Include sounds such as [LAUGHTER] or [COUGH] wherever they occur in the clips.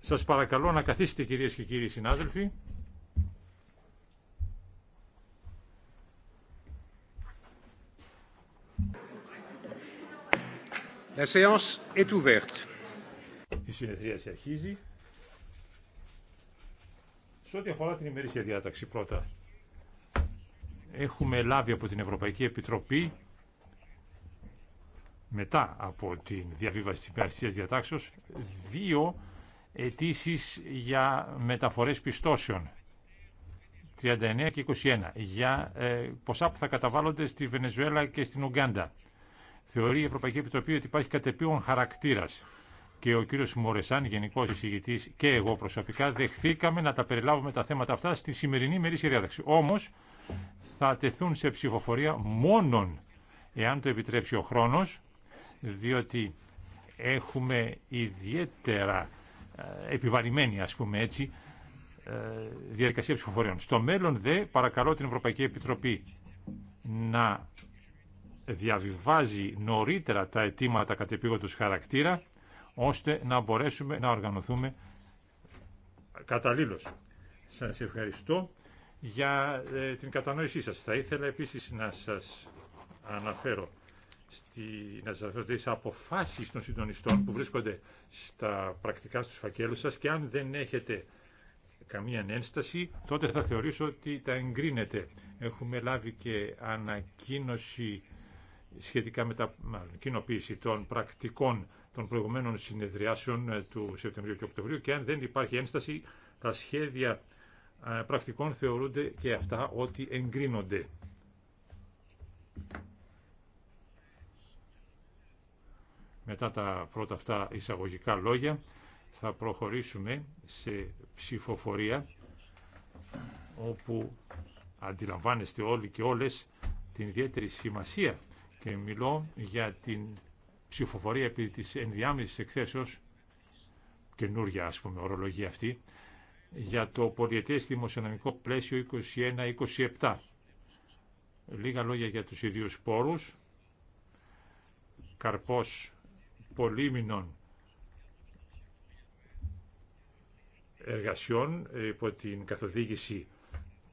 Σας παρακαλώ να καθίσετε κυρίες και κύριοι συνάδελφοι. La séance est ouverte. Η σε αρχίζει. Σε ό,τι αφορά την ημερήσια διάταξη πρώτα, έχουμε λάβει από την Ευρωπαϊκή Επιτροπή μετά από τη διαβίβαση της υπεραστίας διατάξεως δύο αιτήσει για μεταφορές πιστώσεων 39 και 21 για ε, ποσά που θα καταβάλλονται στη Βενεζουέλα και στην Ουγκάντα. Θεωρεί η Ευρωπαϊκή Επιτροπή ότι υπάρχει κατεπίον χαρακτήρας και ο κύριος Μορεσάν, γενικός εισηγητής και εγώ προσωπικά δεχθήκαμε να τα περιλάβουμε τα θέματα αυτά στη σημερινή μερίσια διάταξη. Όμως θα τεθούν σε ψηφοφορία μόνον εάν το επιτρέψει ο χρόνος διότι έχουμε ιδιαίτερα ε, επιβαρημένη, ας πούμε έτσι, ε, διαδικασία ψηφοφοριών. Στο μέλλον δε παρακαλώ την Ευρωπαϊκή Επιτροπή να διαβιβάζει νωρίτερα τα αιτήματα επίγοντος χαρακτήρα, ώστε να μπορέσουμε να οργανωθούμε καταλήλως. Σας ευχαριστώ για ε, την κατανόησή σας. Θα ήθελα επίσης να σας αναφέρω στη, να σας τις αποφάσεις των συντονιστών που βρίσκονται στα πρακτικά στους φακέλους σας και αν δεν έχετε καμία ένσταση, τότε θα θεωρήσω ότι τα εγκρίνετε. Έχουμε λάβει και ανακοίνωση σχετικά με τα κοινοποίηση των πρακτικών των προηγουμένων συνεδριάσεων ε, του Σεπτεμβρίου και Οκτωβρίου και αν δεν υπάρχει ένσταση, τα σχέδια ε, πρακτικών θεωρούνται και αυτά ότι εγκρίνονται. Μετά τα πρώτα αυτά εισαγωγικά λόγια θα προχωρήσουμε σε ψηφοφορία όπου αντιλαμβάνεστε όλοι και όλες την ιδιαίτερη σημασία και μιλώ για την ψηφοφορία επί της ενδιάμεσης εκθέσεως καινούρια ας πούμε ορολογία αυτή για το πολιετές δημοσιονομικό πλαίσιο 21-27 λίγα λόγια για τους ιδίους πόρους καρπός πολύμινων εργασιών ε, υπό την καθοδήγηση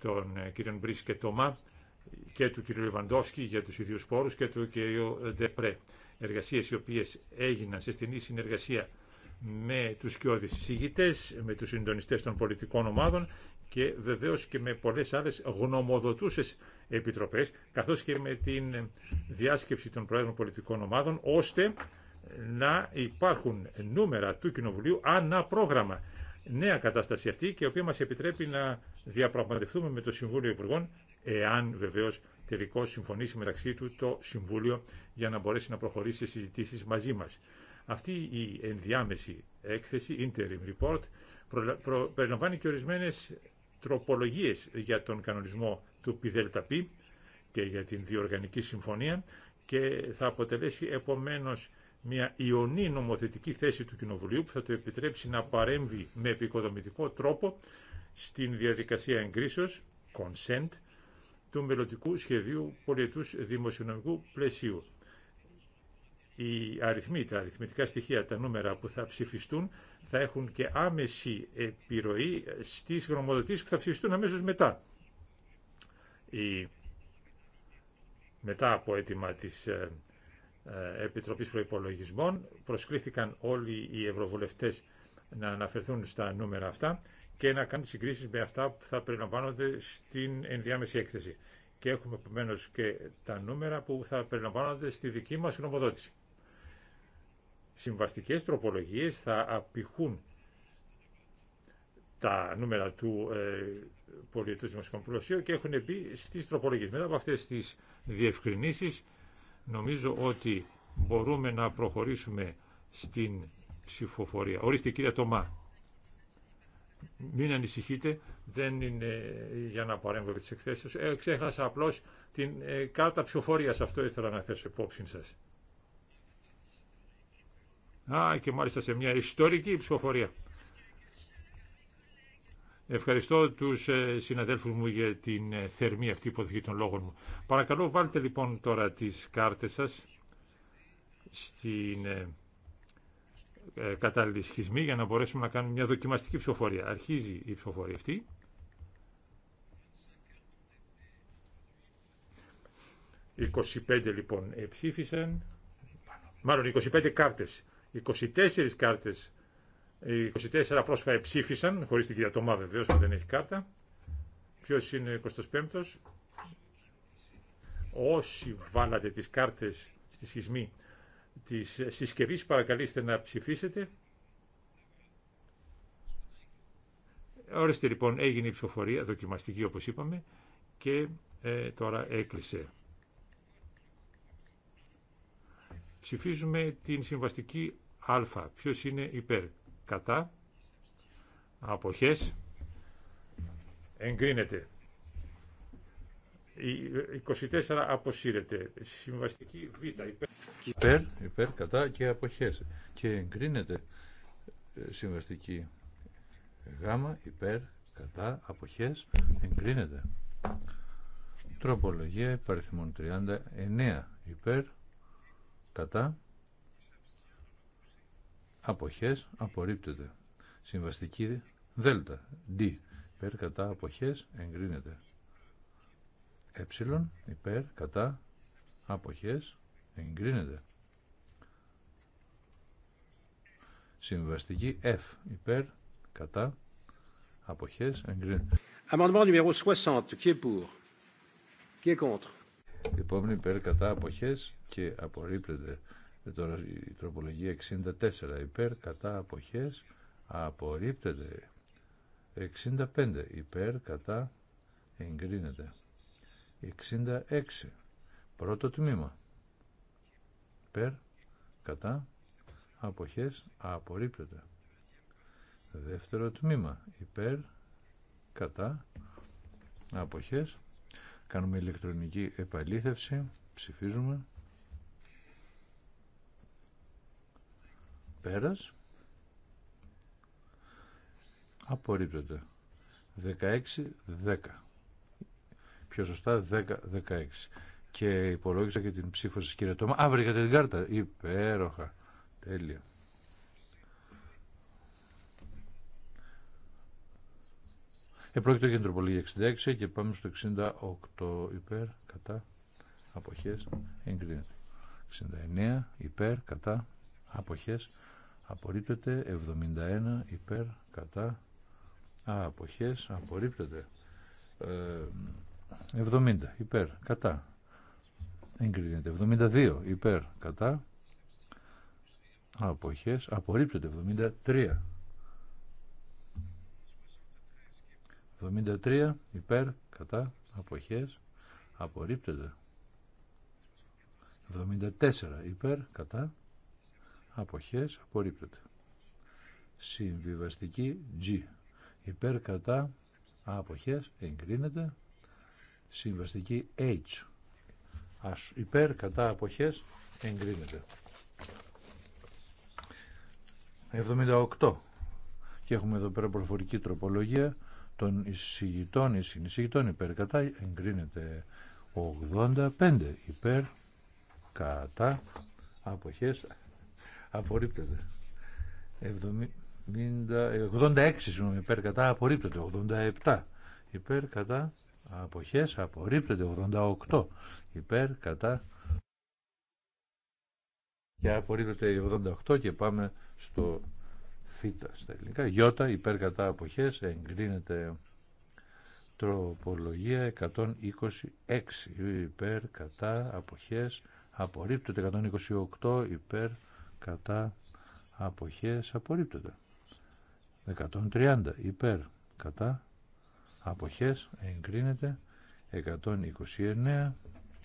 των ε, κ. Μπρίς και Τωμά και του κ. Λεβαντόφσκι για τους ιδίους πόρους και του κ. Ντεπρέ. Εργασίες οι οποίες έγιναν σε στενή συνεργασία με τους κοιόδης συγητές, με τους συντονιστές των πολιτικών ομάδων και βεβαίως και με πολλές άλλες γνωμοδοτούσες επιτροπές, καθώς και με την διάσκεψη των Προέδρων Πολιτικών Ομάδων, ώστε να υπάρχουν νούμερα του Κοινοβουλίου ανά πρόγραμμα. Νέα κατάσταση αυτή και η οποία μας επιτρέπει να διαπραγματευτούμε με το Συμβούλιο Υπουργών, εάν βεβαίως τελικώ συμφωνήσει μεταξύ του το Συμβούλιο για να μπορέσει να προχωρήσει σε συζητήσεις μαζί μας. Αυτή η ενδιάμεση έκθεση, interim report, προ, προ, περιλαμβάνει και ορισμένες τροπολογίες για τον κανονισμό του ΠΙΔΕΛΤΑΠΗ και για την διοργανική συμφωνία και θα αποτελέσει επομένω μια ιονή νομοθετική θέση του Κοινοβουλίου που θα το επιτρέψει να παρέμβει με επικοδομητικό τρόπο στην διαδικασία εγκρίσεως, consent, του μελλοντικού σχεδίου πολιετούς δημοσιονομικού πλαισίου. Οι αριθμοί, τα αριθμητικά στοιχεία, τα νούμερα που θα ψηφιστούν θα έχουν και άμεση επιρροή στις γνωμοδοτήσεις που θα ψηφιστούν αμέσως μετά. Μετά από αίτημα της ε, ε, Επιτροπής Προϋπολογισμών. Προσκλήθηκαν όλοι οι ευρωβουλευτές να αναφερθούν στα νούμερα αυτά και να κάνουν συγκρίσεις με αυτά που θα περιλαμβάνονται στην ενδιάμεση έκθεση. Και έχουμε επομένω και τα νούμερα που θα περιλαμβάνονται στη δική μας γνωμοδότηση. Συμβαστικές τροπολογίες θα απηχούν τα νούμερα του ε, πολιτικού και έχουν μπει στις τροπολογίες. Μετά από αυτές τις διευκρινήσεις Νομίζω ότι μπορούμε να προχωρήσουμε στην ψηφοφορία. Ορίστε κύριε Τομά. Μην ανησυχείτε, δεν είναι για να παρέμβω τις εκθέσεις. Ε, ξέχασα απλώς την ε, κάρτα ψηφοφορίας. Αυτό ήθελα να θέσω υπόψη σας. Α, και μάλιστα σε μια ιστορική ψηφοφορία. Ευχαριστώ τους ε, συναδέλφους μου για την ε, θερμή αυτή υποδοχή των λόγων μου. Παρακαλώ βάλτε λοιπόν τώρα τις κάρτες σας στην ε, κατάλληλη σχισμή για να μπορέσουμε να κάνουμε μια δοκιμαστική ψηφοφορία. Αρχίζει η ψηφοφορία αυτή. «25 λοιπόν ψήφισαν, μάλλον 25 κάρτες, 24 κάρτες οι 24 πρόσωπα ψήφισαν, χωρίς την κυρία Τωμά βεβαίως που δεν έχει κάρτα. Ποιο είναι 25ος. Όσοι βάλατε τις κάρτες στη σχισμή τη συσκευή. παρακαλείστε να ψηφίσετε. Ορίστε λοιπόν έγινε η ψηφοφορία, δοκιμαστική όπως είπαμε και ε, τώρα έκλεισε. Ψηφίζουμε την συμβαστική α. Ποιος είναι υπέρ κατά αποχές εγκρίνεται. Η 24 αποσύρεται. Συμβαστική Β υπέρ. υπέρ, κατά και αποχές. Και εγκρίνεται ε, συμβαστική Γ υπέρ, κατά, αποχές, εγκρίνεται. Τροπολογία υπαριθμών 39 υπέρ, κατά, αποχές απορρίπτεται. Συμβαστική Δ, D, υπέρ κατά αποχές εγκρίνεται. Ε, υπέρ κατά αποχές εγκρίνεται. Συμβαστική F, υπέρ κατά αποχές εγκρίνεται. Amendement numéro 60, qui est pour, qui est contre. κατά αποχές και απορρίπτεται. Ε, τώρα η τροπολογία 64 υπέρ κατά αποχές απορρίπτεται. 65 υπέρ κατά εγκρίνεται. 66 πρώτο τμήμα υπέρ κατά αποχές απορρίπτεται. Δεύτερο τμήμα υπέρ κατά αποχές. Κάνουμε ηλεκτρονική επαλήθευση. Ψηφίζουμε. Πέρας. Απορρίπτεται. 16-10. Πιο σωστά 10-16. Και υπολόγισα και την ψήφο σας κύριε Τόμα. Α, βρήκατε την κάρτα. Υπέροχα. Τέλεια. Επρόκειτο για την τροπολογία 66 και πάμε στο 68 υπέρ, κατά, αποχές, εγκρίνεται. 69 υπέρ, κατά, αποχές, απορρίπτεται 71 υπέρ κατά α, αποχές απορρίπτεται ε, 70 υπέρ κατά εγκρίνεται 72 υπέρ κατά αποχές απορρίπτεται 73 73 υπέρ κατά αποχές απορρίπτεται 74 υπέρ κατά αποχές απορρίπτεται. Συμβιβαστική G. Υπέρ κατά αποχές εγκρίνεται. Συμβαστική H. Ας, υπέρ κατά αποχές εγκρίνεται. 78. Και έχουμε εδώ πέρα προφορική τροπολογία των εισηγητών ή συνεισηγητών υπέρ κατά εγκρίνεται 85 υπέρ κατά αποχές απορρίπτεται. 86 συγγνώμη, υπέρ κατά απορρίπτεται. 87 υπέρ κατά αποχές απορρίπτεται. 88 υπέρ κατά και απορρίπτεται 88 και πάμε στο θήτα. στα ελληνικά. Ι υπέρ κατά αποχές εγκρίνεται τροπολογία 126 υπέρ κατά αποχές απορρίπτεται 128 υπέρ κατά αποχές απορρίπτεται 130 υπέρ κατά αποχές εγκρίνεται 129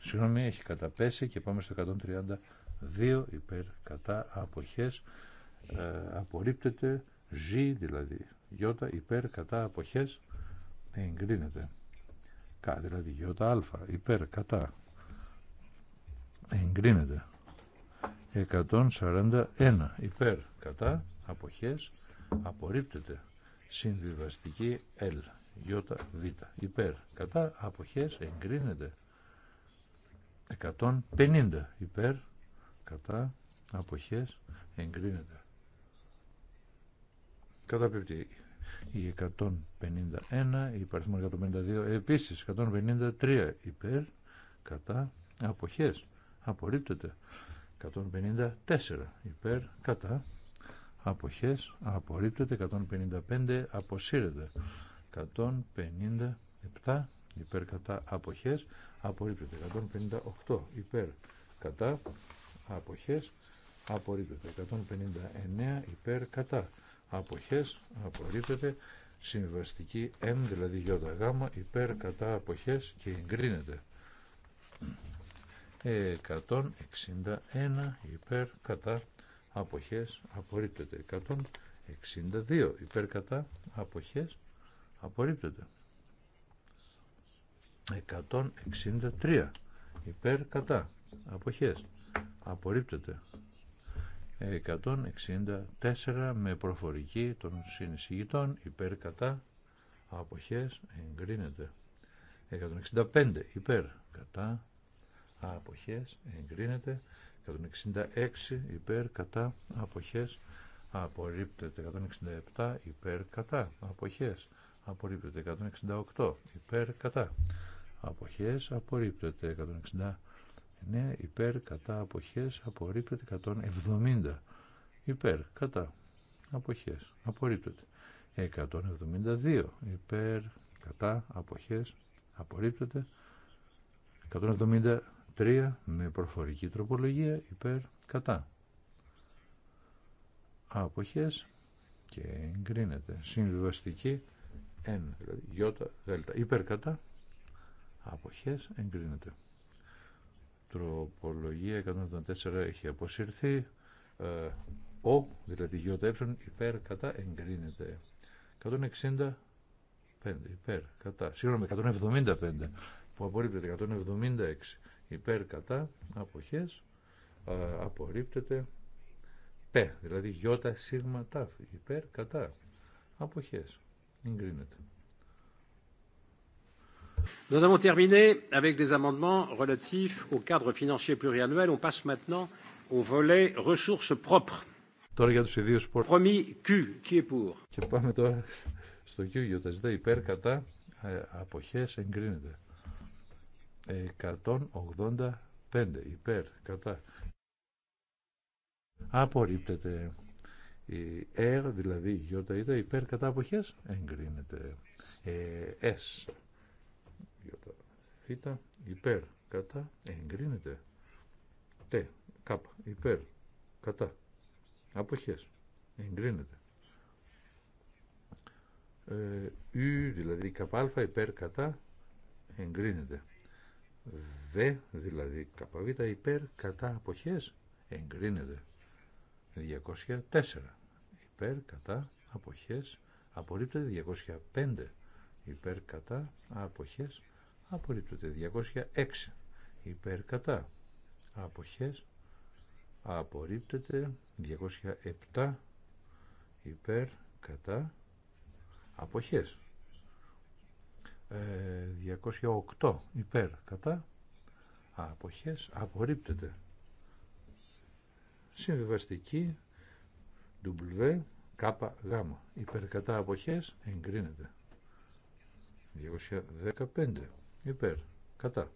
συγγνώμη έχει καταπέσει και πάμε στο 132 υπέρ κατά αποχές ε, απορρίπτεται Ζ δηλαδή γιώτα υπέρ κατά αποχές εγκρίνεται Κα δηλαδή γιώτα α υπέρ κατά εγκρίνεται 141 υπέρ κατά αποχές απορρίπτεται συμβιβαστική L β υπέρ κατά αποχές εγκρίνεται 150 υπέρ κατά αποχές εγκρίνεται καταπληκτή η 151 η υπαριθμό 152 επίσης 153 υπέρ κατά αποχές απορρίπτεται 154 υπέρ κατά αποχές απορρίπτεται 155 αποσύρεται 157 υπέρ κατά αποχές απορρίπτεται 158 υπέρ κατά αποχές απορρίπτεται 159 υπέρ κατά αποχές απορρίπτεται συμβαστική M δηλαδή γάμα υπέρ κατά αποχές και εγκρίνεται 161 υπέρ κατά αποχές απορρίπτεται 162 υπέρ κατά αποχές απορρίπτεται 163 υπέρ κατά αποχές απορρίπτεται 164 με προφορική των συνεισηγητών υπέρ κατά αποχές εγκρίνεται 165 υπέρ κατά αποχές εγκρίνεται 166 υπέρ κατά αποχές απορρίπτεται 167 υπέρ κατά αποχές απορρίπτεται 168 υπέρ κατά αποχές απορρίπτεται 169 υπέρ κατά αποχές απορρίπτεται 170 υπέρ κατά αποχές απορρίπτεται 172 υπέρ κατά αποχές απορρίπτεται 170 3 με προφορική τροπολογία υπέρ κατά. Αποχές και εγκρίνεται. Συμβιβαστική εν, δηλαδή γιώτα δέλτα υπέρ κατά. Αποχές εγκρίνεται. Τροπολογία 174 έχει αποσυρθεί. Ε, ο, δηλαδή γιώτα ε, υπέρ κατά εγκρίνεται. 165 υπέρ κατά. Συγγνώμη, 175 που απορρίπτεται. 176 υπέρ κατά αποχές απορρίπτεται π, δηλαδή γιώτα σίγμα τάφ, υπέρ κατά αποχές, εγκρίνεται. Nous avons terminé avec des amendements relatifs au cadre financier pluriannuel. On passe maintenant au volet ressources propres. Τώρα για τους ιδίους πόρους. Promis Q, qui est pour. Και πάμε τώρα στο Q, αποχές, εγκρίνεται. 185 υπέρ κατά απορρίπτεται η ερ δηλαδή η γιώτα είδα υπέρ κατά αποχές εγκρίνεται ε, S γιώτα θήτα υπέρ κατά εγκρίνεται τε. κάπα υπέρ κατά αποχές εγκρίνεται ε, δηλαδή καπα υπέρ κατά εγκρίνεται Β δηλαδή καπαβίτα υπέρ κατά αποχές εγκρίνεται. 204 υπέρ κατά αποχές απορρίπτεται. 205 υπέρ κατά αποχές απορρίπτεται. 206 υπέρ κατά αποχές απορρίπτεται. 207 υπέρ κατά αποχές 208 ε, υπέρ κατά αποχές απορρίπτεται συμβιβαστική W K υπέρ κατά αποχές εγκρίνεται 215 υπέρ κατά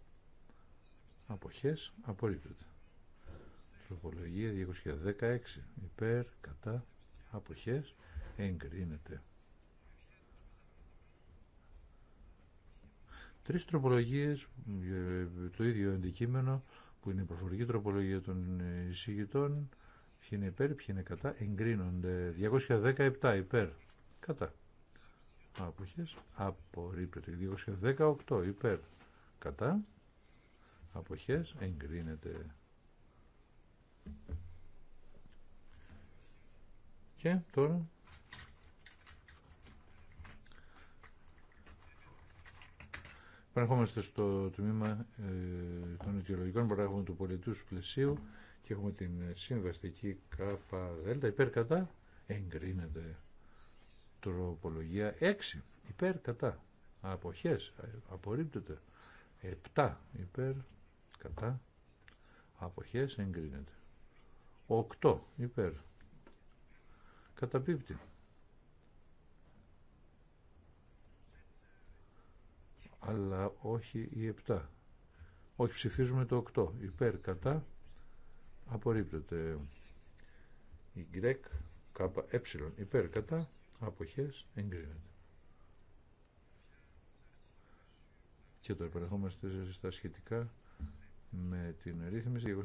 αποχές απορρίπτεται τροπολογία 216 υπέρ κατά αποχές εγκρίνεται Τρεις τροπολογίες, ε, το ίδιο αντικείμενο που είναι η προφορική τροπολογία των εισηγητών, ποιοι είναι υπέρ, ποιοι είναι κατά, εγκρίνονται. 217 υπέρ, κατά. Αποχές, απορρίπτεται. 218 υπέρ, κατά. Αποχές, εγκρίνεται. Και τώρα Πανερχόμαστε στο τμήμα ε, των αιτιολογικών παράγων του πολιτού πλαισίου και έχουμε την συμβαστική ΚΔ υπέρ κατά εγκρίνεται τροπολογία 6 υπέρ κατά αποχές απορρίπτεται 7 υπέρ κατά αποχές εγκρίνεται 8 υπέρ καταπίπτει αλλά όχι η 7. Όχι ψηφίζουμε το 8. Υπέρ κατά απορρίπτεται. Η γκρέκ κάπα ε υπέρ κατά αποχές εγκρίνεται. Και το σε στα σχετικά με την ρύθμιση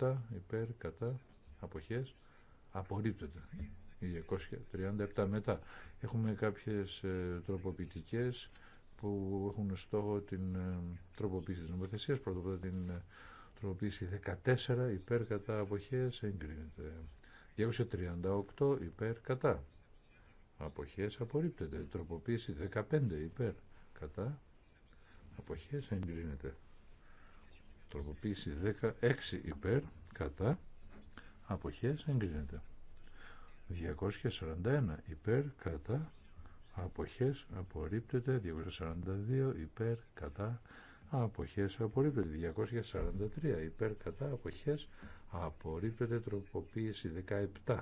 237 υπέρ κατά αποχές απορρίπτεται. 237 μετά. Έχουμε κάποιες ε, τροποποιητικές που έχουν στόχο την ε, τροποποίηση της νομοθεσίας. Πρώτα απ' την ε, τροποποίηση 14 υπέρ κατά αποχές εγκρίνεται. 238 υπέρ κατά αποχές απορρίπτεται. Τροποποίηση 15 υπέρ κατά αποχές εγκρίνεται. Τροποποίηση 16 υπέρ κατά αποχές εγκρίνεται. 241 υπέρ κατά αποχές απορρίπτεται 242 υπέρ κατά αποχές απορρίπτεται 243 υπέρ κατά αποχές απορρίπτεται τροποποίηση 17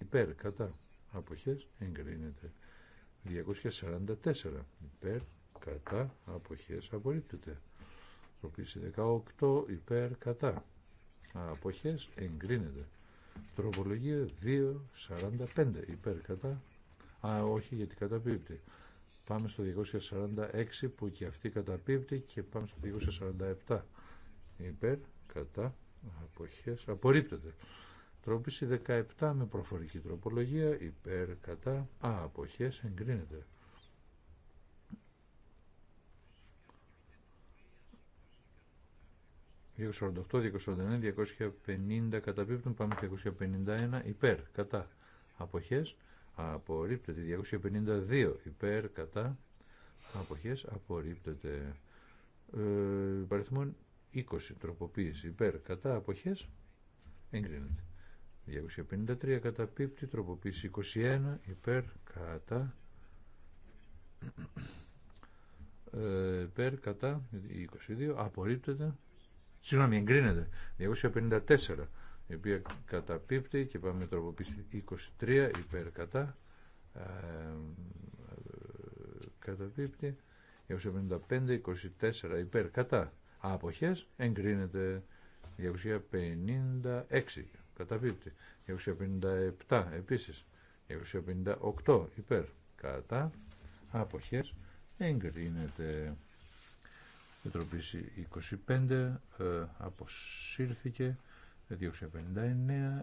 υπέρ κατά αποχές εγκρίνεται 244 υπέρ κατά αποχές απορρίπτεται τροποποίηση 18 υπέρ κατά αποχές εγκρίνεται τροπολογία 245 υπέρ κατά Α, όχι, γιατί καταπίπτει. Πάμε στο 246 που και αυτή καταπίπτει και πάμε στο 247. Υπέρ, κατά, αποχές, απορρίπτεται. Τρόπιση 17 με προφορική τροπολογία, υπέρ, κατά, α, αποχές, εγκρίνεται. «248, 249, 250 καταπίπτουν, πάμε στο 251, υπέρ, κατά, αποχές, απορρίπτεται 252 υπέρ κατά αποχές απορρίπτεται ε, παριθμόν 20 τροποποίηση υπέρ κατά αποχές εγκρίνεται 253 κατά πίπτη τροποποίηση 21 υπέρ κατά ε, υπέρ κατά 22 απορρίπτεται συγγνώμη εγκρίνεται 254 η οποία καταπίπτει και πάμε τροποποίηση 23 υπέρ κατά ε, καταπίπτει 255, 24 υπέρ κατά αποχές εγκρίνεται 256 καταπίπτει 257 επίσης 258 υπέρ κατά αποχές εγκρίνεται η 25 ε, αποσύρθηκε 259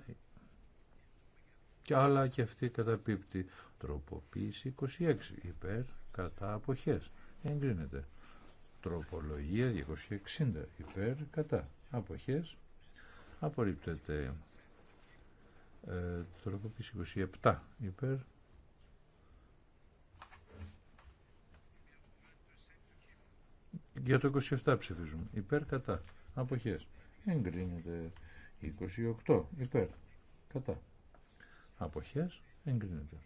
και άλλα και αυτή καταπίπτει. Τροποποίηση 26 υπέρ κατά αποχές. Εγκρίνεται. Τροπολογία 260 υπέρ κατά αποχές. Απορρίπτεται. Ε, τροποποίηση 27 υπέρ Για το 27 ψηφίζουμε. Υπέρ κατά. Αποχές. Εγκρίνεται. 28 υπέρ. Κατά. Αποχές εγκρίνεται.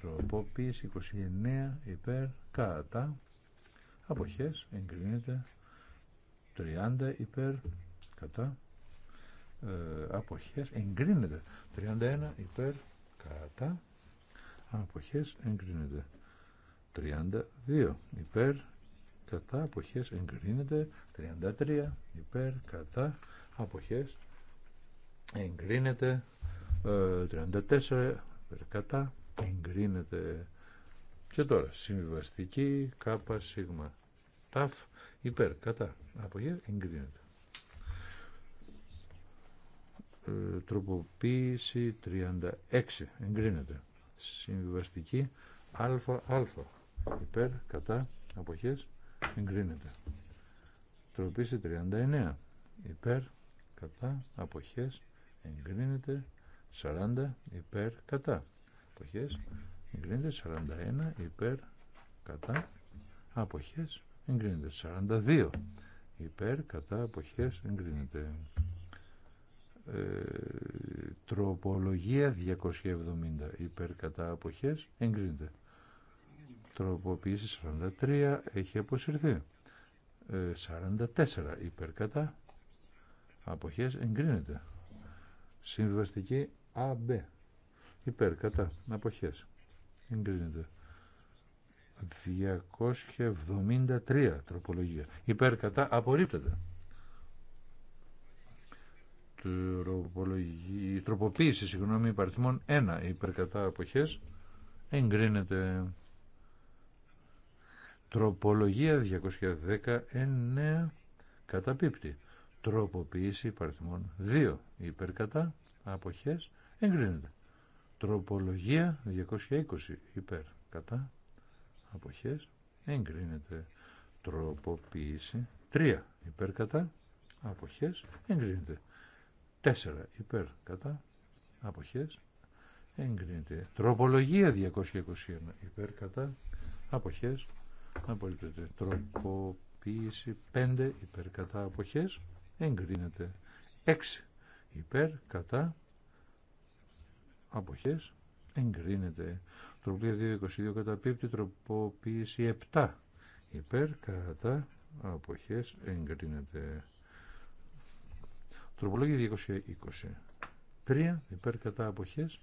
Τροποποίηση 29 υπέρ. Κατά. Αποχές εγκρίνεται. 30 υπέρ. Κατά. Ε, αποχές εγκρίνεται. 31 υπέρ. Κατά. Αποχές εγκρίνεται. 32 υπέρ κατά αποχές εγκρίνεται 33 υπέρ κατά αποχές εγκρίνεται 34 ε, κατά εγκρίνεται και τώρα συμβιβαστική κάπα σίγμα ταφ υπέρ κατά από εγκρίνεται ε, τροποποίηση 36 εγκρίνεται συμβιβαστική αλφα αλφα υπέρ κατά αποχές εγκρίνεται τροποποίηση 39 υπέρ κατά αποχές εγκρίνεται 40 υπέρ κατά αποχές εγκρίνεται 41 υπέρ κατά αποχές εγκρίνεται 42 υπέρ κατά αποχές εγκρίνεται ε, τροπολογία 270 υπέρ κατά αποχές εγκρίνεται τροποποίηση 43 έχει αποσυρθεί ε, 44 υπέρ κατά αποχές εγκρίνεται Συμβιβαστική ΑΜΠ. Υπέρ, κατά, αποχές. Εγκρίνεται. 273 τροπολογία. Υπέρ, κατά, απορρίπτεται. Τροπολογή, τροποποίηση, συγγνώμη, υπαριθμών 1. Υπέρ, κατά, αποχές. Εγκρίνεται. Τροπολογία 219 καταπίπτει. Τροποποίηση παριθμών 2 υπερκατά αποχές εγκρίνεται. Τροπολογία 220 υπέρ κατά αποχές εγκρίνεται. Τροποποίηση 3 υπέρ κατά αποχές εγκρίνεται. 4 υπέρ αποχές εγκρίνεται. Τροπολογία 221 υπέρκατα, κατά αποχές απορρίπτεται. Τροποποίηση 5 υπερκατά αποχές εγκρίνεται 6 υπέρ κατά αποχές εγκρίνεται τροπλία 222 κατά τροποποίηση 7 υπέρ κατά αποχές εγκρίνεται τροπολόγια 3. υπέρ κατά αποχές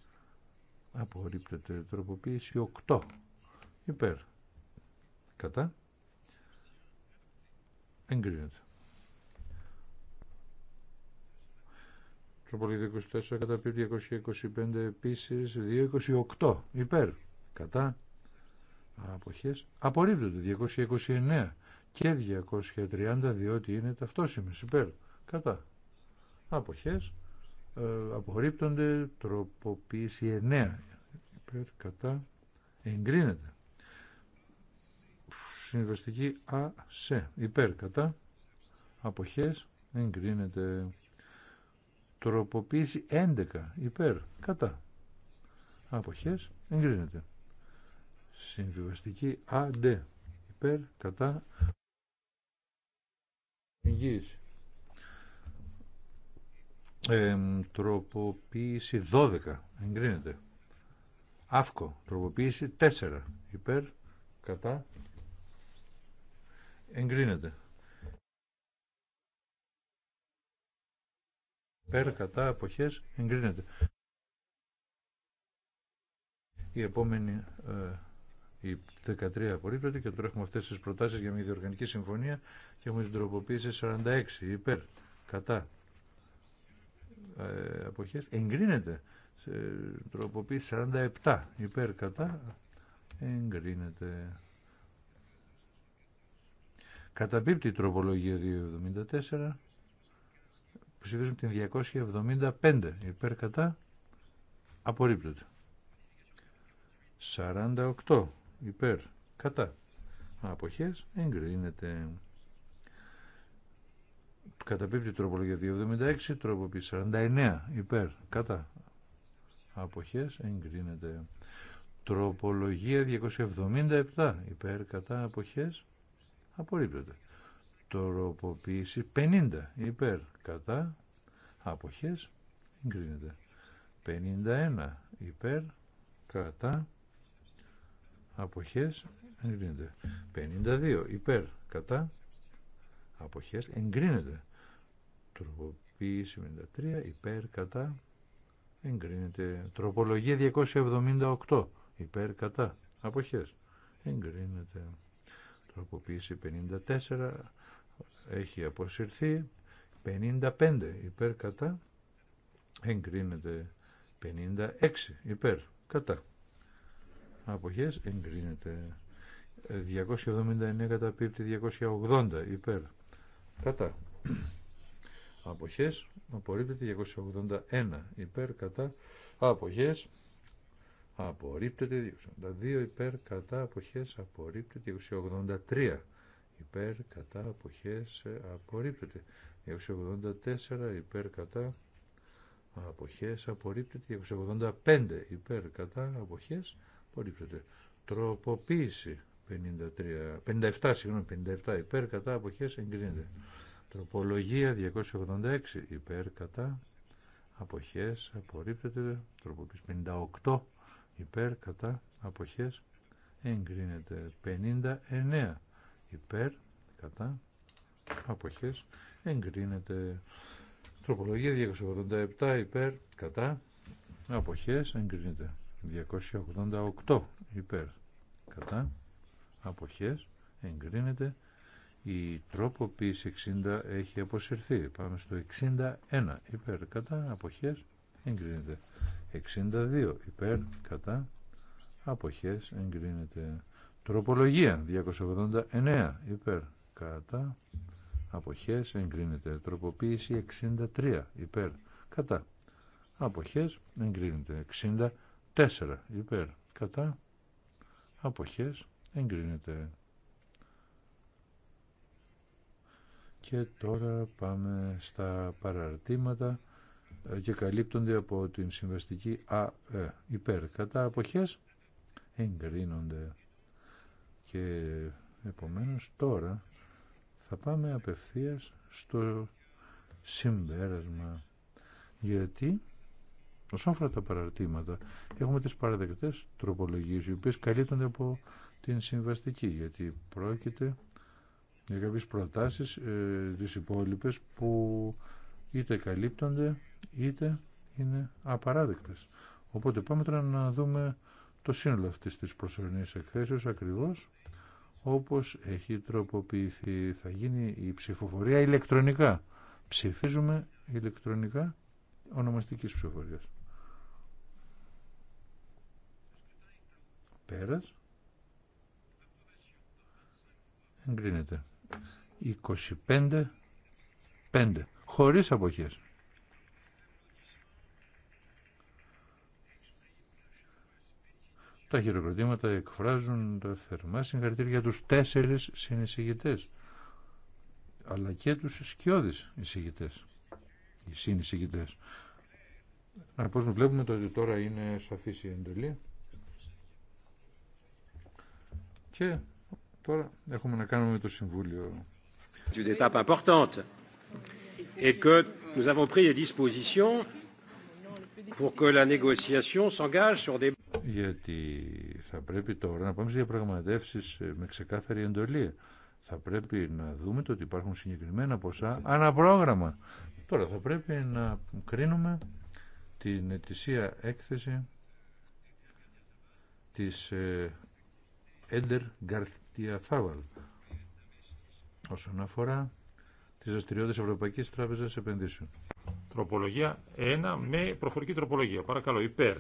απορρίπτεται τροποποίηση 8 υπέρ κατά εγκρίνεται Τροπολογία 24 κατά 225 επίσης 228 υπέρ κατά αποχές απορρίπτονται 229 και 230 διότι είναι ταυτόσιμες υπέρ κατά αποχές ε, απορρίπτονται τροποποίηση 9 υπέρ κατά εγκρίνεται συνδεστική ΑΣΕ υπέρ κατά αποχές εγκρίνεται Τροποποίηση 11 υπέρ. Κατά. Αποχές εγκρίνεται. Συμβιβαστική αντέ. υπέρ. Κατά. Εγγύηση. Ε, τροποποίηση 12 εγκρίνεται. Αύκο. Τροποποίηση 4 υπέρ. Κατά. Εγκρίνεται. υπέρ, κατά, αποχές, εγκρίνεται. Η επόμενη, ε, η 13 απορρίπτωτη και τώρα έχουμε αυτές τις προτάσεις για μια διοργανική συμφωνία και έχουμε την τροποποίηση 46 υπέρ, κατά, ε, αποχές, εγκρίνεται. Σε τροποποίηση 47 υπέρ, κατά, εγκρίνεται. Καταπίπτει η τροπολογία 274 ψηφίζουν την 275 υπέρ κατά απορρίπτεται 48 υπέρ κατά αποχές εγκρίνεται καταπίπτει τροπολογία 276 τροποποιεί 49 υπέρ κατά αποχές εγκρίνεται τροπολογία 277 υπέρ κατά αποχές απορρίπτωται τροποποίηση 50 υπέρ κατά αποχές εγκρίνεται 51 υπέρ κατά αποχές εγκρίνεται 52 υπέρ κατά αποχές εγκρίνεται τροποποίηση 53 υπέρ κατά εγκρίνεται τροπολογία 278 υπέρ κατά αποχές εγκρίνεται τροποποίηση 54 έχει αποσυρθεί 55 υπέρ κατά εγκρίνεται 56 υπέρ κατά αποχές εγκρίνεται 279 κατά πίπτη 280 υπέρ κατά αποχές απορρίπτεται 281 υπέρ κατά αποχές απορρίπτεται 282 υπέρ κατά αποχές απορρίπτεται 283 ε, υπέρ, κατά, αποχές, απορρίπτεται. 284 υπέρ, κατά, αποχές, απορρίπτεται. 285 υπέρ, κατά, αποχές, απορρίπτεται. Τροποποίηση 53, 57, συγγνώμη, 57 υπέρ, κατά, αποχές, εγκρίνεται. Τροπολογία 286 υπέρ, κατά, αποχές, απορρίπτεται. Τροποποίηση 58 υπέρ, κατά, αποχές, εγκρίνεται 59 υπέρ, κατά, αποχές, εγκρίνεται. Τροπολογία 287 υπέρ, κατά, αποχές, εγκρίνεται. 288 υπέρ, κατά, αποχές, εγκρίνεται. Η τροποποίηση 60 έχει αποσυρθεί. Πάμε στο 61 υπέρ, κατά, αποχές, εγκρίνεται. 62 υπέρ, κατά, αποχές, εγκρίνεται. Τροπολογία 289 υπέρ κατά αποχές εγκρίνεται. Τροποποίηση 63 υπέρ κατά αποχές εγκρίνεται. 64 υπέρ κατά αποχές εγκρίνεται. Και τώρα πάμε στα παραρτήματα ε, και καλύπτονται από την συμβαστική ΑΕ. Υπέρ κατά αποχές εγκρίνονται. Και επομένως τώρα θα πάμε απευθείας στο συμπέρασμα. Γιατί όσον αφορά τα παραρτήματα έχουμε τις παραδεκτές τροπολογίες οι οποίες καλύπτονται από την συμβαστική γιατί πρόκειται για κάποιες προτάσεις ε, τις που είτε καλύπτονται είτε είναι απαράδεκτες. Οπότε πάμε τώρα να δούμε το σύνολο αυτής της προσωρινής εκθέσεως ακριβώς όπως έχει τροποποιηθεί. Θα γίνει η ψηφοφορία ηλεκτρονικά. Ψηφίζουμε ηλεκτρονικά ονομαστικής ψηφοφορίας. Πέρας. Εγκρίνεται. 25-5. Χωρίς αποχές. Τα χειροκροτήματα εκφράζουν τα θερμά συγχαρητήρια για τους τέσσερις συνεισηγητές αλλά και τους σκιώδεις εισηγητές, οι συνεισηγητές. Να πώς βλέπουμε το ότι τώρα είναι σαφής η εντολή και τώρα έχουμε να κάνουμε το Συμβούλιο. Une étape importante et que nous avons pris les dispositions pour que la négociation s'engage sur des γιατί θα πρέπει τώρα να πάμε σε διαπραγματεύσεις ε, με ξεκάθαρη εντολή. Θα πρέπει να δούμε το ότι υπάρχουν συγκεκριμένα ποσά αναπρόγραμμα. Τώρα θα πρέπει να κρίνουμε την ετησία έκθεση της Έντερ Γκαρτιαθάβαλ όσον αφορά τις δραστηριότητες Ευρωπαϊκής Τράπεζας Επενδύσεων. Τροπολογία 1 με προφορική τροπολογία. Παρακαλώ, υπέρ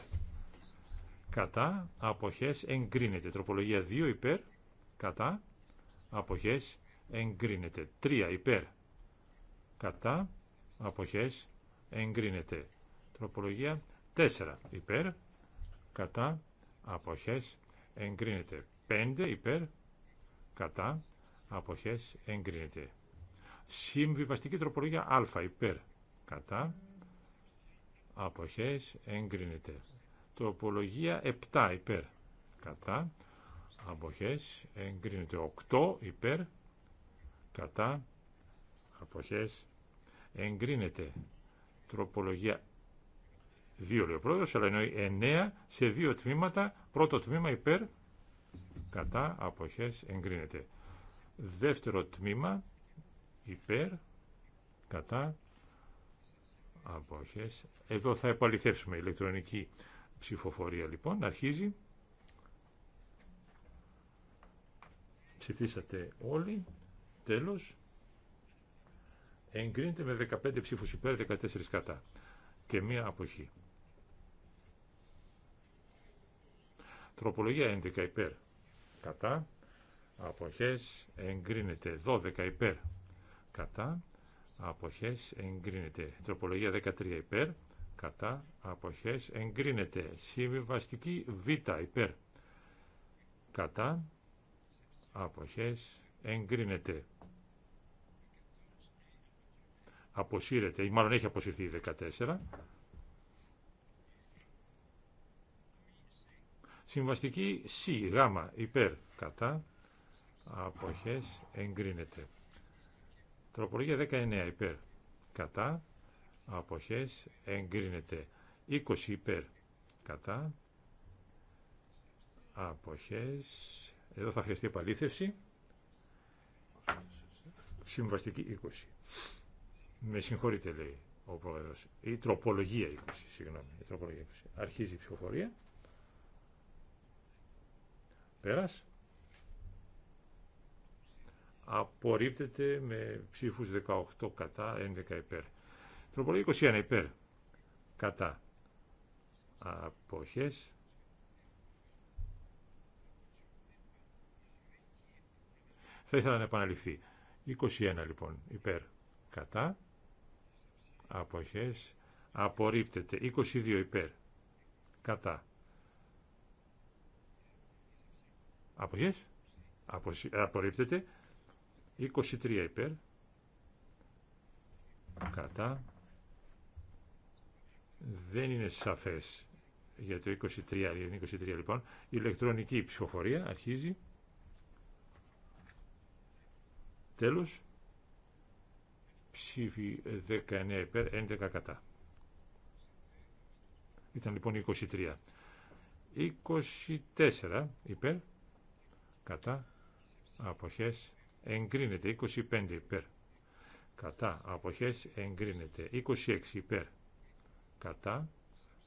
κατά αποχές εγκρίνεται. Τροπολογία 2 υπέρ κατά αποχές εγκρίνεται. 3 υπέρ κατά αποχές εγκρίνεται. Τροπολογία 4 υπέρ κατά αποχές εγκρίνεται. 5 υπέρ κατά αποχές εγκρίνεται. Συμβιβαστική τροπολογία α υπέρ κατά αποχές εγκρίνεται. Τροπολογία 7 υπέρ. Κατά. Αποχές. Εγκρίνεται 8 υπέρ. Κατά. Αποχές. Εγκρίνεται. Τροπολογία 2 λέει ο πρόεδρος, αλλά εννοεί 9 σε δύο τμήματα. Πρώτο τμήμα υπέρ. Κατά. Αποχές. Εγκρίνεται. Δεύτερο τμήμα υπέρ. Κατά. Αποχές. Εδώ θα επαληθεύσουμε ηλεκτρονική ψηφοφορία λοιπόν. Αρχίζει. Ψηφίσατε όλοι. Τέλος. Εγκρίνεται με 15 ψήφους υπέρ, 14 κατά. Και μία αποχή. Τροπολογία 11 υπέρ. Κατά. Αποχές εγκρίνεται. 12 υπέρ. Κατά. Αποχές εγκρίνεται. Τροπολογία 13 υπέρ κατά αποχές εγκρίνεται συμβιβαστική β υπέρ κατά αποχές εγκρίνεται αποσύρεται ή μάλλον έχει αποσυρθεί η 14 συμβαστική σ γ υπέρ κατά αποχές εγκρίνεται τροπολογία 19 υπέρ κατά αποχές εγκρίνεται 20 υπέρ κατά αποχές εδώ θα χρειαστεί επαλήθευση συμβαστική 20 με συγχωρείτε λέει ο πρόεδρος η τροπολογία 20 συγγνώμη η τροπολογία 20 αρχίζει η ψηφοφορία πέρας απορρίπτεται με ψήφους 18 κατά 11 υπέρ Τροπολογία 21 υπέρ. Κατά. Αποχές. Θα ήθελα να επαναληφθεί. 21 λοιπόν υπέρ. Κατά. Αποχές. Απορρίπτεται. 22 υπέρ. Κατά. Αποχές. Απορρίπτεται. 23 υπέρ. Κατά δεν είναι σαφές για το 23, για 23 λοιπόν. Η ηλεκτρονική ψηφοφορία αρχίζει. Τέλος. Ψήφι 19 υπέρ, 11 κατά. Ήταν λοιπόν 23. 24 υπέρ, κατά, αποχές, εγκρίνεται. 25 υπέρ, κατά, αποχές, εγκρίνεται. 26 υπέρ, κατά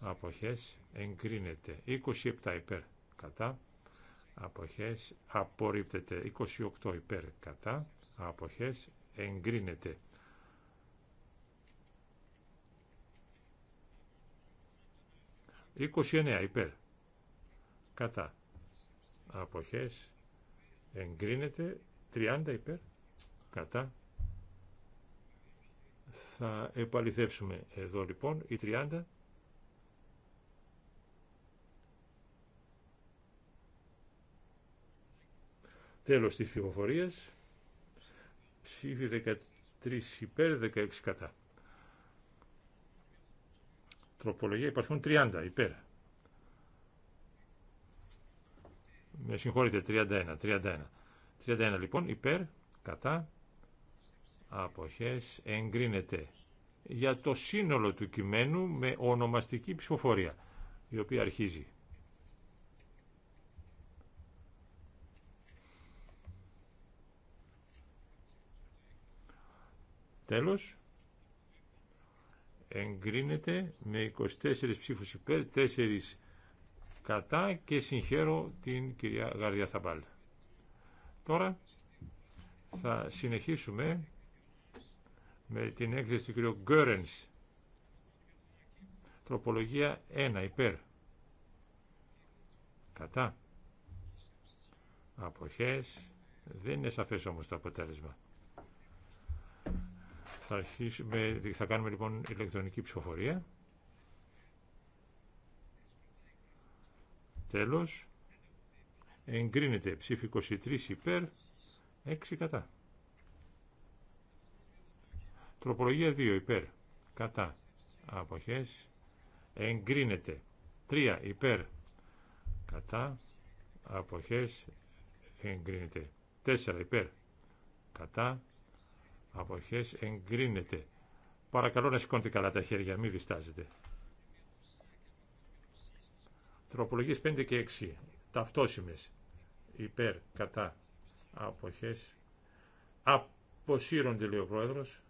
αποχές εγκρίνεται 27 υπέρ κατά αποχές απορρίπτεται 28 υπέρ κατά αποχές εγκρίνεται «29 υπέρ» κατά αποχές εγκρίνεται «30 υπέρ» κατά θα επαληθεύσουμε εδώ λοιπόν η 30. Τέλος της ψηφοφορίας. Ψήφι 13 υπέρ, 16 κατά. Τροπολογία υπάρχουν 30 υπέρ. Με συγχωρείτε, 31, 31. 31 λοιπόν υπέρ, κατά, αποχές εγκρίνεται για το σύνολο του κειμένου με ονομαστική ψηφοφορία η οποία αρχίζει. Τέλος, εγκρίνεται με 24 ψήφους υπέρ, 4 κατά και συγχαίρω την κυρία Γαρδιά Θαμπάλ. Τώρα θα συνεχίσουμε με την έκθεση του κ. Γκέρενς. Τροπολογία 1 υπέρ. Κατά. Αποχές. Δεν είναι σαφές όμως το αποτέλεσμα. Θα, αρχίσουμε, θα κάνουμε λοιπόν ηλεκτρονική ψηφοφορία. Τέλος. Εγκρίνεται ψήφι 23 υπέρ, 6 κατά. Τροπολογία 2 υπέρ κατά αποχές εγκρίνεται. 3 υπέρ κατά αποχές εγκρίνεται. 4 υπέρ κατά αποχές εγκρίνεται. Παρακαλώ να σηκώνετε καλά τα χέρια, μην διστάζετε. Τροπολογίες 5 και 6, ταυτόσιμες, υπέρ, κατά, αποχές, αποσύρονται λέει ο Πρόεδρος.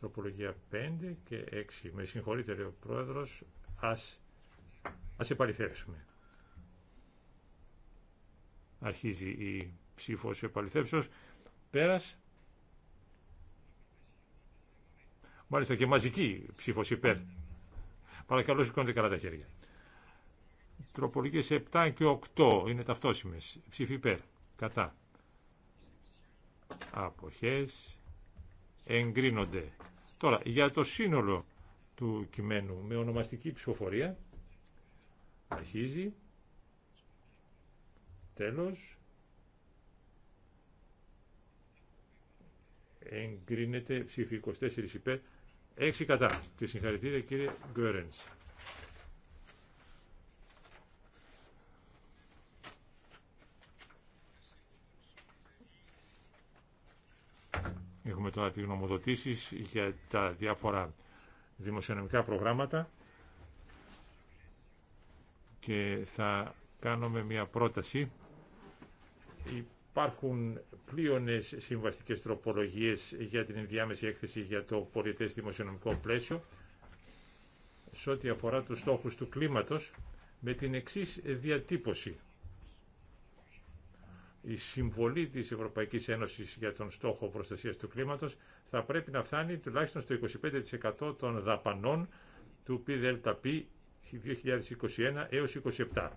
Τροπολογία 5 και 6. Με συγχωρείτε, λέει ο πρόεδρος, ας, επαληθεύσουμε. Αρχίζει η ψήφος επαληθεύσεως. Πέρας. Μάλιστα και μαζική ψήφος υπέρ. Παρακαλώ σηκώνετε καλά τα χέρια. Τροπολογίες 7 και 8 είναι ταυτόσιμες. Ψήφι υπέρ. Κατά. Αποχές εγκρίνονται. Τώρα, για το σύνολο του κειμένου με ονομαστική ψηφοφορία, αρχίζει, τέλος, εγκρίνεται ψήφι 24 υπέρ, 6 κατά. Και συγχαρητήρια κύριε Γκέρενς. Έχουμε τώρα τις γνωμοδοτήσεις για τα διάφορα δημοσιονομικά προγράμματα και θα κάνουμε μια πρόταση. Υπάρχουν πλήρωνες συμβαστικές τροπολογίες για την ενδιάμεση έκθεση για το πολιτές δημοσιονομικό πλαίσιο σε ό,τι αφορά τους στόχους του κλίματος με την εξής διατύπωση η συμβολή της Ευρωπαϊκής Ένωσης για τον στόχο προστασίας του κλίματος θα πρέπει να φτάνει τουλάχιστον στο 25% των δαπανών του ΠΔΠ 2021 έως 27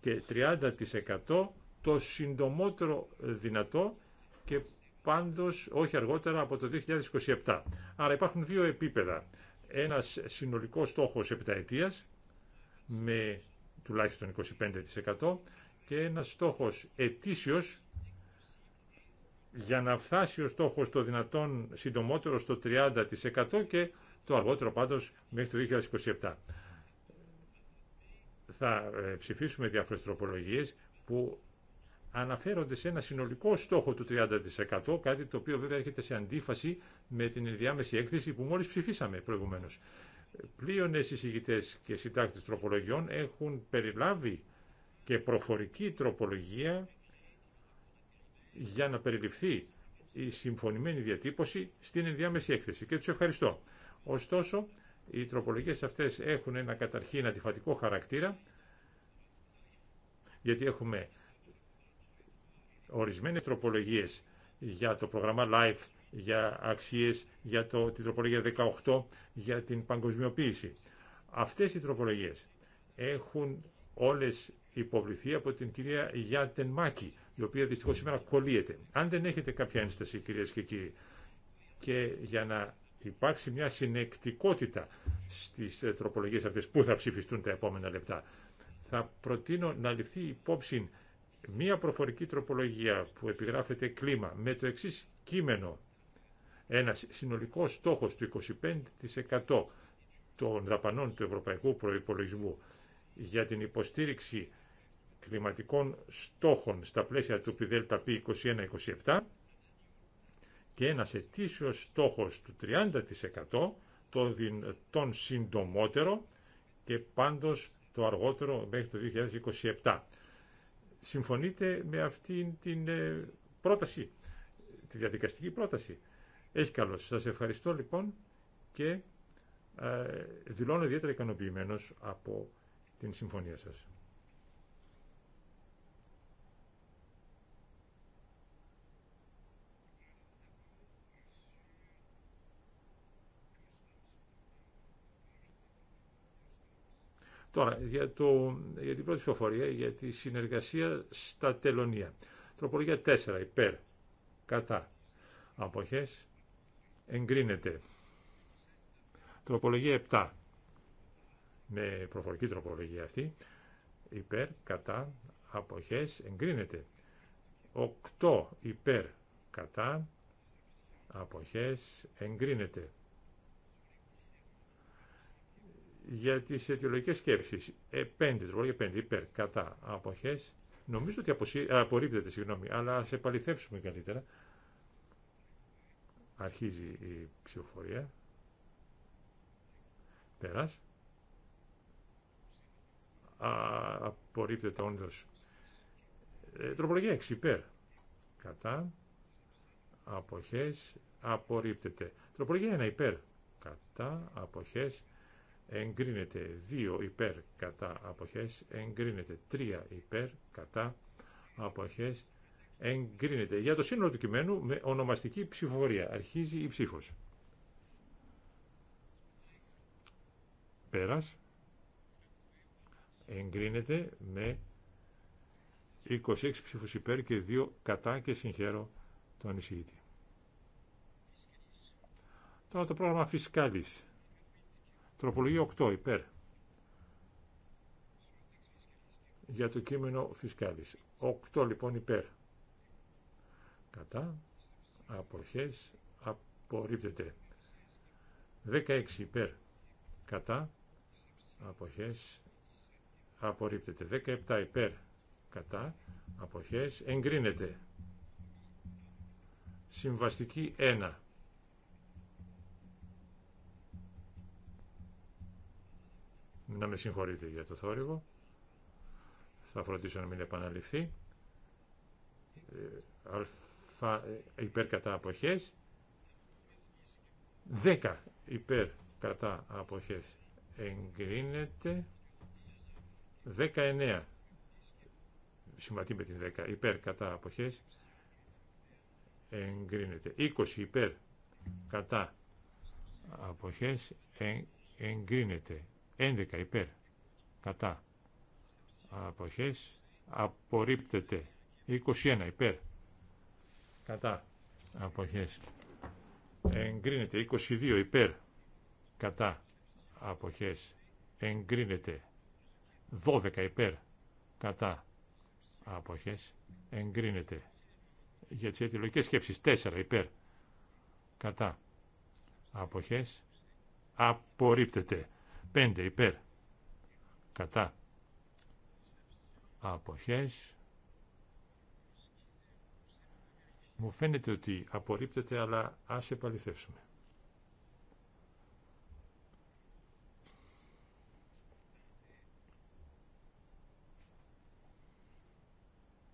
και 30% το συντομότερο δυνατό και πάντως όχι αργότερα από το 2027. Άρα υπάρχουν δύο επίπεδα. Ένας συνολικός στόχος επταετίας με τουλάχιστον 25% και ένας στόχος ετήσιος για να φτάσει ο στόχος το δυνατόν συντομότερο στο 30% και το αργότερο πάντως μέχρι το 2027. Θα ε, ψηφίσουμε διάφορες τροπολογίες που αναφέρονται σε ένα συνολικό στόχο του 30%, κάτι το οποίο βέβαια έρχεται σε αντίφαση με την ενδιάμεση έκθεση που μόλις ψηφίσαμε προηγουμένως. οι εισηγητές και συντάκτες τροπολογιών έχουν περιλάβει και προφορική τροπολογία για να περιληφθεί η συμφωνημένη διατύπωση στην ενδιάμεση έκθεση. Και τους ευχαριστώ. Ωστόσο, οι τροπολογίες αυτές έχουν ένα καταρχήν αντιφατικό χαρακτήρα, γιατί έχουμε ορισμένες τροπολογίες για το πρόγραμμα LIFE, για αξίες, για την τροπολογία 18, για την παγκοσμιοποίηση. Αυτές οι τροπολογίες έχουν όλες υποβληθεί από την κυρία Γιάντεν Μάκη, η οποία δυστυχώς σήμερα κολλείεται. Αν δεν έχετε κάποια ένσταση, κυρίες και κύριοι, και για να υπάρξει μια συνεκτικότητα στις ε, τροπολογίες αυτές που θα ψηφιστούν τα επόμενα λεπτά, θα προτείνω να ληφθεί υπόψη μια προφορική τροπολογία που επιγράφεται κλίμα με το εξή κείμενο. ένα συνολικό στόχο του 25% των δαπανών του ευρωπαϊκού προϋπολογισμού για την υποστήριξη κλιματικών στόχων στα πλαίσια του ΠΔΠ 21-27 και ένας ετήσιος στόχος του 30% τον συντομότερο και πάντως το αργότερο μέχρι το 2027. Συμφωνείτε με αυτή την ε, πρόταση, τη διαδικαστική πρόταση. Έχει καλώς. Σας ευχαριστώ λοιπόν και ε, δηλώνω ιδιαίτερα ικανοποιημένος από την συμφωνία σας. Τώρα, για, το, για την πρώτη ψηφοφορία, για τη συνεργασία στα τελωνία. Τροπολογία 4, υπέρ, κατά, αποχές, εγκρίνεται. Τροπολογία 7, με προφορική τροπολογία αυτή, υπέρ, κατά, αποχές, εγκρίνεται. 8, υπέρ, κατά, αποχές, εγκρίνεται. για τι αιτιολογικές σκέψεις. Ε, τροπολογία πέντε υπέρ, κατά, αποχές. Νομίζω ότι αποσύ... απορρίπτεται, συγγνώμη, αλλά ας επαληθεύσουμε καλύτερα. Αρχίζει η ψηφοφορία. Πέρας. απορρίπτεται όντω. Ε, τροπολογία 6, υπέρ, κατά, αποχές, απορρίπτεται. Τροπολογία 1, υπέρ, κατά, αποχές, εγκρίνεται 2 υπέρ κατά αποχές, εγκρίνεται 3 υπέρ κατά αποχές, εγκρίνεται για το σύνολο του κειμένου με ονομαστική ψηφοφορία. Αρχίζει η ψήφος. Πέρας. Εγκρίνεται με 26 ψήφους υπέρ και 2 κατά και συγχαίρω τον εισηγητή. Τώρα το πρόγραμμα φυσκάλης. Τροπολογία 8 υπέρ. Για το κείμενο φυσκάλης. 8 λοιπόν υπέρ. Κατά. Αποχές. Απορρίπτεται. 16 υπέρ. Κατά. Αποχές. Απορρίπτεται. 17 υπέρ. Κατά. Αποχές. Εγκρίνεται. Συμβαστική 1 να με συγχωρείτε για το θόρυβο. Θα φροντίσω να μην επαναληφθεί. ε, ε υπέρ κατά αποχές. 10 υπέρ κατά αποχές εγκρίνεται. 19 συμβατεί με την 10 υπέρ κατά αποχές εγκρίνεται. 20 υπέρ κατά αποχές ε, εγκρίνεται. 11 υπέρ κατά αποχές απορρίπτεται 21 υπέρ κατά αποχές εγκρίνεται 22 υπέρ κατά αποχές εγκρίνεται 12 υπέρ κατά αποχές εγκρίνεται για τις αιτιολογικές σκέψεις 4 υπέρ κατά αποχές απορρίπτεται 5 υπέρ κατά αποχές μου φαίνεται ότι απορρίπτεται αλλά ας επαληθεύσουμε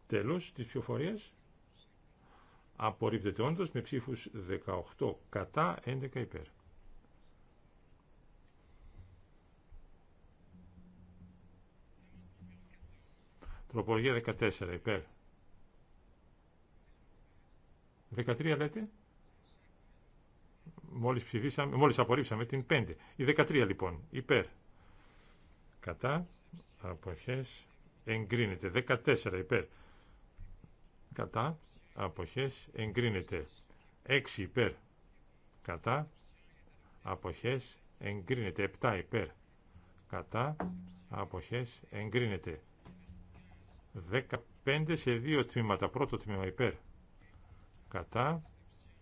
τέλος της ψηφοφορίας απορρίπτεται όντως με ψήφους 18 κατά 11 υπέρ Προπολογία 14 υπέρ. 13 λέτε. Μόλις ψηφίσαμε, μόλις απορρίψαμε την 5. Η 13 λοιπόν υπέρ. Κατά αποχές εγκρίνεται. 14 υπέρ. Κατά αποχές εγκρίνεται. 6 υπέρ. Κατά αποχές εγκρίνεται. 7 υπέρ. Κατά αποχές εγκρίνεται. 15 σε δύο τμήματα. Πρώτο τμήμα υπέρ. Κατά.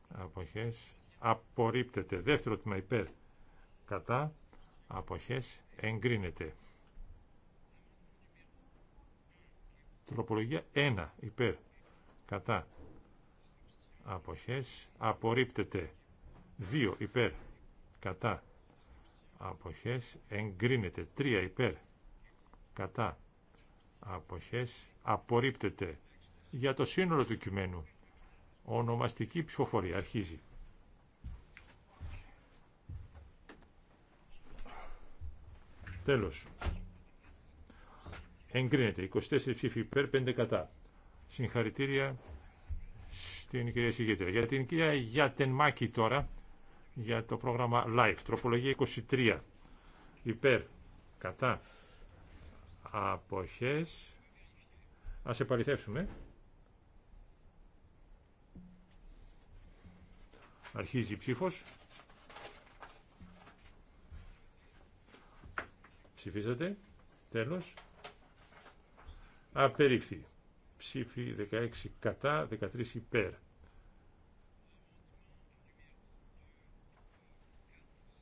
Αποχές. Απορρίπτεται. Δεύτερο τμήμα υπέρ. Κατά. Αποχές. Εγκρίνεται. Τροπολογία 1 υπέρ. Κατά. Αποχές. Απορρίπτεται. 2 υπέρ. Κατά. Αποχές. Εγκρίνεται. 3 υπέρ. Κατά αποχές απορρίπτεται για το σύνολο του κειμένου. Ονομαστική ψηφοφορία αρχίζει. Τέλος. Εγκρίνεται. 24 ψήφοι υπέρ, 5 κατά. Συγχαρητήρια στην κυρία Συγγετρία. Για την κυρία Γιατενμάκη τώρα, για το πρόγραμμα Life Τροπολογία 23. Υπέρ, κατά, αποχές. Ας επαληθεύσουμε. Αρχίζει η ψήφος. Ψηφίσατε. Τέλος. Απερίφθη. Ψήφι 16 κατά, 13 υπέρ.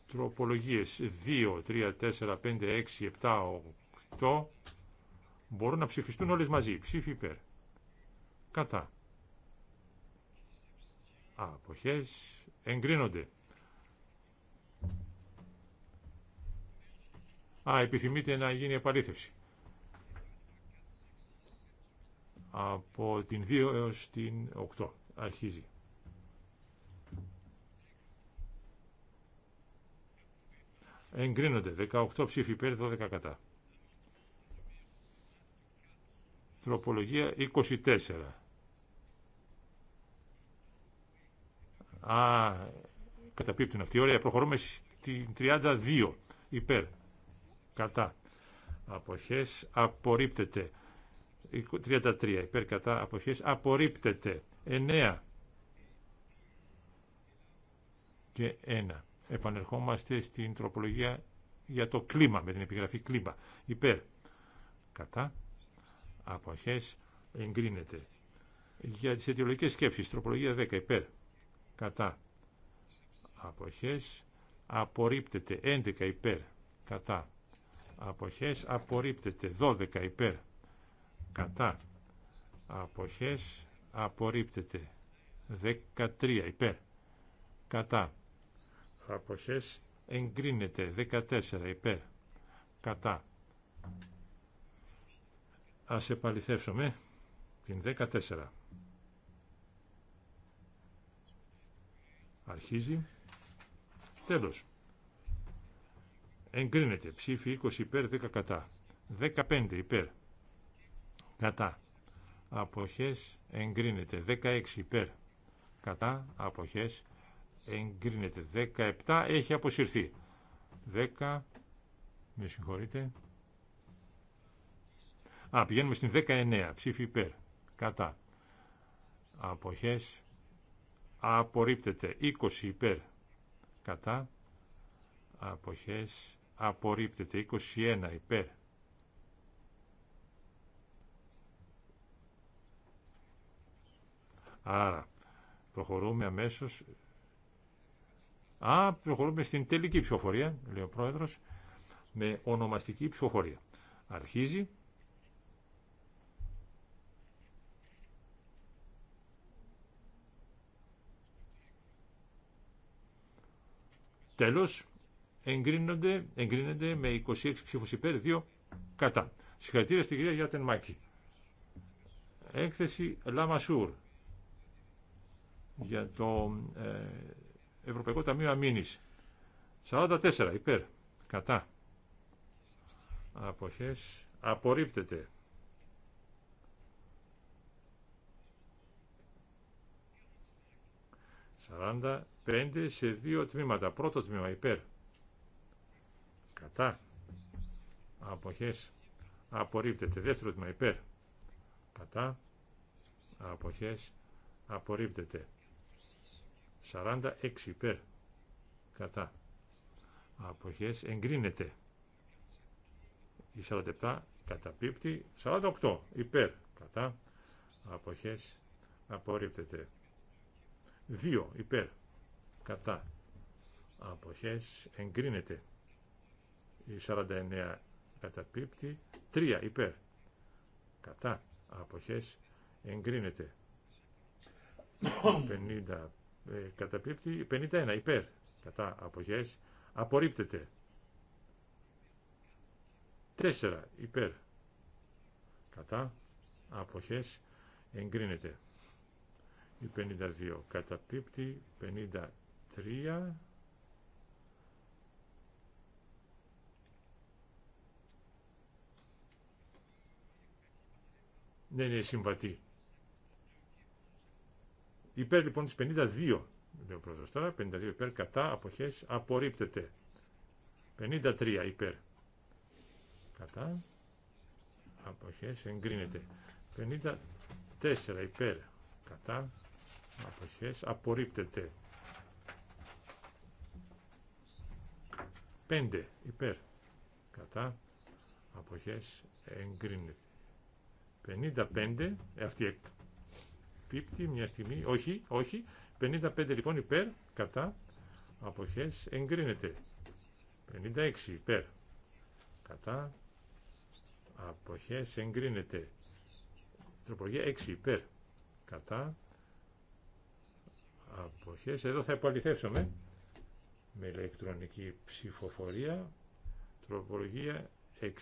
Τροπολογίες 2, 3, 4, 5, 6, 7, 8 το μπορούν να ψηφιστούν όλες μαζί. Ψήφι υπέρ. Κατά. Αποχές εγκρίνονται. Α, επιθυμείτε να γίνει επαλήθευση. Από την 2 έως την 8 αρχίζει. Εγκρίνονται 18 ψήφοι υπέρ 12 κατά. Τροπολογία 24. Α, καταπίπτουν αυτοί. Ωραία, προχωρούμε στην 32. Υπέρ. Κατά. Αποχές απορρίπτεται. 33. Υπέρ κατά αποχές απορρίπτεται. 9. Και 1. Επανερχόμαστε στην τροπολογία για το κλίμα, με την επιγραφή κλίμα. Υπέρ. Κατά αποχές εγκρίνεται. Για τις αιτιολογικές σκέψεις, τροπολογία 10 υπέρ, κατά αποχές απορρίπτεται 11 υπέρ, κατά αποχές απορρίπτεται 12 υπέρ, κατά αποχές απορρίπτεται 13 υπέρ, κατά αποχές εγκρίνεται 14 υπέρ, κατά Ας επαληθεύσουμε την 14. Αρχίζει. Τέλος. Εγκρίνεται. Ψήφι 20 υπέρ 10 κατά. 15 υπέρ. Κατά. Αποχές εγκρίνεται. 16 υπέρ. Κατά. Αποχές εγκρίνεται. 17 έχει αποσυρθεί. 10. Με συγχωρείτε. Α, πηγαίνουμε στην 19. Ψήφι υπέρ. Κατά. Αποχές. Απορρίπτεται. 20 υπέρ. Κατά. Αποχές. Απορρίπτεται. 21 υπέρ. Άρα, προχωρούμε αμέσως. Α, προχωρούμε στην τελική ψηφοφορία, λέει ο Πρόεδρος, με ονομαστική ψηφοφορία. Αρχίζει. Τέλο εγκρίνονται, με 26 ψήφου υπέρ, 2 κατά. Συγχαρητήρια στην κυρία Γιάτεν Μάκη. Έκθεση Λαμασούρ για το ε, Ευρωπαϊκό Ταμείο Αμήνη. 44 υπέρ, κατά. Αποχές απορρίπτεται. Σαράντα 5 σε 2 τμήματα. Πρώτο τμήμα υπέρ. Κατά. Αποχές. Απορρίπτεται. Δεύτερο τμήμα υπέρ. Κατά. Αποχές. Απορρίπτεται. 46 υπέρ. Κατά. Αποχές. Εγκρίνεται. Η 47 καταπίπτει. 48 υπέρ. Κατά. Αποχές. Απορρίπτεται. 2 υπέρ κατά αποχές εγκρίνεται η 49 καταπίπτει 3 υπέρ κατά αποχές εγκρίνεται 50 ε, 51 υπέρ κατά αποχές απορρίπτεται 4 υπέρ κατά αποχές εγκρίνεται η 52 ε, καταπίπτει 3 Ναι, ναι, συμβατή. Υπέρ λοιπόν τη 52, λέει ο τώρα, 52 υπέρ, κατά, αποχές, απορρίπτεται. 53 υπέρ, κατά, αποχές, εγκρίνεται. 54 υπέρ, κατά, αποχές, απορρίπτεται. 5 υπέρ κατά αποχές εγκρίνεται 55 ε, αυτή εκπίπτει μια στιγμή όχι, όχι 55 λοιπόν υπέρ κατά αποχές εγκρίνεται 56 υπέρ κατά αποχές εγκρίνεται τροπολογία 6 υπέρ κατά αποχές εδώ θα επαληθεύσουμε με ηλεκτρονική ψηφοφορία. Τροπολογία 6.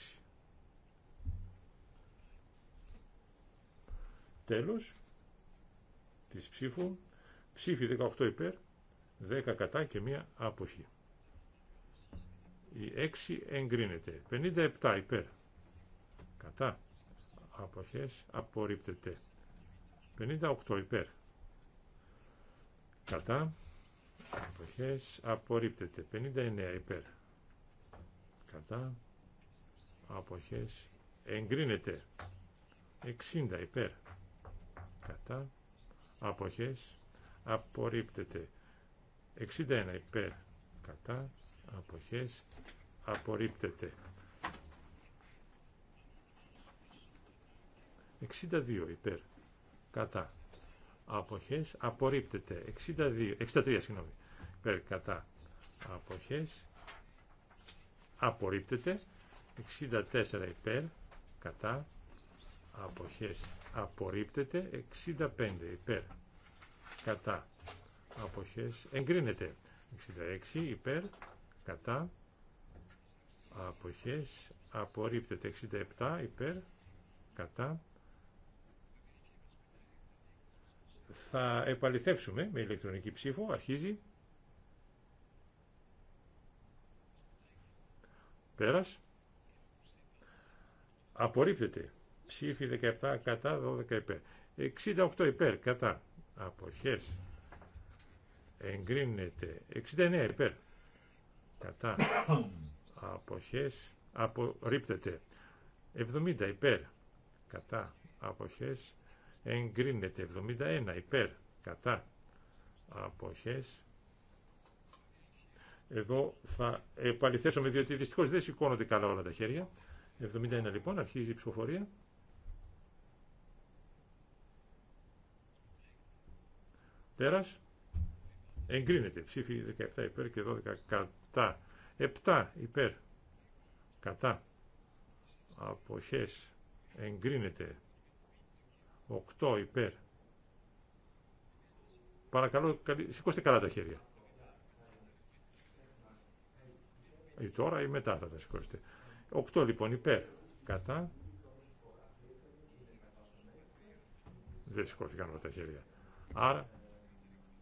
Τέλος της ψήφου. Ψήφι 18 υπέρ, 10 κατά και μία άποχη. Η 6 εγκρίνεται. 57 υπέρ. Κατά. Αποχές απορρίπτεται. 58 υπέρ. Κατά. Αποχές απορρίπτεται. 59 υπέρ. Κατά. Αποχές εγκρίνεται. 60 υπέρ. Κατά. Αποχές απορρίπτεται. 61 υπέρ. Κατά. Αποχές απορρίπτεται. 62 υπέρ. Κατά αποχές απορρίπτεται 62, 63 συγγνώμη υπέρ κατά αποχές απορρίπτεται 64 υπέρ κατά αποχές απορρίπτεται 65 υπέρ κατά αποχές εγκρίνεται 66 υπέρ κατά αποχές απορρίπτεται 67 υπέρ κατά θα επαληθεύσουμε με ηλεκτρονική ψήφο. Αρχίζει. Πέρας. Απορρίπτεται. Ψήφι 17 κατά 12 υπέρ. 68 υπέρ κατά. Αποχές. Εγκρίνεται. 69 υπέρ. Κατά. Αποχές. Απορρίπτεται. 70 υπέρ. Κατά. Αποχές εγκρίνεται 71 υπέρ κατά αποχές εδώ θα επαληθέσουμε διότι δυστυχώ δεν σηκώνονται καλά όλα τα χέρια 71 λοιπόν αρχίζει η ψηφοφορία πέρας εγκρίνεται ψήφι 17 υπέρ και 12 κατά 7 υπέρ κατά αποχές εγκρίνεται 8 υπέρ. Παρακαλώ, σηκώστε καλά τα χέρια. Ή ε, τώρα ή μετά θα τα σηκώσετε. 8 λοιπόν υπέρ. Κατά. Δεν σηκώθηκαν όλα τα χέρια. Άρα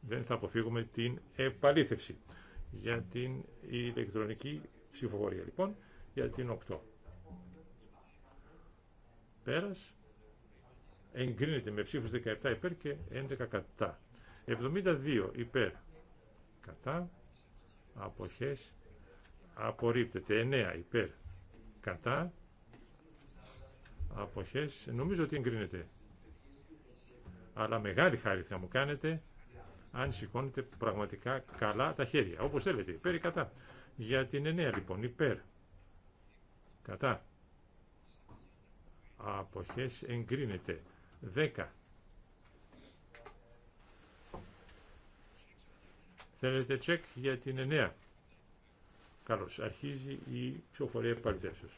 δεν θα αποφύγουμε την επαλήθευση για την ηλεκτρονική ψηφοφορία λοιπόν για την 8. Πέρας εγκρίνεται με ψήφους 17 υπέρ και 11 κατά. 72 υπέρ κατά αποχές απορρίπτεται. 9 υπέρ κατά αποχές νομίζω ότι εγκρίνεται. Αλλά μεγάλη χάρη θα μου κάνετε αν σηκώνετε πραγματικά καλά τα χέρια. Όπως θέλετε υπέρ ή κατά. Για την 9 λοιπόν υπέρ κατά αποχές εγκρίνεται. 10. Θέλετε τσεκ για την 9. Καλώς. Αρχίζει η ψηφοφορία επαλυτεύσεως.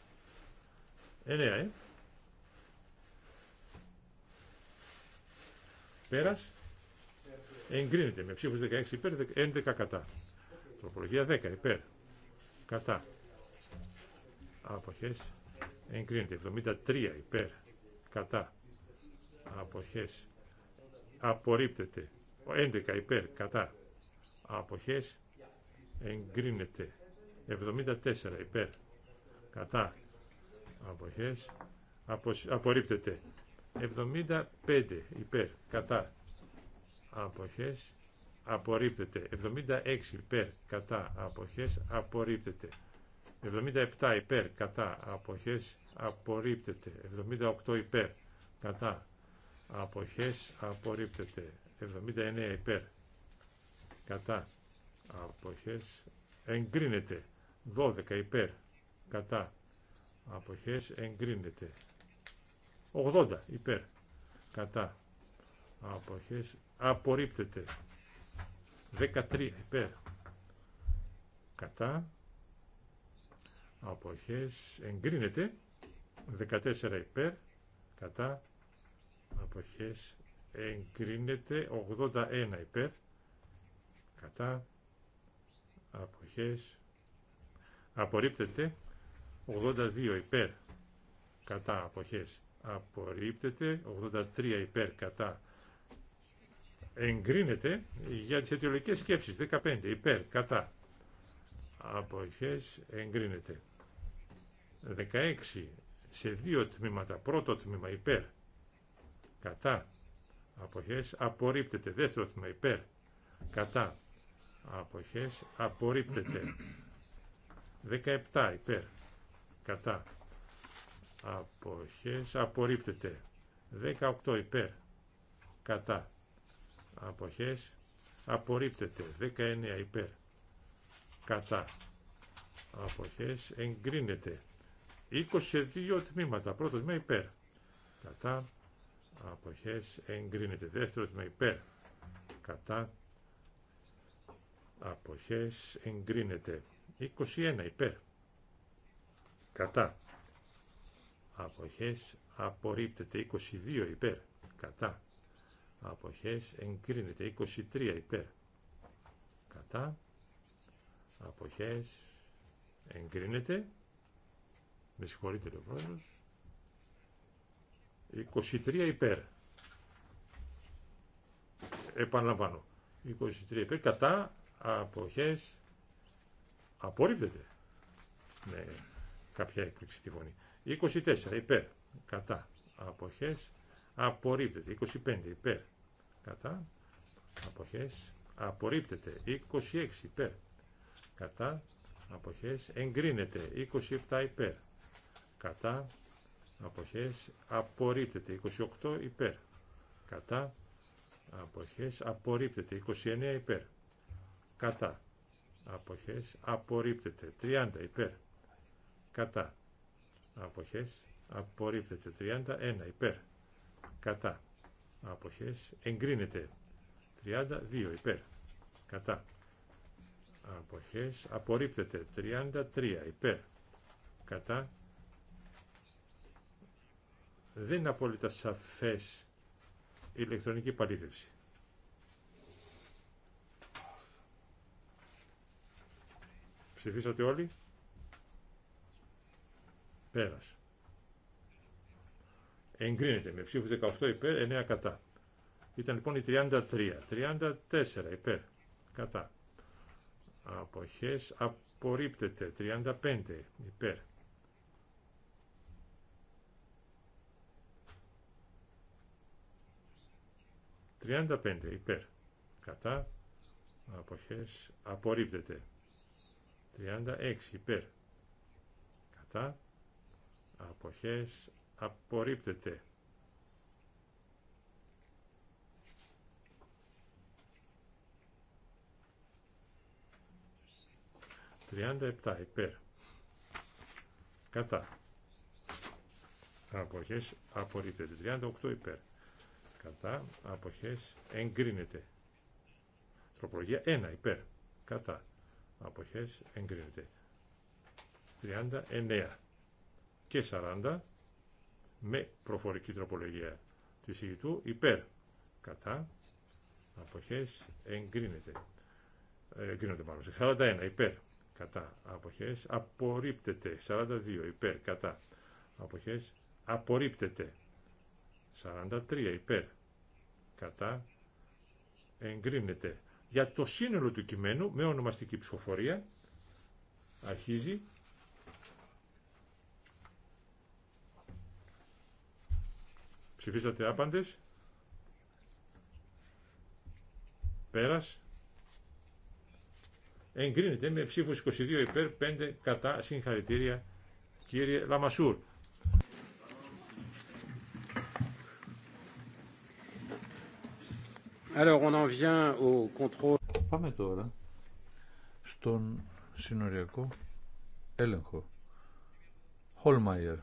9, ε. Πέρας. Εγκρίνεται με ψήφους 16 υπέρ, 11 κατά. Προπολογία 10 υπέρ. Κατά. Αποχές. Εγκρίνεται 73 υπέρ. Κατά αποχές απορρίπτεται 11 υπέρ κατά αποχές εγκρίνεται 74 υπέρ κατά αποχές απορρίπτεται 75 υπέρ κατά αποχές απορρίπτεται 76 υπέρ κατά αποχές απορρίπτεται 77 υπέρ κατά αποχές απορρίπτεται 78 υπέρ κατά αποχές απορρίπτεται 79 υπέρ κατά αποχές εγκρίνεται 12 υπέρ κατά αποχές εγκρίνεται 80 υπέρ κατά αποχές απορρίπτεται 13 υπέρ κατά αποχές εγκρίνεται 14 υπέρ κατά αποχές εγκρίνεται 81 υπέρ κατά αποχές απορρίπτεται 82 υπέρ κατά αποχές απορρίπτεται 83 υπέρ κατά εγκρίνεται για τις αιτιολογικές σκέψεις 15 υπέρ κατά αποχές εγκρίνεται 16 σε δύο τμήματα πρώτο τμήμα υπέρ κατά αποχές απορρίπτεται. Δεύτερο τμήμα υπέρ κατά αποχές απορρίπτεται. 17 υπέρ κατά αποχές απορρίπτεται. 18 υπέρ κατά αποχές απορρίπτεται. 19 υπέρ κατά αποχές εγκρίνεται. 22 τμήματα. Πρώτο τμήμα υπέρ. Κατά αποχές εγκρίνεται. Δεύτερο με υπέρ κατά αποχές εγκρίνεται. 21 υπέρ κατά αποχές απορρίπτεται. 22 υπέρ κατά αποχές εγκρίνεται. 23 υπέρ κατά αποχές εγκρίνεται. Με συγχωρείτε 23 υπέρ. Επαναλαμβάνω. 23 υπέρ κατά αποχές απορρίπτεται. με ναι, κάποια έκπληξη στη φωνή. 24 υπέρ κατά αποχές απορρίπτεται. 25 υπέρ κατά αποχές απορρίπτεται. 26 υπέρ κατά αποχές εγκρίνεται. 27 υπέρ κατά αποχές απορρίπτεται 28 υπέρ κατά αποχές απορρίπτεται 29 υπέρ κατά αποχές απορρίπτεται 30 υπέρ κατά αποχές απορρίπτεται 31 υπέρ κατά αποχές εγκρίνεται 32 υπέρ κατά αποχές απορρίπτεται 33 υπέρ κατά δεν είναι απόλυτα σαφές η ηλεκτρονική παρήθευση. Ψηφίσατε όλοι. Πέρασε. Εγκρίνεται με ψήφους 18 υπέρ, 9 κατά. Ήταν λοιπόν η 33. 34 υπέρ, κατά. Αποχές απορρίπτεται. 35 υπέρ, 35 υπέρ. Κατά. Αποχές απορρίπτεται. 36 υπέρ. Κατά. Αποχές απορρίπτεται. 37 υπέρ. Κατά. Αποχές απορρίπτεται. 38 υπέρ κατά, αποχές, εγκρίνεται. Τροπολογία 1, υπέρ, κατά, αποχές, εγκρίνεται. 39 και 40 με προφορική τροπολογία του εισηγητού υπέρ, κατά, αποχές, εγκρίνεται. Εγκρίνονται μάλλον. 41 υπέρ, κατά, αποχές, απορρίπτεται. 42 υπέρ, κατά, αποχές, απορρίπτεται. 43 υπέρ κατά εγκρίνεται. Για το σύνολο του κειμένου με ονομαστική ψηφοφορία αρχίζει ψηφίσατε άπαντες πέρας εγκρίνεται με ψήφους 22 υπέρ 5 κατά συγχαρητήρια κύριε Λαμασούρ. Alors, on en vient au contrôle. Πάμε τώρα στον συνοριακό έλεγχο. Χολμάιερ.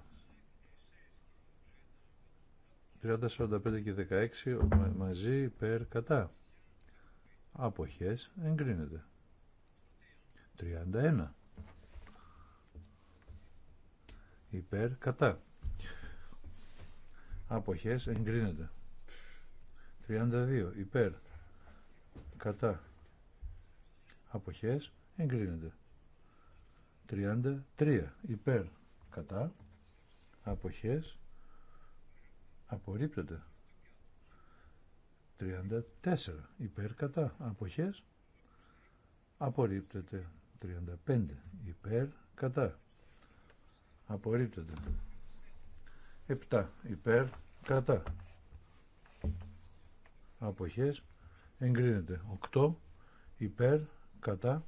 30, 45 και 16 μαζί υπέρ κατά. Αποχές εγκρίνεται. 31. Υπέρ κατά. Αποχές εγκρίνεται. 32 υπέρ κατά αποχές εγκρίνεται 33 υπέρ κατά αποχές απορρίπτεται 34 υπέρ κατά αποχές απορρίπτεται 35 υπέρ κατά απορρίπτεται 7 υπέρ κατά αποχές εγκρίνεται 8 υπέρ κατά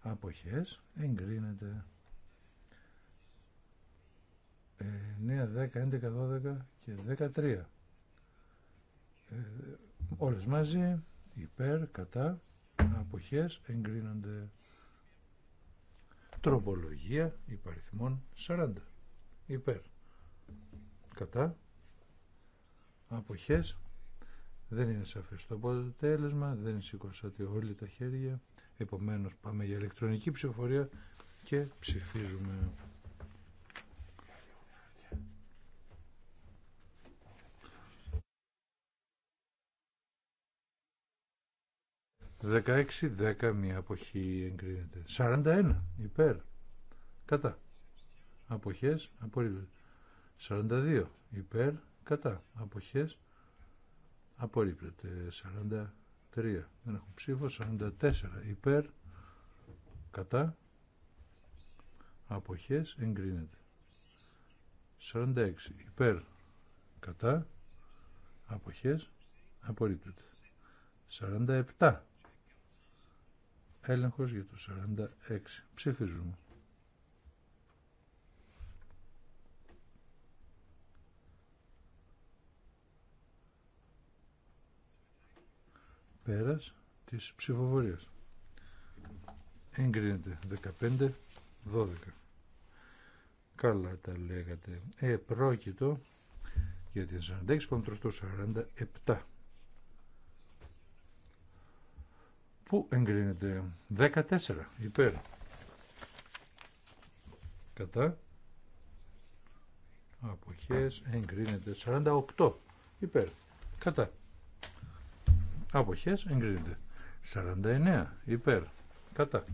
αποχές εγκρίνεται 9, 10, 11, 12 και 13 ε, όλες μαζί υπέρ, κατά αποχές εγκρίνονται τροπολογία υπαριθμών 40 υπέρ κατά αποχές δεν είναι σαφές το αποτέλεσμα, δεν σηκώσατε όλοι τα χέρια. Επομένως πάμε για ηλεκτρονική ψηφοφορία και ψηφίζουμε. Δεκαέξι, δέκα, μία αποχή εγκρίνεται. 41 ένα, υπέρ. Κατά. Αποχές, απορρίβεται. 42 δύο, υπέρ. Κατά. Αποχές, απορρίπτεται 43 δεν έχω ψήφο 44 υπέρ κατά αποχές εγκρίνεται 46 υπέρ κατά αποχές απορρίπτεται 47 έλεγχος για το 46 ψηφίζουμε πέρας της ψηφοφορίας. Εγκρίνεται 15-12. Καλά τα λέγατε. Ε, πρόκειτο για την 46 47. Πού εγκρίνεται 14 υπέρ. Κατά. Αποχές εγκρίνεται 48 υπέρ. Κατά. Αποχές εγκρίνεται. 49 υπέρ. Κατά.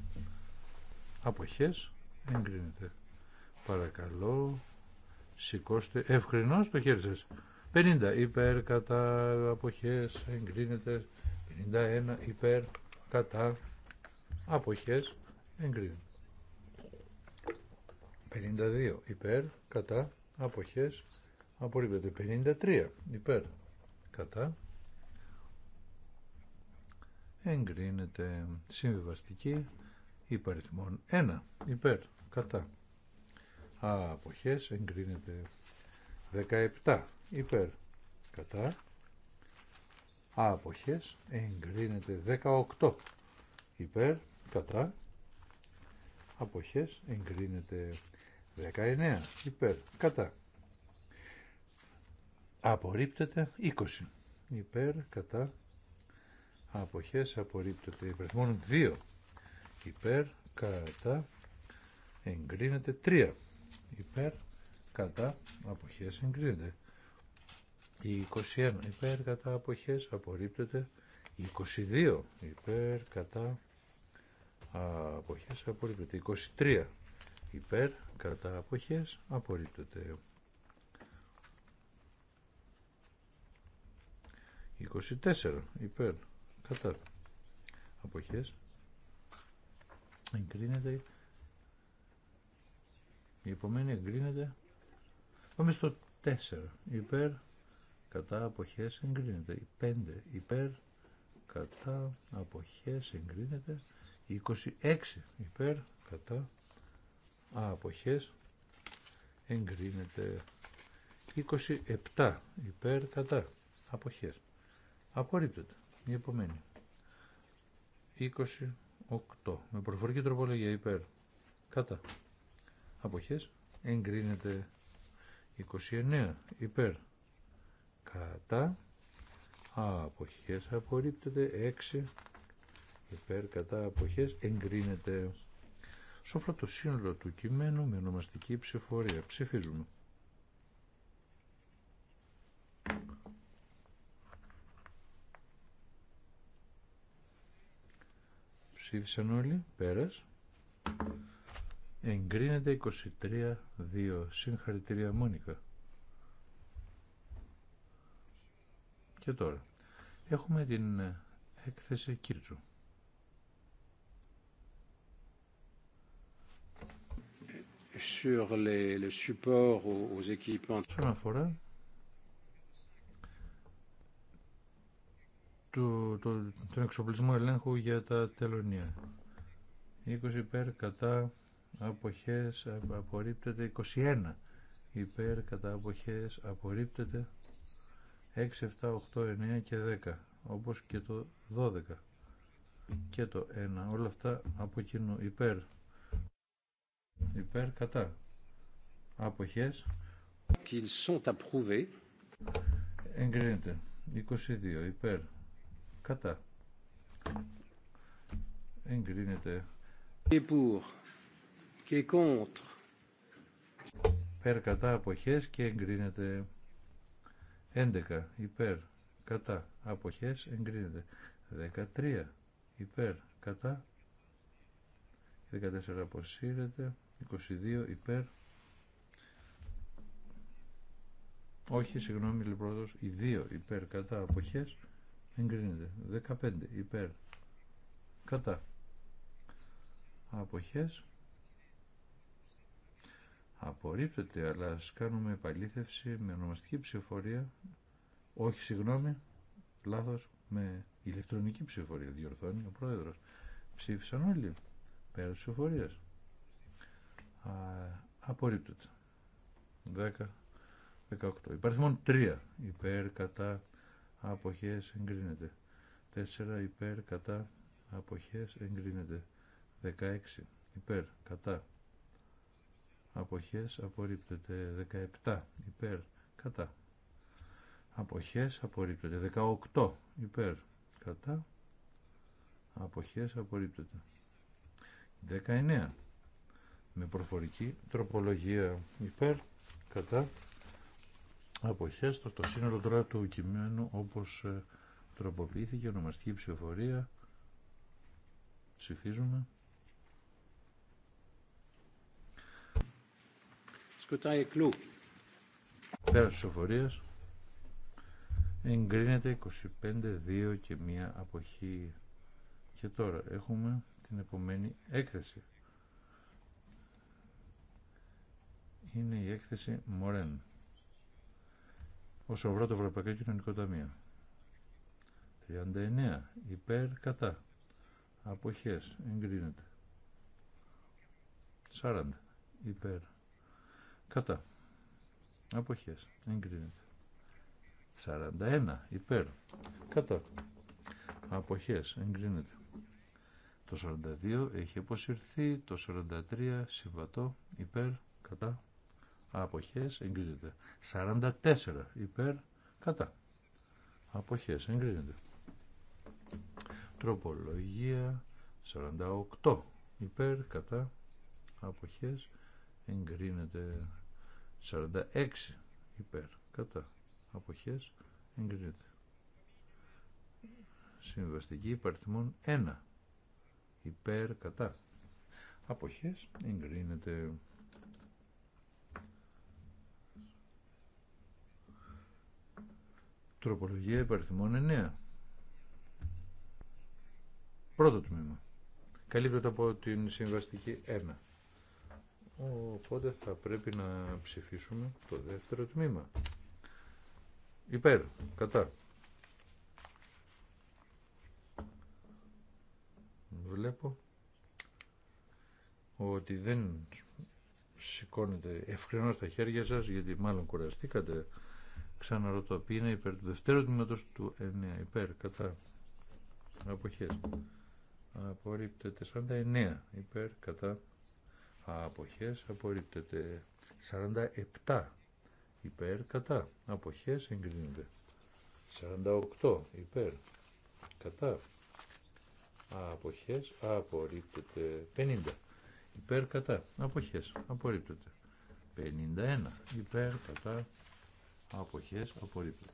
Αποχές εγκρίνεται. Παρακαλώ σηκώστε ευκρινώς το χέρι σας. 50 υπέρ κατά αποχές εγκρίνεται. 51 υπέρ κατά αποχές εγκρίνεται. 52 υπέρ κατά αποχές απορρίπτεται. 53 υπέρ κατά εγκρίνεται συμβιβαστική υπαριθμών 1 υπέρ κατά αποχές εγκρίνεται 17 υπέρ κατά αποχές εγκρίνεται 18 υπέρ κατά αποχές εγκρίνεται 19 υπέρ κατά απορρίπτεται 20 υπέρ κατά αποχές απορρίπτεται υπερθμόν 2 υπέρ κατά εγκρίνεται 3 υπέρ κατά αποχές εγκρίνεται 21 υπέρ κατά αποχές απορρίπτεται 22 υπέρ κατά αποχές απορρίπτεται 23 υπέρ κατά αποχές απορρίπτεται 24 υπέρ κατά αποχές εγκρίνεται η επομένη εγκρίνεται πάμε στο 4 υπέρ κατά αποχές εγκρίνεται 5 υπέρ κατά αποχές εγκρίνεται 26 υπέρ κατά αποχές εγκρίνεται 27 υπέρ κατά αποχές απορρίπτεται η επόμενη. 28. Με προφορική τροπολογία υπέρ. Κατά. Αποχές. Εγκρίνεται. 29. Υπέρ. Κατά. Αποχές. Απορρίπτεται. 6. Υπέρ. Κατά. Αποχές. Εγκρίνεται. Σόφρα το σύνολο του κειμένου με ονομαστική ψηφορία. Ψηφίζουμε. Ψήφισαν όλοι. Πέρας. Εγκρίνεται 23-2. Συγχαρητήρια Μόνικα. Και τώρα. Έχουμε την ε, έκθεση Κίρτσου. Sur les, aux, aux Στον αφορά το, τον εξοπλισμό ελέγχου για τα τελωνία. 20 υπέρ κατά αποχές απορρίπτεται 21 υπέρ κατά αποχές απορρίπτεται 6, 7, 8, 9 και 10 όπως και το 12 και το 1 όλα αυτά από κοινού υπέρ υπέρ κατά αποχές qu'ils sont εγκρίνεται 22 υπέρ Κατά. Εγκρίνεται. Και pour. Και Περ κατά αποχές και εγκρίνεται. 11. Υπέρ. Κατά αποχές εγκρίνεται. 13. Υπέρ. Κατά. 14 αποσύρεται. 22. Υπέρ. Όχι, συγγνώμη, λοιπόν, οι δύο υπέρ κατά αποχές εγκρίνεται 15 υπέρ κατά αποχές απορρίπτεται αλλά ας κάνουμε επαλήθευση με ονομαστική ψηφοφορία όχι συγγνώμη λάθος με ηλεκτρονική ψηφορία διορθώνει ο πρόεδρος ψήφισαν όλοι πέρα ψηφορίας Α, απορρίπτεται 10 18 υπάρχει μόνο 3 υπέρ κατά αποχές εγκρίνεται. 4 υπέρ κατά αποχές εγκρίνεται. 16 υπέρ κατά αποχές απορρίπτεται. 17 υπέρ κατά αποχές απορρίπτεται. 18 υπέρ κατά αποχές απορρίπτεται. 19 με προφορική τροπολογία υπέρ κατά αποχές το, σύνολο τώρα του κειμένου όπως ε, τροποποιήθηκε ονομαστική ψηφοφορία ψηφίζουμε Σκοτάει κλού Πέρα ψηφοφορίας εγκρίνεται 25-2 και μία αποχή και τώρα έχουμε την επομένη έκθεση είναι η έκθεση Μορέν. Όσο αφορά το Ευρωπαϊκό Κοινωνικό Ταμείο. 39. Υπέρ κατά. Αποχέ, Εγκρίνεται. 40. Υπέρ. Κατά. απόχέ, Εγκρίνεται. 41. Υπέρ. Κατά. Αποχέ, Εγκρίνεται. Το 42 έχει αποσυρθεί. Το 43 συμβατό. Υπέρ. Κατά αποχές εγκρίνεται. 44 υπέρ κατά αποχές εγκρίνεται. Τροπολογία 48 υπέρ κατά αποχές εγκρίνεται. 46 υπέρ κατά αποχές εγκρίνεται. Συμβαστική υπαριθμών 1 υπέρ κατά αποχές εγκρίνεται. Τροπολογία υπαριθμών 9. Πρώτο τμήμα. Καλύπτεται από την συμβαστική 1. Οπότε θα πρέπει να ψηφίσουμε το δεύτερο τμήμα. Υπέρ, κατά. Βλέπω ότι δεν σηκώνετε ευκρινώς τα χέρια σας γιατί μάλλον κουραστήκατε. Ξαναρωτώ, ποιοι είναι υπέρ του δευτέρου τμήματος του 9, υπέρ, κατά αποχές. Απορρίπτεται 49, υπέρ, κατά αποχές. Απορρίπτεται 47, υπέρ, κατά αποχές, εγκρίνεται. 48, υπέρ, κατά αποχές, απορρίπτεται 50. Υπέρ κατά, αποχές, απορρίπτεται. 51, υπέρ κατά, αποχές απορρίπτεται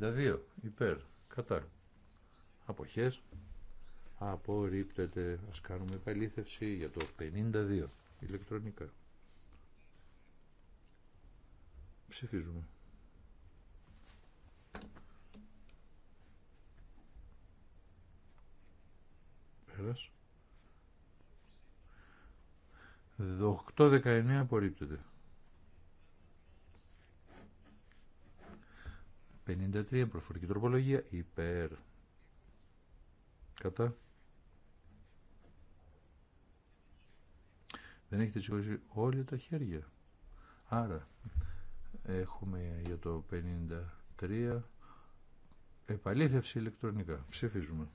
52 υπέρ κατά αποχές απορρίπτεται ας κάνουμε επαλήθευση για το 52 ηλεκτρονικά ψηφίζουμε πέρας 8-19 απορρίπτεται 53 προφορική τροπολογία υπέρ κατά δεν έχετε σηκώσει όλοι τα χέρια άρα έχουμε για το 53 επαλήθευση ηλεκτρονικά ψηφίζουμε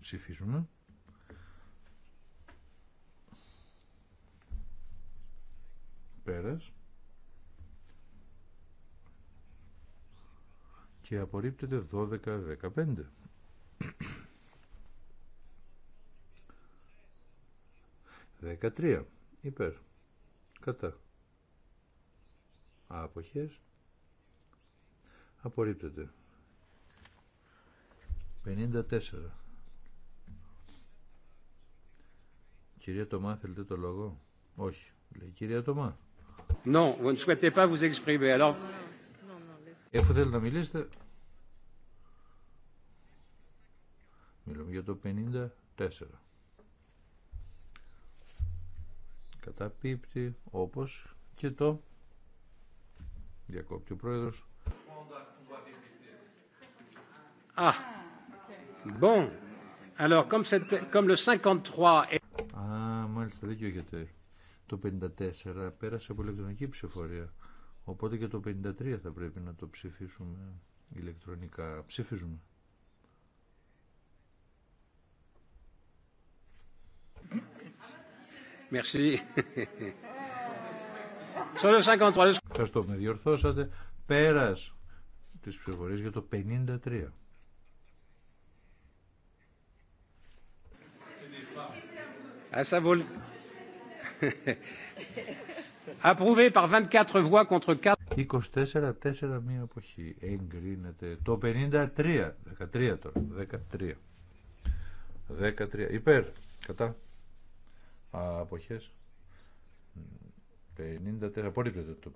ψηφίζουμε πέρας και απορρίπτεται 12-15 13 υπέρ κατά άποχες απορρίπτεται 54 Κυρία Τωμά θέλετε το λόγο όχι λέει κυρία Τωμά Non, vous ne souhaitez pas vous exprimer. Alors... Εφού θέλετε να μιλήσετε, μιλούμε για το 54. Καταπίπτει όπως και το διακόπτει ο πρόεδρος. Α, ah. bon. Alors, comme, comme le 53 est... Α, μάλιστα, δίκιο έχετε το 54 πέρασε από ηλεκτρονική ψηφορία. Οπότε και το 53 θα πρέπει να το ψηφίσουμε ηλεκτρονικά. Ψηφίζουμε. Merci. Ευχαριστώ, με διορθώσατε. Πέρας της ψηφορία για το 53. [LAUGHS] Approuvé par 24 voix contre 4. 24, 4, μία εποχή. Εγκρίνεται. Το 53. 13 τώρα. 13. 13. Υπέρ. Κατά. Αποχέ. 54. Απορρίπτεται το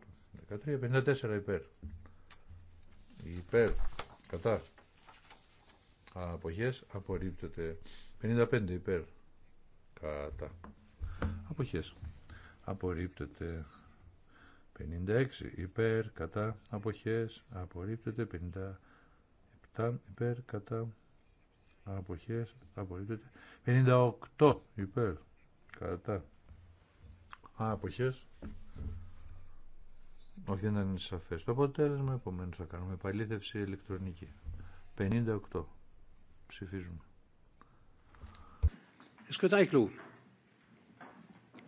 13. 54 υπέρ. Υπέρ. Κατά. Αποχέ, αποχές. Απορρίπτεται. 55 υπέρ. Κατά αποχές απορρίπτεται 56 υπέρ κατά αποχές απορρίπτεται 57 υπέρ κατά αποχές απορρίπτεται 58 υπέρ κατά αποχές όχι δεν ήταν σαφές το αποτέλεσμα επομένως θα κάνουμε επαλήθευση ηλεκτρονική 58 ψηφίζουμε tu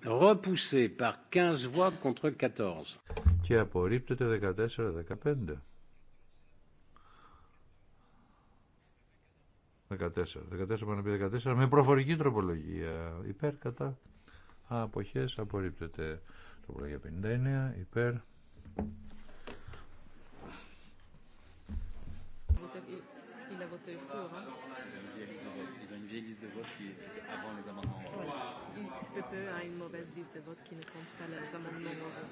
repoussé par 15 voix contre 14. Και απορρίπτεται 14-15. 14. 14 14 με προφορική τροπολογία. Υπέρ κατά αποχές απορρίπτεται. Τροπολογία 59 υπέρ. Il a voté pour. Ils ont une vieille liste de vote qui avant peu a une mauvaise liste de vote qui ne compte pas les amendements euh...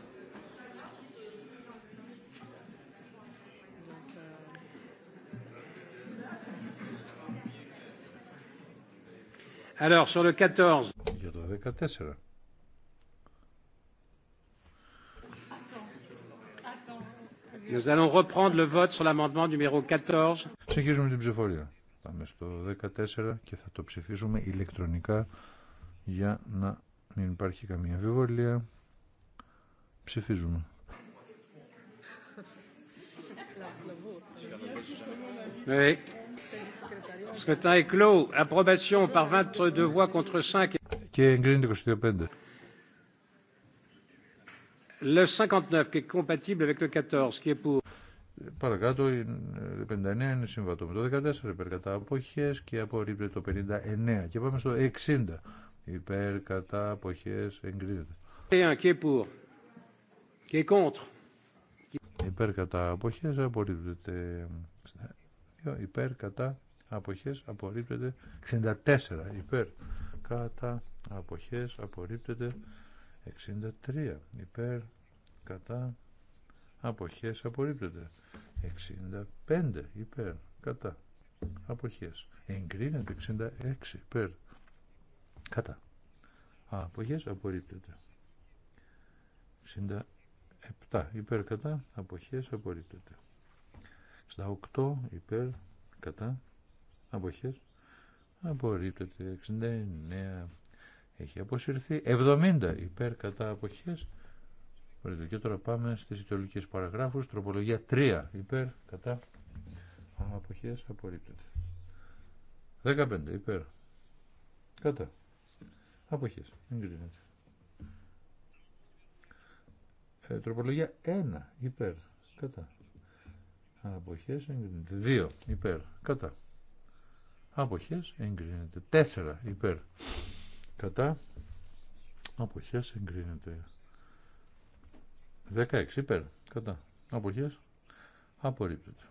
Alors, sur le 14. dois το 14. Nous allons reprendre le vote sur l'amendement numéro 14. Συνεχίζουμε την ψηφορία. Πάμε στο 14 και θα το ψηφίσουμε ηλεκτρονικά για να μην υπάρχει καμία αμφιβολία. Ψηφίζουμε. Oui. Scrutin est clos. Approbation par 22 voix contre 5. Και εγκρινεται 25. Le 59 qui est compatible avec le 14, qui est pour. Παρακάτω, το 59 είναι συμβατό με το 14, υπερκατά αποχές και απορρίπτεται το 59. Και πάμε στο 60 υπέρ, κατά, αποχές, εγκρίνεται. Και Και contre. Υπέρ, κατά, αποχές, απορρίπτεται. Υπέρ, κατά, αποχές, απορρίπτεται. 64, υπέρ, κατά, αποχές, απορρίπτεται. 63, υπέρ, κατά, αποχές, απορρίπτεται. 65, υπέρ, κατά, αποχές. Εγκρίνεται 66, υπέρ, Κατά. Αποχές απορρίπτεται. 67 υπέρ κατά. Αποχές απορρίπτεται. 68 υπέρ κατά. Αποχές απορρίπτεται. 69 έχει αποσυρθεί. 70 υπέρ κατά απορρίπτεται. Και τώρα πάμε στις ιδεολογικές παραγράφους. Τροπολογία 3 υπέρ κατά αποχές απορρίπτεται. 15 υπέρ κατά Αποχές. Εγκρίνεται. Ε, τροπολογία 1. Υπέρ. Κατά. Αποχέ Εγκρίνεται. 2. Υπέρ. Κατά. Αποχές. Εγκρίνεται. 4. Υπέρ. Κατά. Αποχές. Εγκρίνεται. 16. Υπέρ. Κατά. Αποχές. Απορρίπτεται.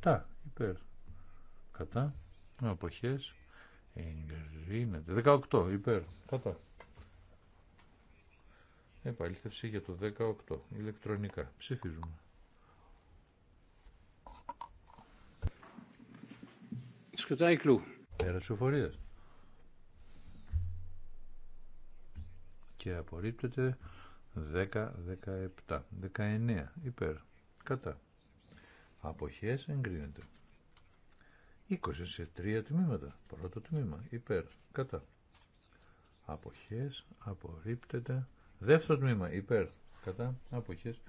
17. Υπέρ. Κατά. Αποχές. Εγκρίνεται. 18 υπέρ. Κατά. Επαλήθευση για το 18. Ηλεκτρονικά. Ψηφίζουμε. Σκοτάει κλου. Πέρα Και απορρίπτεται 10, 17, 19 υπέρ. Κατά. Αποχές εγκρίνεται. 20 σε τρία τμήματα. Πρώτο τμήμα, υπέρ, κατά. Αποχές, απορρίπτεται. Δεύτερο τμήμα, υπέρ, κατά, αποχές.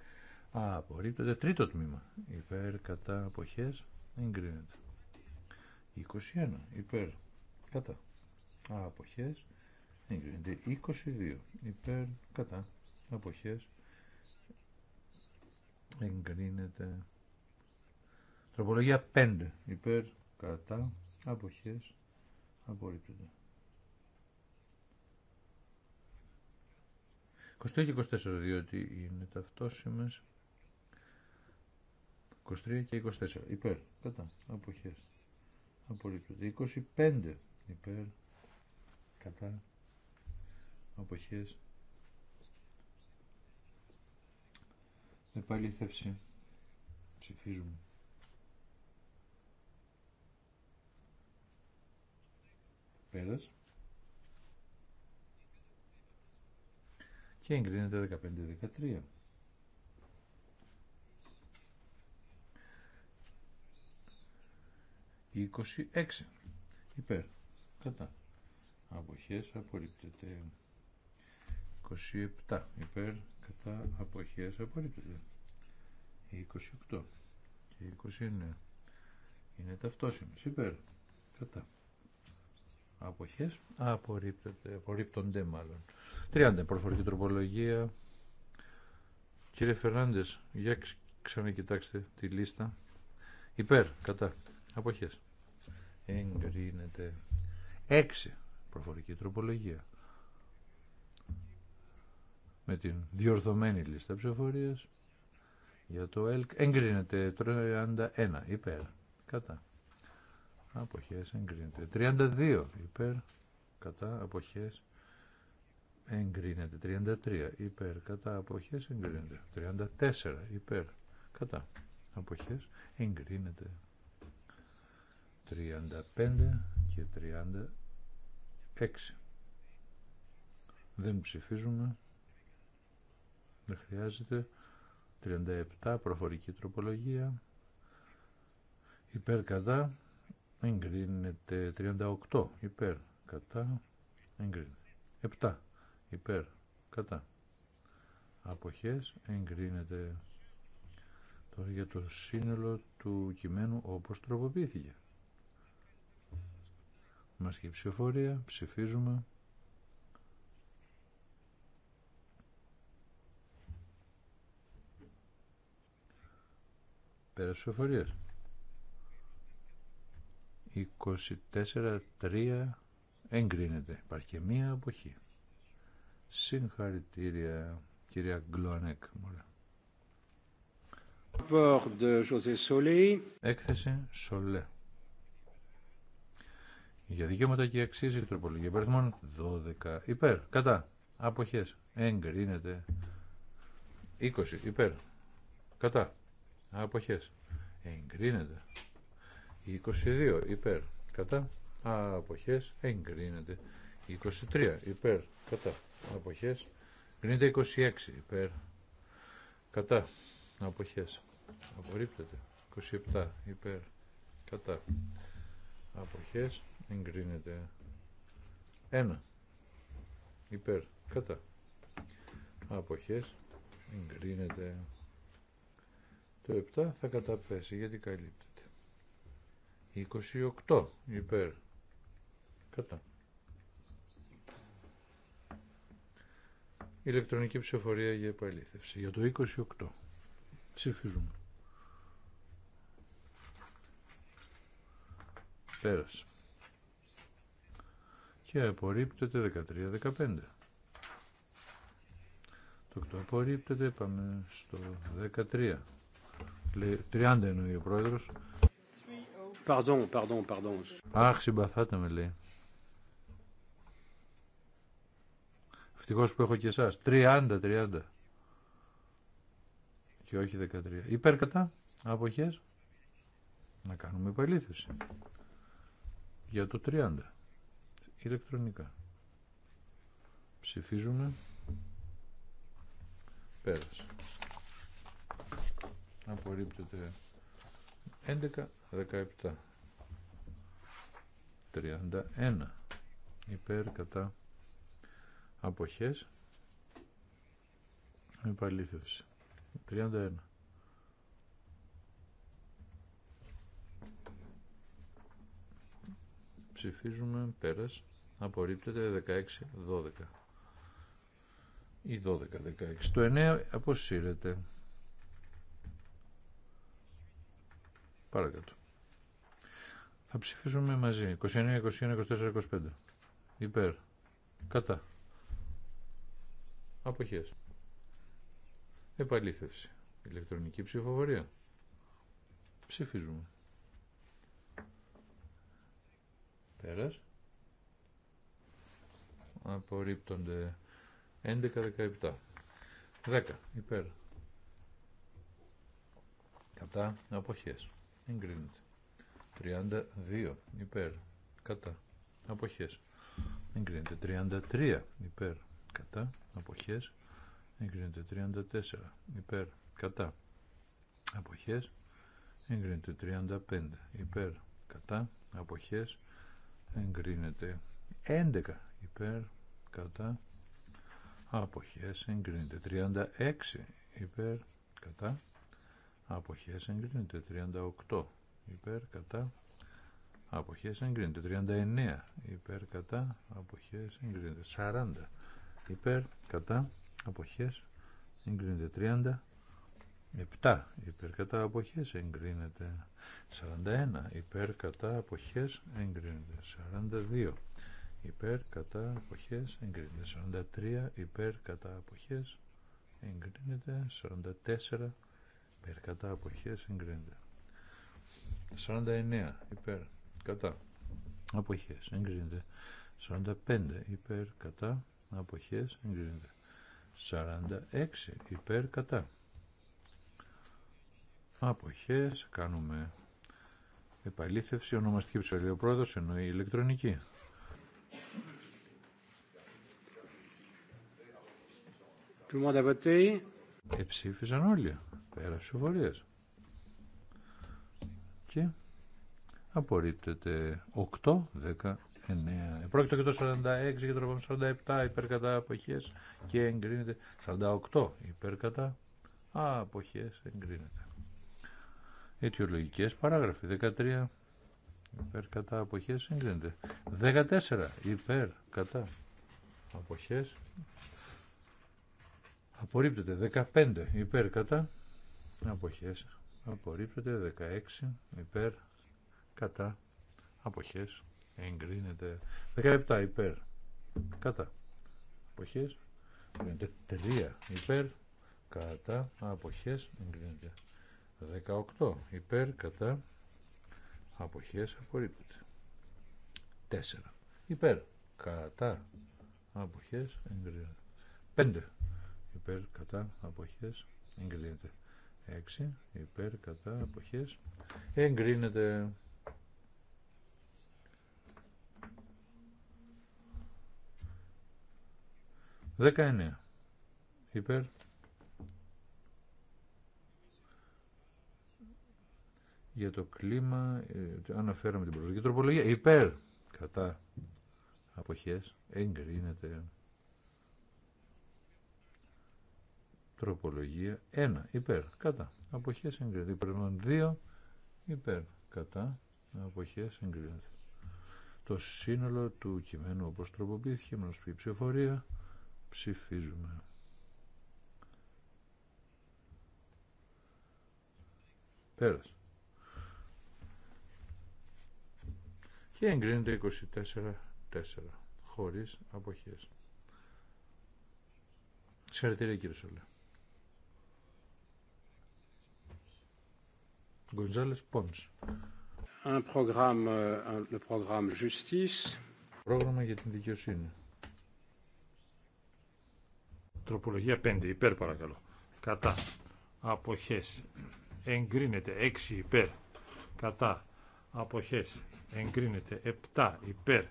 Απορρίπτεται. Τρίτο τμήμα, υπέρ, κατά, αποχές, εγκρίνεται. 21, υπέρ, κατά. Αποχές, εγκρίνεται. 22, υπέρ, κατά, αποχές, εγκρίνεται. Τροπολογία 5, υπέρ, κατά αποχές απορρίπτονται. 23 και 24 διότι είναι ταυτόσιμες. 23 και 24 υπέρ κατά αποχές απορρίπτονται. 25 υπέρ κατά αποχές επαλήθευση ψηφίζουμε. Και εγκρίνεται 15-13. 26. Υπέρ. Κατά. Αποχές απορρίπτεται. 27. Υπέρ. Κατά. Αποχές απορρίπτεται. 28. Και 29. Είναι ταυτόσιμες. Υπέρ. Κατά αποχές απορρίπτονται μάλλον 30 προφορική τροπολογία κύριε Φερνάντες για ξανακοιτάξτε τη λίστα υπέρ κατά αποχές εγκρίνεται 6 προφορική τροπολογία με την διορθωμένη λίστα ψηφορίας για το ΕΛΚ εγκρίνεται 31 υπέρ κατά αποχές εγκρίνεται 32 υπέρ κατά αποχές εγκρίνεται 33 υπέρ κατά αποχές εγκρίνεται 34 υπέρ κατά αποχές εγκρίνεται 35 και 36 δεν ψηφίζουμε δεν χρειάζεται 37 προφορική τροπολογία υπέρ κατά εγκρίνεται 38 υπέρ κατά εγκρίνεται 7 υπέρ κατά αποχές εγκρίνεται τώρα για το σύνολο του κειμένου όπως τροποποιήθηκε μας και ψηφοφορία ψηφίζουμε πέρα ψηφοφορίας 24-3 εγκρίνεται. Υπάρχει και μία αποχή. Συγχαρητήρια κυρία Γκλόνεκ. Έκθεση Σολέ. Για δικαιώματα και αξίζει η τροπολογία. 12 υπέρ. Κατά. Αποχές. Εγκρίνεται. 20 υπέρ. Κατά. Αποχές. Εγκρίνεται. 22 υπέρ κατά αποχές εγκρίνεται. 23 υπέρ κατά αποχές εγκρίνεται. 26 υπέρ κατά αποχές απορρίπτεται. 27 υπέρ κατά αποχές εγκρίνεται. 1 υπέρ κατά αποχές εγκρίνεται. Το 7 θα καταπέσει γιατί καλύπτει. 28 υπέρ κατά. Ηλεκτρονική ψηφοφορία για επαλήθευση. Για το 28. Ψηφίζουμε. Πέρασε. Και απορρίπτεται 13-15. Το 8 απορρίπτεται, πάμε στο 13. 30 εννοεί ο πρόεδρος. Pardon, παρδόν, pardon. Αχ, συμπαθάτε με λέει. Ευτυχώ που έχω και εσά. 30, 30. Και όχι 13. Υπέρκατα Αποχέ. Να κάνουμε υπαλήθευση. Για το 30. Ηλεκτρονικά. Ψηφίζουμε. Πέρασε. Απορρίπτεται. 11-17 31 υπέρ κατά αποχές επαλήθευση 31 ψηφίζουμε πέρας απορρίπτεται 16-12 ή 12-16 το 9 αποσύρεται Παρακαλώ. Θα ψηφίσουμε μαζί. 29, 21, 24, 25. Υπέρ. Κατά. Αποχές. Επαλήθευση. Ηλεκτρονική ψηφοφορία. Ψηφίζουμε. Πέρας. Απορρίπτονται 11-17. 10. Υπέρ. Κατά. Αποχές εγκρίνεται. 32 υπέρ κατά αποχές εγκρίνεται. 33 υπέρ κατά αποχές εγκρίνεται. 34 υπέρ κατά αποχές εγκρίνεται. 35 υπέρ κατά αποχές εγκρίνεται. 11 υπέρ κατά αποχές εγκρίνεται. 36 υπέρ κατά αποχές εγκρίνεται 38 υπέρ κατά αποχές εγκρίνεται 39 υπέρ κατά αποχές εγκρίνεται 40 υπέρ κατά αποχές εγκρίνεται 30 7 υπέρ κατά αποχές εγκρίνεται 41 υπέρ κατά αποχές εγκρίνεται 42 υπέρ κατά αποχές εγκρίνεται 43 υπέρ κατά αποχές εγκρίνεται 44 υπέρ κατά αποχές εγκρίνεται 49 υπέρ κατά αποχές εγκρίνεται 45 υπέρ κατά αποχές εγκρίνεται 46 υπέρ κατά αποχές κάνουμε επαλήθευση ονομαστική ψηφαλία ο πρόεδρος εννοεί ηλεκτρονική Tout le monde a voté. Εψήφισαν όλοι. Πέρα ψηφοφορίας. Και απορρίπτεται 8, 10, 9. και το 46 και το 47 υπέρ κατά αποχές και εγκρίνεται 48 υπέρ κατά αποχές εγκρίνεται. Αιτιολογικές παράγραφοι 13 υπέρ κατά αποχές εγκρίνεται. 14 υπέρ κατά αποχές Απορρίπτεται 15 υπέρ κατά αποχές. Απορρίπτεται 16 υπέρ κατά αποχές. Εγκρίνεται 17 υπέρ κατά αποχές. Εγκρίνεται 3 υπέρ κατά αποχές. Εγκρίνεται 18 υπέρ κατά αποχές. Απορρίπτεται 4 υπέρ κατά αποχές. Εγκρίνεται 5 υπέρ κατά αποχές εγκρίνεται 6 υπέρ κατά αποχές εγκρίνεται Δεκαεννέα. Υπέρ. Για το κλίμα, ε, αναφέραμε την προσωπική τροπολογία. Υπέρ. Κατά αποχές. Εγκρίνεται. Τροπολογία 1 υπέρ κατά αποχές εγκρίνεται. υπέρ 2 υπέρ κατά αποχές εγκρίνεται. Το σύνολο του κειμένου όπως τροποποιήθηκε με την ψηφοφορία ψηφίζουμε. Πέρασε. Και εγκρίνεται 24-4 χωρίς αποχές. Συγχαρητήρια κύριε Σολέ. Γκοντζάλες Πόνς. Euh, Πρόγραμμα για την δικαιοσύνη. Τροπολογία 5 υπέρ παρακαλώ. Κατά. Αποχές. Εγκρίνεται 6 υπέρ. Κατά. Αποχές. Εγκρίνεται 7 υπέρ.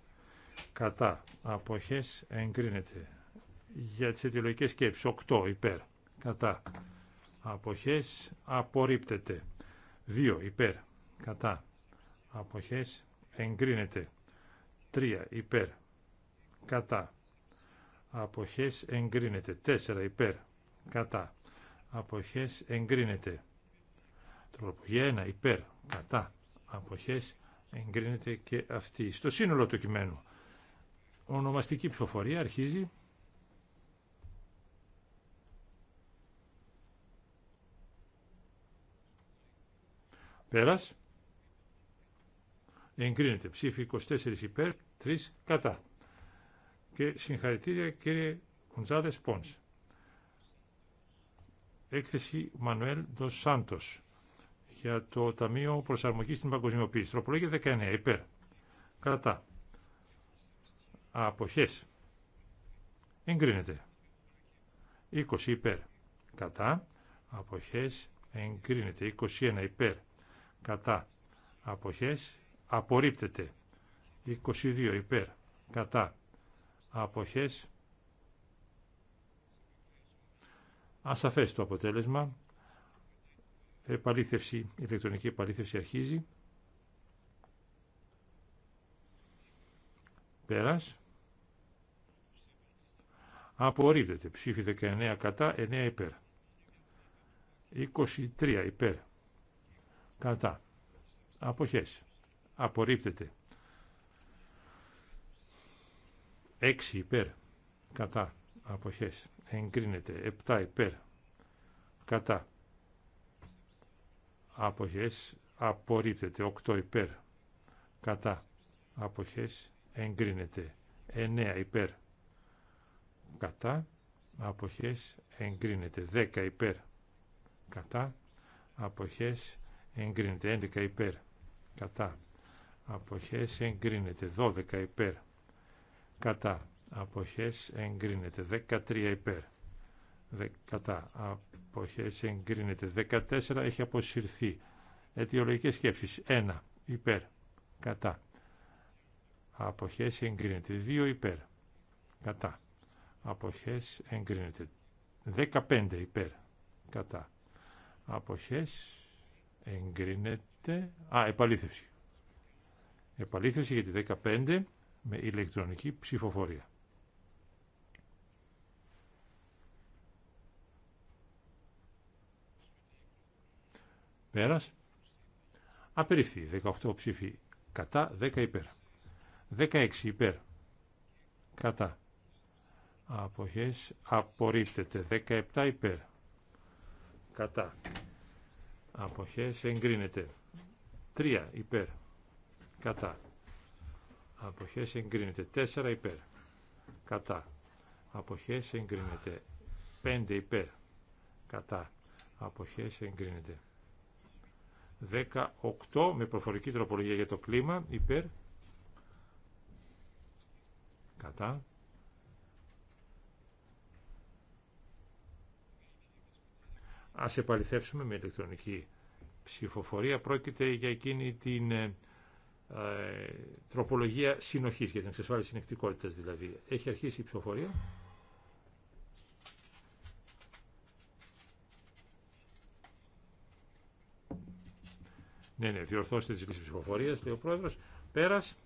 Κατά. Αποχές. Εγκρίνεται. Για τις αιτιολογικές σκέψεις 8 υπέρ. Κατά. Αποχές. Απορρίπτεται. 2 υπέρ κατά αποχές εγκρίνεται 3 υπέρ κατά αποχές εγκρίνεται 4 υπέρ κατά αποχές εγκρίνεται τροπολογία 1 υπέρ κατά αποχές εγκρίνεται και αυτή στο σύνολο του κειμένου ονομαστική ψηφοφορία αρχίζει Πέρας. Εγκρίνεται. Ψήφι 24 υπέρ, 3 κατά. Και συγχαρητήρια κύριε Κουντζάδε Πόνς. Έκθεση Μανουέλ Δος Σάντος για το Ταμείο προσαρμογή στην Παγκοσμιοποίηση. Τροπολόγια 19 υπέρ. Κατά. Αποχές. Εγκρίνεται. 20 υπέρ. Κατά. Αποχές. Εγκρίνεται. 21 υπέρ κατά αποχές απορρίπτεται 22 υπέρ κατά αποχές ασαφές το αποτέλεσμα επαλήθευση, ηλεκτρονική επαλήθευση αρχίζει πέρας απορρίπτεται ψήφι 19 κατά 9 υπέρ 23 υπέρ κατά αποχές απορρίπτεται 6 υπέρ κατά αποχές εγκρίνεται 7 υπέρ κατά αποχές απορρίπτεται 8 υπέρ κατά αποχές εγκρίνεται 9 υπέρ κατά αποχές εγκρίνεται 10 υπέρ κατά αποχές εγκρίνεται 11 υπέρ κατά αποχές εγκρίνεται 12 υπέρ κατά αποχές εγκρίνεται 13 υπέρ κατά αποχές εγκρίνεται 14 έχει αποσυρθεί αιτιολογικές σκέψεις 1 υπέρ κατά αποχές εγκρίνεται 2 υπέρ κατά αποχές εγκρίνεται 15 υπέρ κατά αποχές εγκρίνεται. Α, επαλήθευση. Επαλήθευση για τη 15 με ηλεκτρονική ψηφοφορία. Πέρας. Απεριφθεί. 18 ψήφι. κατά, 10 υπέρ. 16 υπέρ. Κατά. Αποχές απορρίπτεται. 17 υπέρ. Κατά. Αποχές εγκρίνεται. 3 υπέρ. Κατά. Αποχές εγκρίνεται. 4 υπέρ. Κατά. Αποχές εγκρίνεται. 5 υπέρ. Κατά. Αποχές εγκρίνεται. 18 με προφορική τροπολογία για το κλίμα υπέρ. Κατά. Ας επαληθεύσουμε με ηλεκτρονική ψηφοφορία. Πρόκειται για εκείνη την ε, τροπολογία συνοχής, για την εξασφάλιση συνεκτικότητας δηλαδή. Έχει αρχίσει η ψηφοφορία. Ναι, ναι, διορθώστε τις ψηφοφορίες, λέει ο πρόεδρος. Πέρας.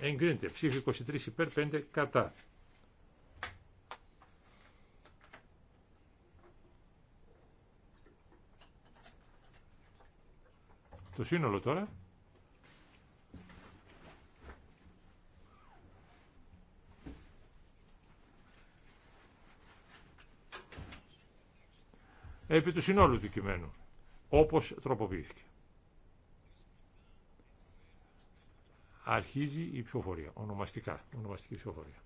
Εγκρίνεται. Ψήφι 23 υπέρ, 5 κατά. Το σύνολο τώρα. Επί του συνόλου του κειμένου, όπως τροποποιήθηκε. Αρχίζει η ψηφοφορία, ονομαστικά, ονομαστική ψηφοφορία.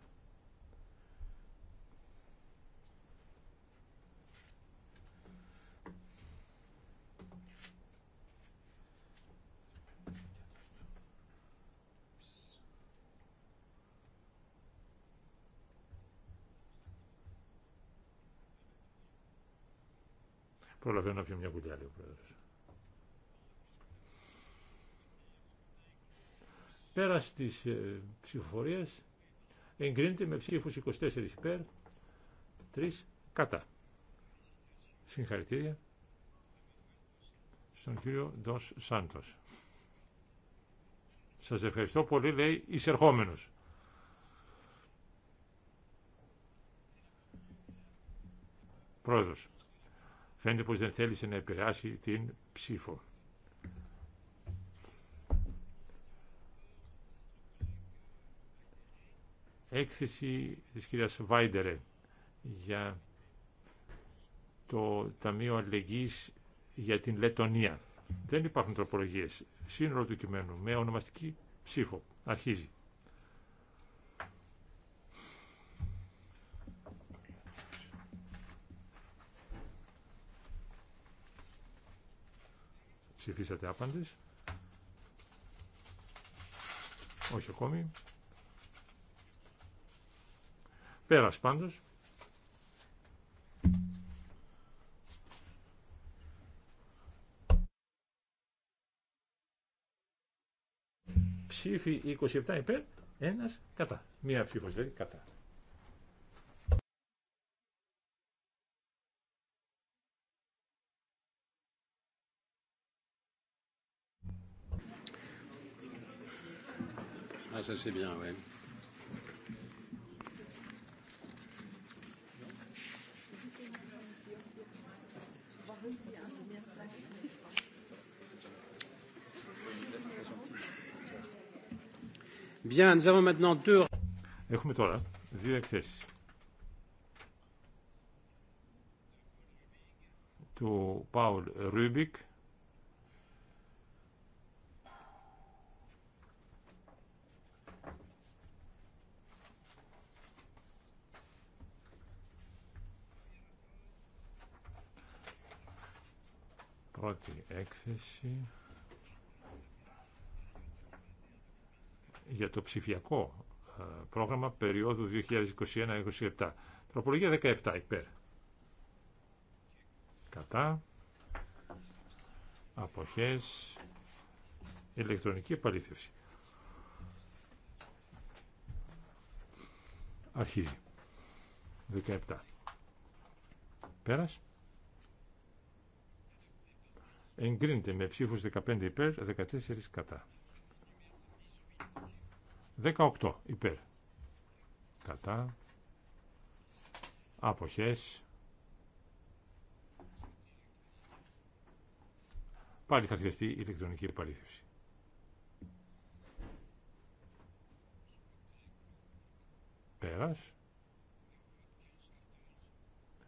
Προλαβαίνω να πιω μια κουλιά. λέει ο πρόεδρος. Πέρα στις ε, ψηφοφορίες εγκρίνεται με ψήφους 24 υπέρ, 3 κατά. Συγχαρητήρια στον κύριο Ντός Σάντος. Σας ευχαριστώ πολύ, λέει, εισερχόμενος. Πρόεδρος. Φαίνεται πως δεν θέλησε να επηρεάσει την ψήφο. Έκθεση της κυρίας Βάιντερε για το Ταμείο Αλληλεγγύης για την Λετωνία. Δεν υπάρχουν τροπολογίες. Σύνολο του κειμένου με ονομαστική ψήφο. Αρχίζει. Ψηφίσατε άπαντες. Όχι ακόμη. Πέρας πάντως. Ψήφι 27 υπέρ, ένας κατά. Μία ψήφος δηλαδή κατά. ça c'est bien, oui. Bien, nous avons maintenant deux... Έχουμε τώρα δύο εκθέσεις. Του Πάουλ Ρούμπικ, πρώτη έκθεση για το ψηφιακό ε, πρόγραμμα περίοδου 2021-2027. Τροπολογία 17 υπέρ. Κατά. Αποχές. Ηλεκτρονική επαλήθευση. Αρχίζει. 17. Πέρας εγκρίνεται με ψήφους 15 υπέρ, 14 κατά. 18 υπέρ. Κατά. Αποχές. Πάλι θα χρειαστεί ηλεκτρονική επαλήθευση. Πέρας.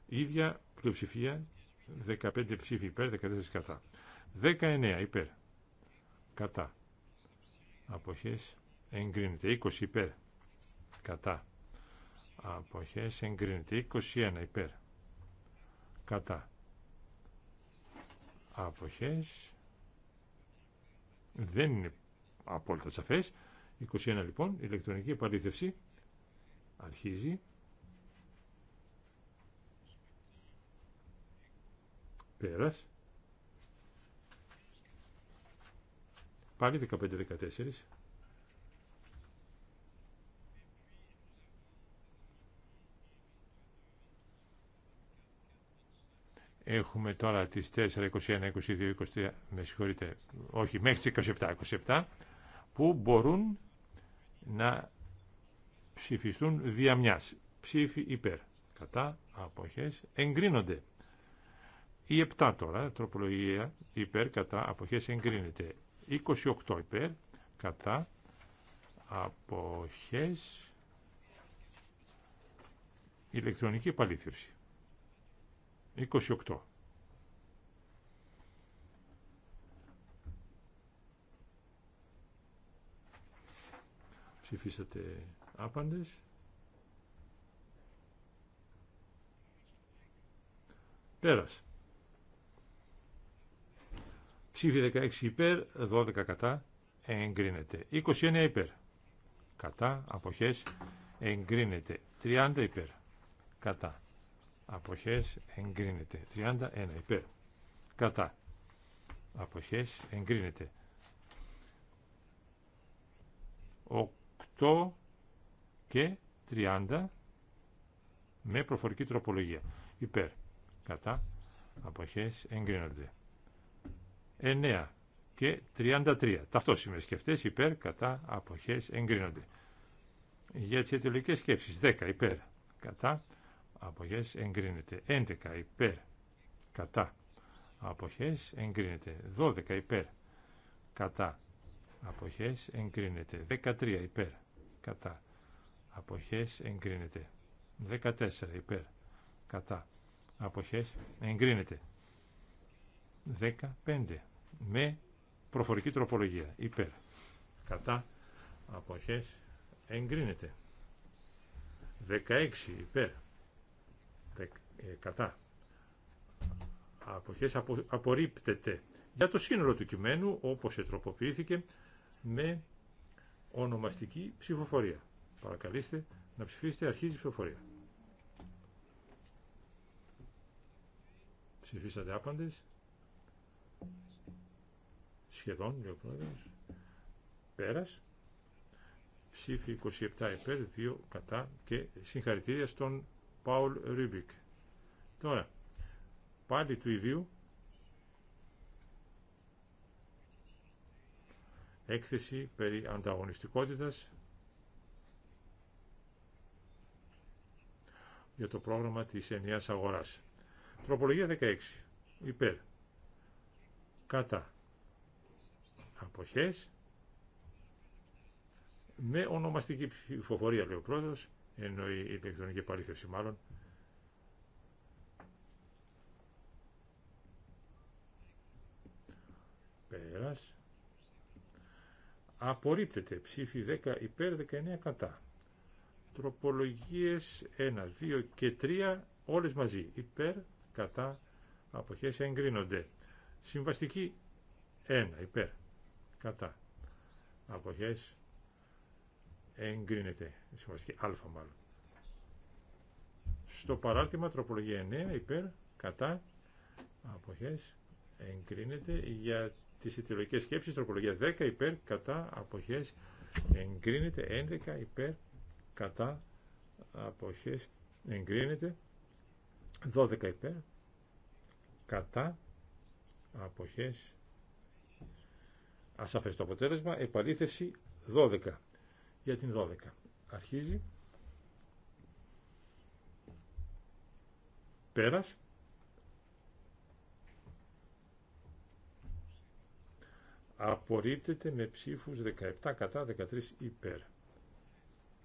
ίδια πλειοψηφία 15 ψήφοι υπέρ, 14 κατά. 19 υπέρ. Κατά. Αποχές εγκρίνεται. 20 υπέρ. Κατά. Αποχές εγκρίνεται. 21 υπέρ. Κατά. Αποχές δεν είναι απόλυτα σαφές. 21 λοιπόν, ηλεκτρονική επαλήθευση αρχίζει. Πέρας. Πάλι 15-14. Έχουμε τώρα τις 4, 21, 22, 23, με συγχωρείτε, όχι, μέχρι τις 27, 27, που μπορούν να ψηφιστούν δια μιας. Ψήφι υπέρ. Κατά αποχές εγκρίνονται. Η 7 τώρα, τροπολογία υπέρ κατά αποχές εγκρίνεται. 28 υπέρ κατά αποχές ηλεκτρονική επαλήθευση. 28. Ψηφίσατε άπαντες. Πέρασε. Ψήφι 16 υπέρ, 12 κατά, εγκρίνεται. 29 υπέρ, κατά, αποχές, εγκρίνεται. 30 υπέρ, κατά, αποχές, εγκρίνεται. 31 υπέρ, κατά, αποχές, εγκρίνεται. 8 και 30 με προφορική τροπολογία. Υπέρ, κατά, αποχές, εγκρίνονται. 9 και 33. ταυτόσημε σκεφτέ, υπέρ κατά αποχές εγκρίνονται. Για τις αιτιολογικέ σκέψεις 10 υπέρ κατά αποχές εγκρίνεται. 11 υπέρ κατά αποχές εγκρίνεται. 12 υπέρ κατά αποχές εγκρίνεται. 13 υπέρ κατά αποχές εγκρίνεται. 14 υπέρ κατά αποχές εγκρίνεται. 15 με προφορική τροπολογία υπέρ κατά αποχές εγκρίνεται 16 υπέρ ε, κατά αποχές απο, απορρίπτεται για το σύνολο του κειμένου όπως ετροποποιήθηκε με ονομαστική ψηφοφορία. Παρακαλείστε να ψηφίσετε αρχίζει η ψηφοφορία. Ψηφίσατε άπαντες σχεδόν, λέει ο πρόεδρος, πέρας, ψήφι 27 υπέρ, 2 κατά και συγχαρητήρια στον Πάουλ Ρίμπικ. Τώρα, πάλι του ιδίου, έκθεση περί ανταγωνιστικότητας για το πρόγραμμα της ενιαίας αγοράς. Τροπολογία 16. Υπέρ κατά αποχές με ονομαστική ψηφοφορία λέει ο πρόεδρος ενώ η ηλεκτρονική επαλήθευση μάλλον πέρας απορρίπτεται ψήφι 10 υπέρ 19 κατά τροπολογίες 1, 2 και 3 όλες μαζί υπέρ κατά αποχές εγκρίνονται Συμβαστική 1 υπέρ. Κατά. Αποχές εγκρίνεται. Συμβαστική α μάλλον. Στο παράρτημα τροπολογία 9 υπέρ. Κατά. Αποχές εγκρίνεται για τις ιδεολογικές σκέψεις τροπολογία 10 υπέρ. Κατά. Αποχές εγκρίνεται 11 υπέρ. Κατά. Αποχές εγκρίνεται 12 υπέρ. Κατά αποχές ασαφές το αποτέλεσμα επαλήθευση 12 για την 12 αρχίζει πέρας απορρίπτεται με ψήφους 17 κατά 13 υπέρ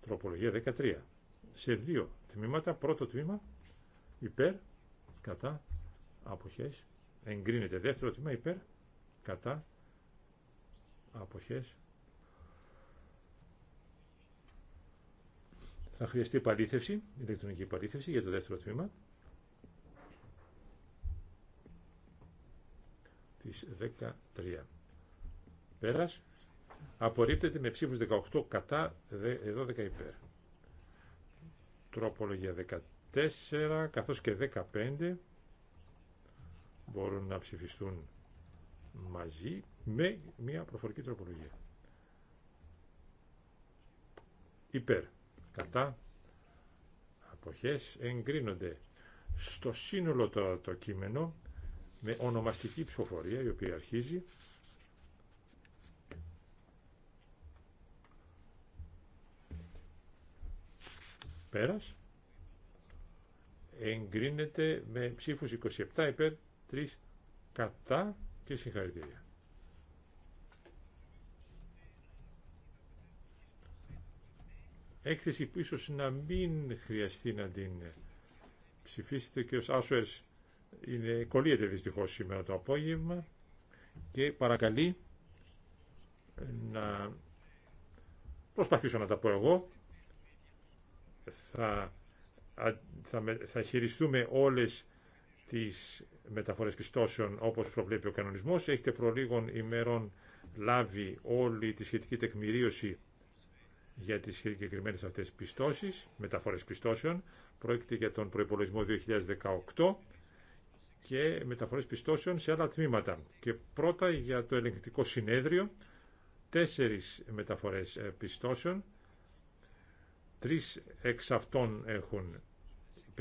τροπολογία 13 σε δύο τμήματα πρώτο τμήμα υπέρ κατά αποχές εγκρίνεται. Δεύτερο τμήμα υπέρ, κατά, αποχές. Θα χρειαστεί παλήθευση, ηλεκτρονική παλήθευση για το δεύτερο τμήμα. Της 13. Πέρας. Απορρίπτεται με ψήφους 18 κατά, 12 υπέρ. Τροπολογία 14, καθώς και 15 μπορούν να ψηφιστούν μαζί με μια προφορική τροπολογία. Υπέρ. Κατά. Αποχές εγκρίνονται στο σύνολο το, το κείμενο με ονομαστική ψηφοφορία η οποία αρχίζει πέρας εγκρίνεται με ψήφους 27 υπέρ κατά και συγχαρητήρια. Έκθεση που ίσως να μην χρειαστεί να την ψηφίσετε και ο Άσουερς είναι, κολλείεται δυστυχώς σήμερα το απόγευμα και παρακαλεί να προσπαθήσω να τα πω εγώ θα, θα, θα χειριστούμε όλες τις μεταφορές πιστώσεων όπως προβλέπει ο κανονισμός. Έχετε προ ημέρων λάβει όλη τη σχετική τεκμηρίωση για τις συγκεκριμένε αυτές πιστώσεις, μεταφορές πιστώσεων. Πρόκειται για τον προϋπολογισμό 2018 και μεταφορές πιστώσεων σε άλλα τμήματα. Και πρώτα για το ελεγκτικό συνέδριο, τέσσερις μεταφορές ε, πιστώσεων, τρεις εξ αυτών έχουν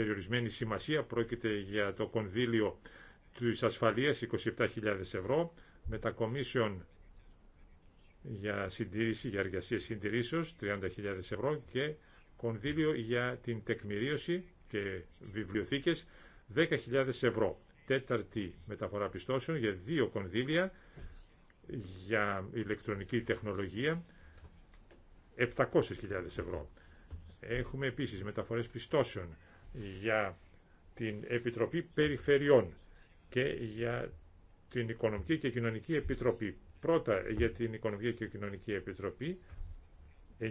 περιορισμένη σημασία. Πρόκειται για το κονδύλιο της ασφαλείας 27.000 ευρώ, μετακομίσεων για συντήρηση, για εργασίες συντηρήσεως 30.000 ευρώ και κονδύλιο για την τεκμηρίωση και βιβλιοθήκες 10.000 ευρώ. Τέταρτη μεταφορά πιστώσεων για δύο κονδύλια για ηλεκτρονική τεχνολογία 700.000 ευρώ. Έχουμε επίσης μεταφορές πιστώσεων για την Επιτροπή Περιφερειών και για την Οικονομική και Κοινωνική Επιτροπή. Πρώτα για την Οικονομική και Κοινωνική Επιτροπή 983.000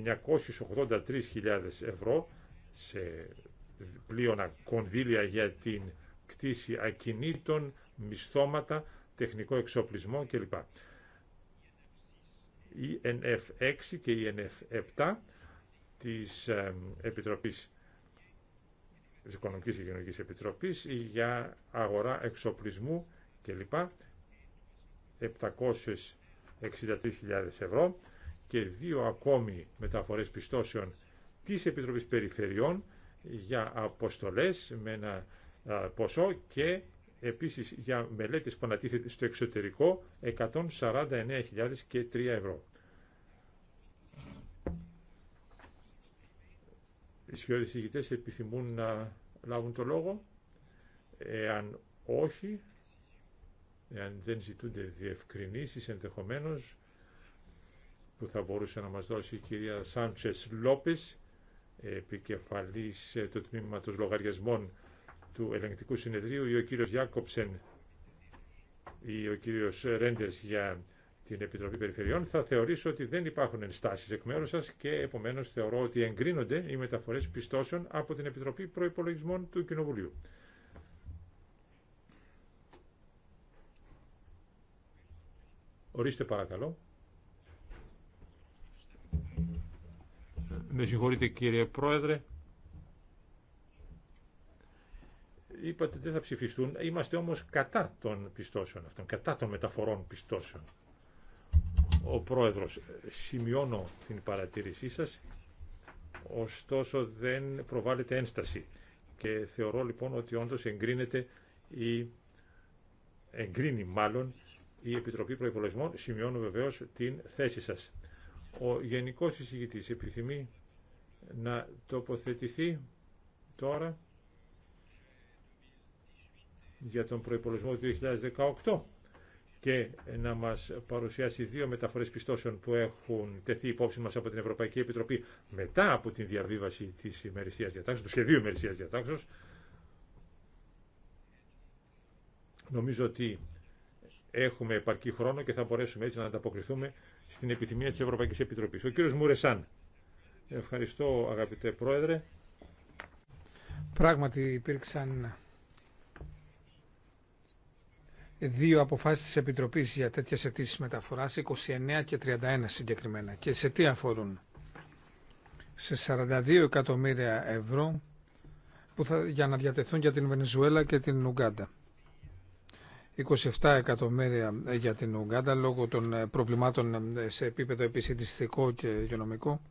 ευρώ σε πλοίωνα κονδύλια για την κτήση ακινήτων, μισθώματα, τεχνικό εξοπλισμό κλπ. Η NF6 και η NF7 της Επιτροπής της Οικονομικής και Κοινωνικής Επιτροπής για αγορά εξοπλισμού κλπ. 763.000 ευρώ και δύο ακόμη μεταφορές πιστώσεων της Επιτροπής Περιφερειών για αποστολές με ένα ποσό και επίσης για μελέτες που ανατίθεται στο εξωτερικό 149.003 ευρώ. σκιώδεις επιθυμούν να λάβουν το λόγο. Εάν όχι, εάν δεν ζητούνται διευκρινήσεις ενδεχομένως που θα μπορούσε να μας δώσει η κυρία Σάντσες Λόπες, επικεφαλής ε, του Τμήματος Λογαριασμών του Ελεγκτικού Συνεδρίου ή ο κύριος Γιάκοψεν ή ο κύριος Ρέντες για την Επιτροπή Περιφερειών, θα θεωρήσω ότι δεν υπάρχουν ενστάσεις εκ μέρους σας και επομένως θεωρώ ότι εγκρίνονται οι μεταφορές πιστώσεων από την Επιτροπή Προϋπολογισμών του Κοινοβουλίου. Ορίστε παρακαλώ. Με συγχωρείτε κύριε Πρόεδρε. Είπατε ότι δεν θα ψηφιστούν. Είμαστε όμως κατά των πιστώσεων αυτών, κατά των μεταφορών πιστώσεων. Ο Πρόεδρος, σημειώνω την παρατήρησή σας, ωστόσο δεν προβάλλεται ένσταση και θεωρώ λοιπόν ότι όντως εγκρίνεται η, εγκρίνει μάλλον η Επιτροπή Προϋπολογισμών, σημειώνω βεβαίως την θέση σας. Ο Γενικός Εισηγητής επιθυμεί να τοποθετηθεί τώρα για τον προϋπολογισμό του 2018 και να μας παρουσιάσει δύο μεταφορές πιστώσεων που έχουν τεθεί υπόψη μας από την Ευρωπαϊκή Επιτροπή μετά από την διαβίβαση της ημερησίας διατάξεως, του σχεδίου ημερησίας διατάξεως. Νομίζω ότι έχουμε επαρκή χρόνο και θα μπορέσουμε έτσι να ανταποκριθούμε στην επιθυμία της Ευρωπαϊκής Επιτροπής. Ο κύριος Μουρεσάν. Ευχαριστώ αγαπητέ Πρόεδρε. Πράγματι υπήρξαν δύο αποφάσεις τη Επιτροπής για τέτοιες αιτήσει μεταφοράς, 29 και 31 συγκεκριμένα. Και σε τι αφορούν. Σε 42 εκατομμύρια ευρώ που θα, για να διατεθούν για την Βενεζουέλα και την Ουγγάντα. 27 εκατομμύρια για την Ουγγάντα λόγω των ε, προβλημάτων ε, σε επίπεδο επισυντηστικό και υγειονομικό.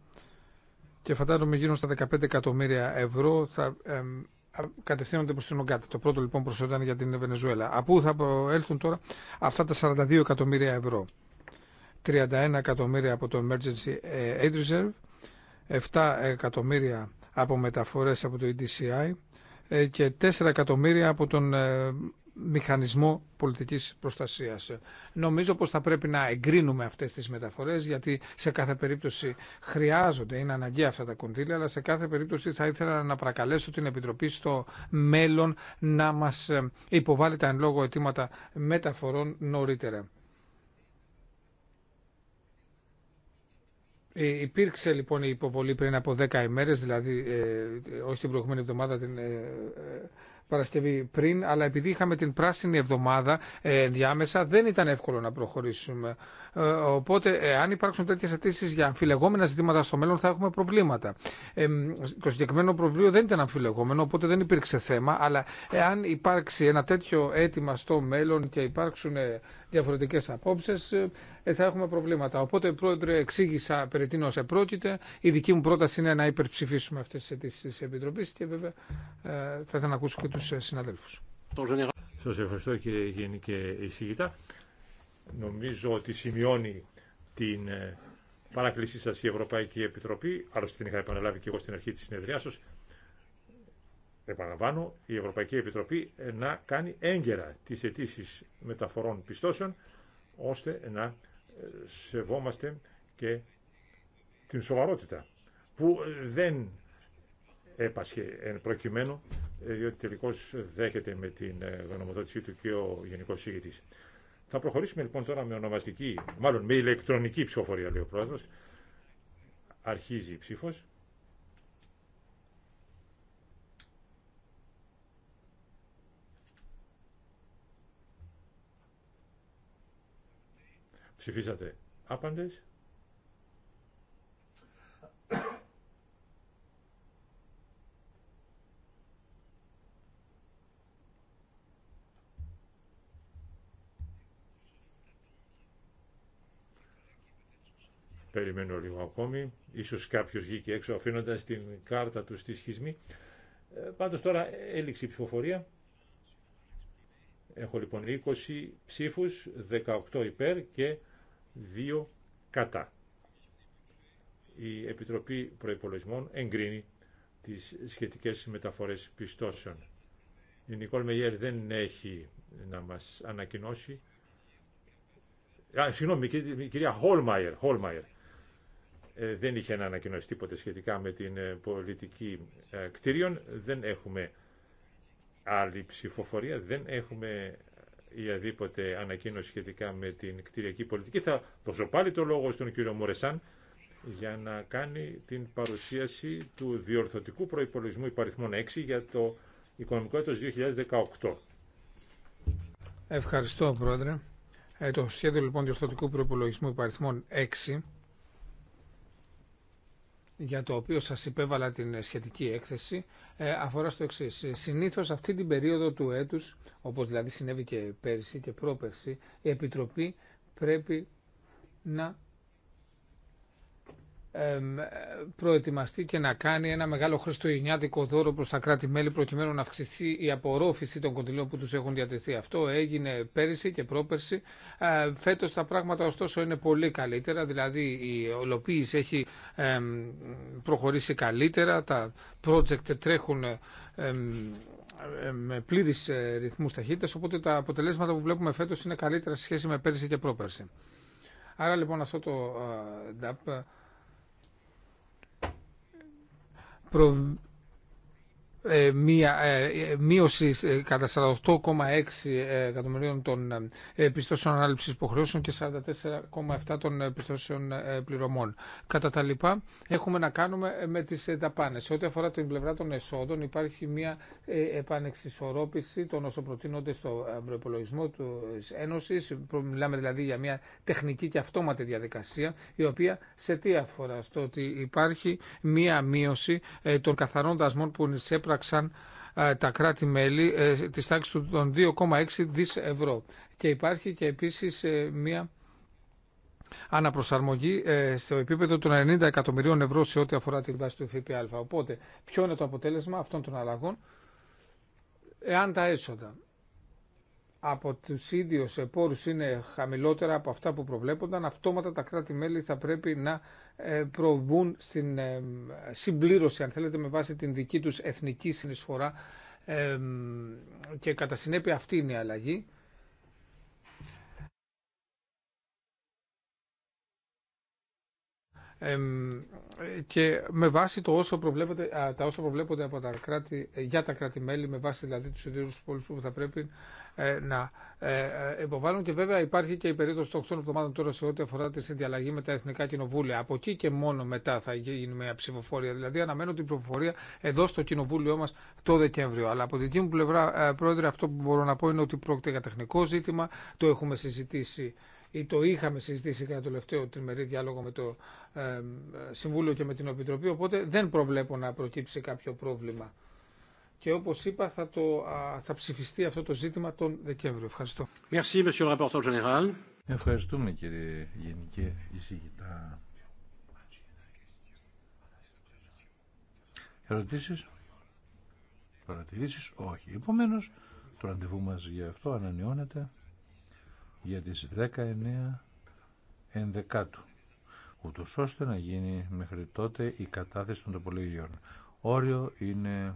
Και φαντάζομαι γύρω στα 15 εκατομμύρια ευρώ θα ε, κατευθύνονται προ την ΟΚΑΤ. Το πρώτο λοιπόν προσωπικό για την Βενεζουέλα. Από που θα προέλθουν τώρα αυτά τα 42 εκατομμύρια ευρώ. 31 εκατομμύρια από το Emergency ε, Aid Reserve, 7 εκατομμύρια από μεταφορές από το EDCI ε, και 4 εκατομμύρια από τον ε, μηχανισμό πολιτικής προστασίας. Νομίζω πως θα πρέπει να εγκρίνουμε αυτές τις μεταφορές γιατί σε κάθε περίπτωση χρειάζονται, είναι αναγκαία αυτά τα κονδύλια αλλά σε κάθε περίπτωση θα ήθελα να παρακαλέσω την Επιτροπή στο μέλλον να μας ε, υποβάλει τα εν λόγω αιτήματα μεταφορών νωρίτερα. Ε, υπήρξε λοιπόν η υποβολή πριν από 10 ημέρες, δηλαδή ε, όχι την προηγούμενη εβδομάδα, την Παρασκευή πριν, αλλά επειδή είχαμε την πράσινη εβδομάδα ε, διάμεσα, δεν ήταν εύκολο να προχωρήσουμε. Ε, οπότε, ε, αν υπάρξουν τέτοιε αιτήσει για αμφιλεγόμενα ζητήματα στο μέλλον, θα έχουμε προβλήματα. Ε, το συγκεκριμένο προβλήμα δεν ήταν αμφιλεγόμενο, οπότε δεν υπήρξε θέμα. Αλλά εάν υπάρξει ένα τέτοιο αίτημα στο μέλλον και υπάρξουν ε, διαφορετικέ απόψει, θα έχουμε προβλήματα. Οπότε, πρόεδρε, εξήγησα περί τίνο επρόκειται. Η δική μου πρόταση είναι να υπερψηφίσουμε αυτέ τι αιτήσει τη Επιτροπή και βέβαια θα ήθελα να ακούσω και του συναδέλφου. Σα ευχαριστώ κύριε Γενική Εισηγητά. Νομίζω ότι σημειώνει την ε, παράκλησή σας η Ευρωπαϊκή Επιτροπή, άλλωστε την είχα επαναλάβει και εγώ στην αρχή της σα, επαναλαμβάνω, η Ευρωπαϊκή Επιτροπή ε, να κάνει έγκαιρα τις αιτήσει μεταφορών πιστώσεων, ώστε να ε, σεβόμαστε και την σοβαρότητα, που δεν έπασχε εν προκειμένου, διότι τελικώς δέχεται με την γνωμοδότησή του και ο Γενικός Συγητής. Θα προχωρήσουμε λοιπόν τώρα με ονομαστική, μάλλον με ηλεκτρονική ψηφοφορία, λέει ο πρόεδρο. Αρχίζει η ψήφος. Ψηφίσατε άπαντες. Περιμένω λίγο ακόμη. Ίσως κάποιος βγήκε έξω αφήνοντας την κάρτα του στη σχισμή. Ε, πάντως τώρα έληξε η ψηφοφορία. Έχω λοιπόν 20 ψήφους, 18 υπέρ και 2 κατά. Η Επιτροπή Προϋπολογισμών εγκρίνει τις σχετικές μεταφορές πιστώσεων. Η Νικόλ Μεγιέρ δεν έχει να μας ανακοινώσει. Α, συγγνώμη, η κυρία Χόλμαϊερ, ε, δεν είχε να ανακοινώσει τίποτε σχετικά με την ε, πολιτική ε, κτίριων. Δεν έχουμε άλλη ψηφοφορία, δεν έχουμε οποιαδήποτε ανακοίνωση σχετικά με την κτηριακή πολιτική. Θα δώσω πάλι το λόγο στον κύριο Μουρεσάν για να κάνει την παρουσίαση του διορθωτικού προϋπολογισμού υπαριθμών 6 για το οικονομικό έτος 2018. Ευχαριστώ, Πρόεδρε. το σχέδιο λοιπόν διορθωτικού προϋπολογισμού υπαριθμών 6 για το οποίο σας υπέβαλα την ε, σχετική έκθεση ε, αφορά στο εξή. Ε, συνήθως αυτή την περίοδο του έτους, όπως δηλαδή συνέβη και πέρυσι και πρόπερσι, η Επιτροπή πρέπει να προετοιμαστεί και να κάνει ένα μεγάλο χριστουγεννιάτικο δώρο προς τα κράτη-μέλη προκειμένου να αυξηθεί η απορρόφηση των κοντιλών που τους έχουν διατεθεί. Αυτό έγινε πέρυσι και πρόπερσι. Ε, φέτος τα πράγματα ωστόσο είναι πολύ καλύτερα, δηλαδή η ολοποίηση έχει προχωρήσει καλύτερα, τα project τρέχουν με πλήρη ε, ρυθμού ταχύτητα, οπότε τα αποτελέσματα που βλέπουμε φέτο είναι καλύτερα σε σχέση με πέρυσι και πρόπερσι. Άρα λοιπόν αυτό το ε, DAP προ... Ε, μία ε, μείωση ε, κατά 48,6 εκατομμυρίων των πιστώσεων ανάληψης υποχρεώσεων και 44,7 των πιστώσεων πληρωμών. Κατά τα λοιπά, έχουμε να κάνουμε με τις δαπάνες. Ό,τι αφορά την πλευρά των εσόδων, υπάρχει μία επανεξισορρόπηση των όσων προτείνονται στο προπολογισμό της Ένωσης. Μιλάμε δηλαδή για μία τεχνική και αυτόματη διαδικασία, η οποία σε τι αφορά στο ότι υπάρχει μία μείωση των καθαρών δασμών που σε ε, τα κράτη-μέλη ε, της τάξης των 2,6 δις ευρώ. Και υπάρχει και επίσης ε, μία αναπροσαρμογή στο επίπεδο των 90 εκατομμυρίων ευρώ σε ό,τι αφορά τη βάση του ΦΠΑ. Οπότε, ποιο είναι το αποτέλεσμα αυτών των αλλαγών, εάν τα έσοδα από τους ίδιους πόρους είναι χαμηλότερα από αυτά που προβλέπονταν, αυτόματα τα κράτη-μέλη θα πρέπει να ε, προβούν στην ε, συμπλήρωση, αν θέλετε, με βάση την δική τους εθνική συνεισφορά ε, και κατά συνέπεια αυτή είναι η αλλαγή. και με βάση το όσο προβλέπονται, τα όσα προβλέπονται από τα κράτη, για τα κράτη-μέλη, με βάση δηλαδή τους ιδίους πόλους που θα πρέπει ε, να ε, ε, υποβάλουν. και βέβαια υπάρχει και η περίπτωση των 8 εβδομάδων τώρα σε ό,τι αφορά τη συνδιαλλαγή με τα εθνικά κοινοβούλια. Από εκεί και μόνο μετά θα γίνει μια ψηφοφορία. Δηλαδή αναμένω την ψηφοφορία εδώ στο κοινοβούλιο μα το Δεκέμβριο. Αλλά από την δική μου πλευρά, Πρόεδρε, αυτό που μπορώ να πω είναι ότι πρόκειται για τεχνικό ζήτημα, το έχουμε συζητήσει ή το είχαμε συζητήσει κατά το τελευταίο τριμερή διάλογο με το ε, Συμβούλιο και με την Επιτροπή, οπότε δεν προβλέπω να προκύψει κάποιο πρόβλημα και όπως είπα θα, το, θα ψηφιστεί αυτό το ζήτημα τον Δεκέμβριο. Ευχαριστώ. Merci, le Ευχαριστούμε κύριε Γενική Εισηγητά. Ερωτήσεις, παρατηρήσεις, όχι. Επομένως, το ραντεβού μας για αυτό ανανεώνεται για τις 19 ενδεκάτου, ούτως ώστε να γίνει μέχρι τότε η κατάθεση των τοπολογιών. Όριο είναι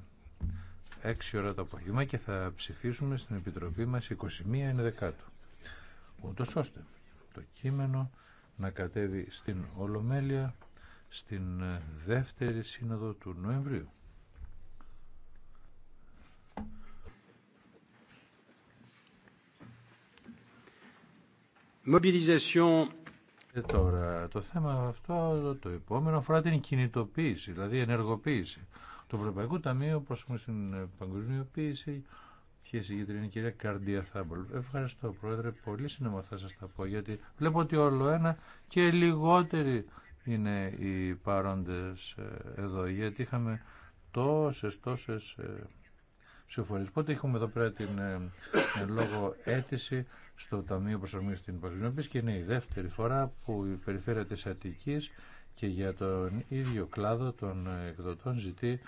6 ώρα το απόγευμα και θα ψηφίσουμε στην Επιτροπή μας 21 Ενδεκάτου. Ούτως ώστε το κείμενο να κατέβει στην Ολομέλεια στην ε, δεύτερη σύνοδο του Νοεμβρίου. Mobilisation. Ε, τώρα το θέμα αυτό το επόμενο αφορά την κινητοποίηση, δηλαδή ενεργοποίηση. Το Ευρωπαϊκό Ταμείο Προσφυγών στην Παγκοσμιοποίηση και η συγκεκριμένη είναι η κυρία Καρδία Θάμπολ. Ευχαριστώ Πρόεδρε, πολύ σύντομα θα σα τα πω γιατί βλέπω ότι όλο ένα και λιγότεροι είναι οι παρόντε ε, εδώ γιατί είχαμε τόσε τόσε ψηφοφορίε. Πότε έχουμε εδώ πέρα την ε, ε, λόγο αίτηση στο Ταμείο Προσαρμογή στην Παγκοσμιοποίηση και είναι η δεύτερη φορά που η περιφέρεια τη Αττική και για τον ίδιο κλάδο των εκδοτών ζητεί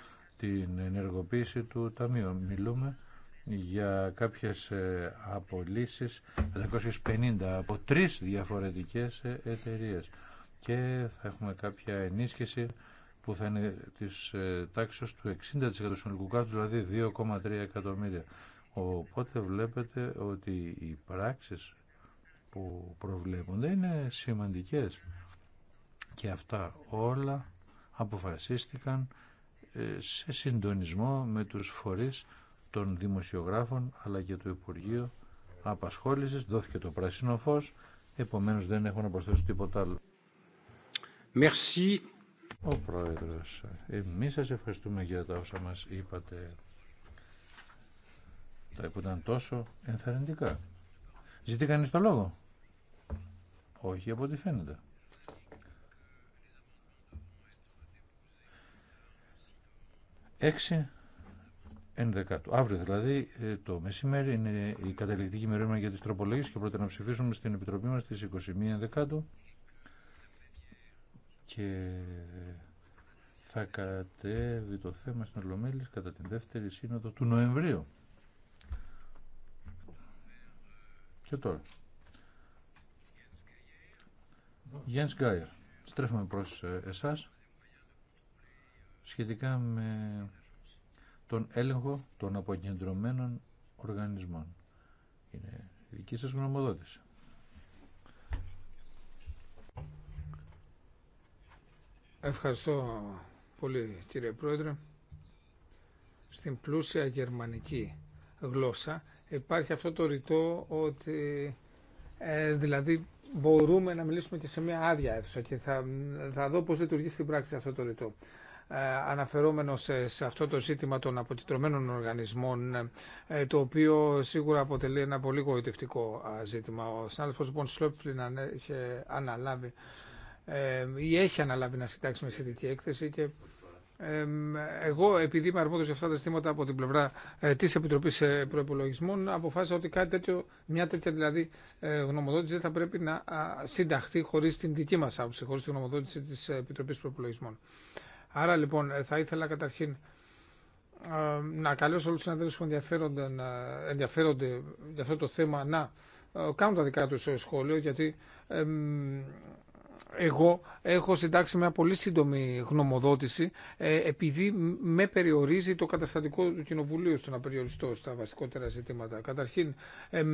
την ενεργοποίηση του Ταμείου. Μιλούμε για κάποιες ε, απολύσεις 550 από τρεις διαφορετικές ε, εταιρείες και θα έχουμε κάποια ενίσχυση που θα είναι της ε, τάξης του 60% του συνολικού δηλαδή 2,3 εκατομμύρια. Οπότε βλέπετε ότι οι πράξεις που προβλέπονται είναι σημαντικές και αυτά όλα αποφασίστηκαν σε συντονισμό με τους φορείς των δημοσιογράφων αλλά και το Υπουργείο Απασχόλησης. Δόθηκε το πράσινο φως, επομένως δεν έχω να προσθέσω τίποτα άλλο. Merci. Ο Πρόεδρος, εμείς σας ευχαριστούμε για τα όσα μας είπατε τα που ήταν τόσο ενθαρρυντικά. Ζητεί κανείς το λόγο. Όχι από ό,τι φαίνεται. 6 11. Αύριο δηλαδή ε, το μεσημέρι είναι η καταληκτική ημερομηνία για τις τροπολογίες και πρώτα να ψηφίσουμε στην Επιτροπή μας στις 21 και ε, θα κατέβει το θέμα στην Ολομέλης κατά την δεύτερη σύνοδο του Νοεμβρίου. Και τώρα. Γιάννης Γκάιερ, στρέφουμε προς ε, εσάς σχετικά με τον έλεγχο των αποκεντρωμένων οργανισμών. Είναι δική σας γνωμοδότηση. Ευχαριστώ πολύ κύριε Πρόεδρε. Στην πλούσια γερμανική γλώσσα υπάρχει αυτό το ρητό ότι ε, δηλαδή μπορούμε να μιλήσουμε και σε μια άδεια αίθουσα και θα, θα δω πώς λειτουργεί στην πράξη αυτό το ρητό. Ε, αναφερόμενο σε αυτό το ζήτημα των αποτιτρωμένων οργανισμών, ε, το οποίο σίγουρα αποτελεί ένα πολύ γοητευτικό ζήτημα. Ο συνάδελφος Μπον Σλόπφλιν είχε αναλάβει ε, ή έχει αναλάβει να συντάξει με σχετική έκθεση και εγώ, επειδή είμαι αρμόδιο για αυτά τα ζητήματα από την πλευρά της Επιτροπής Επιτροπή Προεπολογισμών αποφάσισα ότι κάτι τέτοιο, μια τέτοια δηλαδή γνωμοδότηση θα πρέπει να συνταχθεί χωρί την δική μας άποψη, χωρί τη γνωμοδότηση της Επιτροπής Προεπολογισμών. Άρα λοιπόν ε, θα ήθελα καταρχήν ε, να καλέσω όλους τους συναδέλφους που ενδιαφέρονται, ε, για αυτό το θέμα να κάνουν τα δικά τους σχόλια γιατί εγώ έχω συντάξει μια πολύ σύντομη γνωμοδότηση ε, επειδή με περιορίζει το καταστατικό του Κοινοβουλίου στο να περιοριστώ στα βασικότερα ζητήματα. Καταρχήν, ε,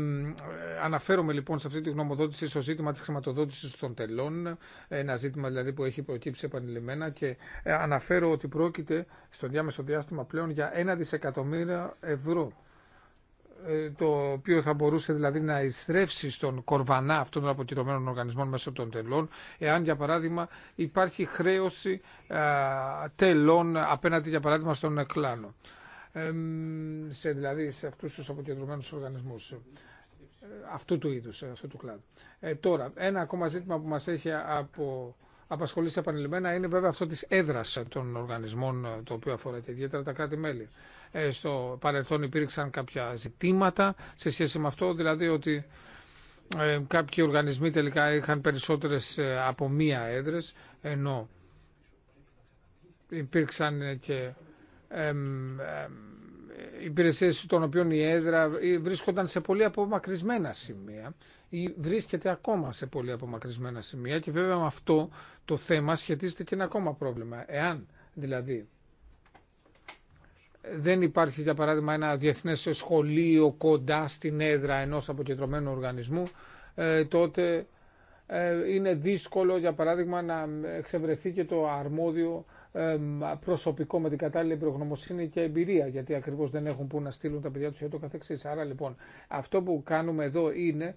αναφέρομαι λοιπόν σε αυτή τη γνωμοδότηση στο ζήτημα της χρηματοδότησης των τελών, ένα ζήτημα δηλαδή που έχει προκύψει επανειλημμένα και ε, αναφέρω ότι πρόκειται στο διάμεσο διάστημα πλέον για ένα δισεκατομμύριο ευρώ ε, το οποίο θα μπορούσε δηλαδή να ειστρέψει στον κορβανά αυτών των αποκυρωμένων οργανισμών μέσω των τελών, εάν για παράδειγμα υπάρχει χρέωση τελών απέναντι για παράδειγμα στον κλάνο. σε, δηλαδή σε αυτούς τους αποκεντρωμένους οργανισμούς ε, αυτού του είδους, ε, αυτού του κλάδου. τώρα, ένα ακόμα ζήτημα που μας έχει από απασχολήσει επανειλημμένα είναι βέβαια αυτό της έδρας των οργανισμών το οποίο αφορά και ιδιαίτερα τα κράτη-μέλη. Ε, στο παρελθόν υπήρξαν κάποια ζητήματα σε σχέση με αυτό, δηλαδή ότι ε, κάποιοι οργανισμοί τελικά είχαν περισσότερες ε, από μία έδρες, ενώ υπήρξαν και υπηρεσίες των οποίων η έδρα βρίσκονταν σε πολύ απομακρυσμένα σημεία ή βρίσκεται ακόμα σε πολύ απομακρυσμένα σημεία και βέβαια με αυτό το θέμα σχετίζεται και ένα ακόμα πρόβλημα. Εάν δηλαδή δεν υπάρχει για παράδειγμα ένα διεθνές σχολείο κοντά στην έδρα ενός αποκεντρωμένου οργανισμού, ε, τότε ε, είναι δύσκολο για παράδειγμα να εξευρεθεί και το αρμόδιο ε, προσωπικό με την κατάλληλη προγνωμοσύνη και εμπειρία γιατί ακριβώς δεν έχουν που να στείλουν τα παιδιά τους για το καθεξής. Άρα λοιπόν αυτό που κάνουμε εδώ είναι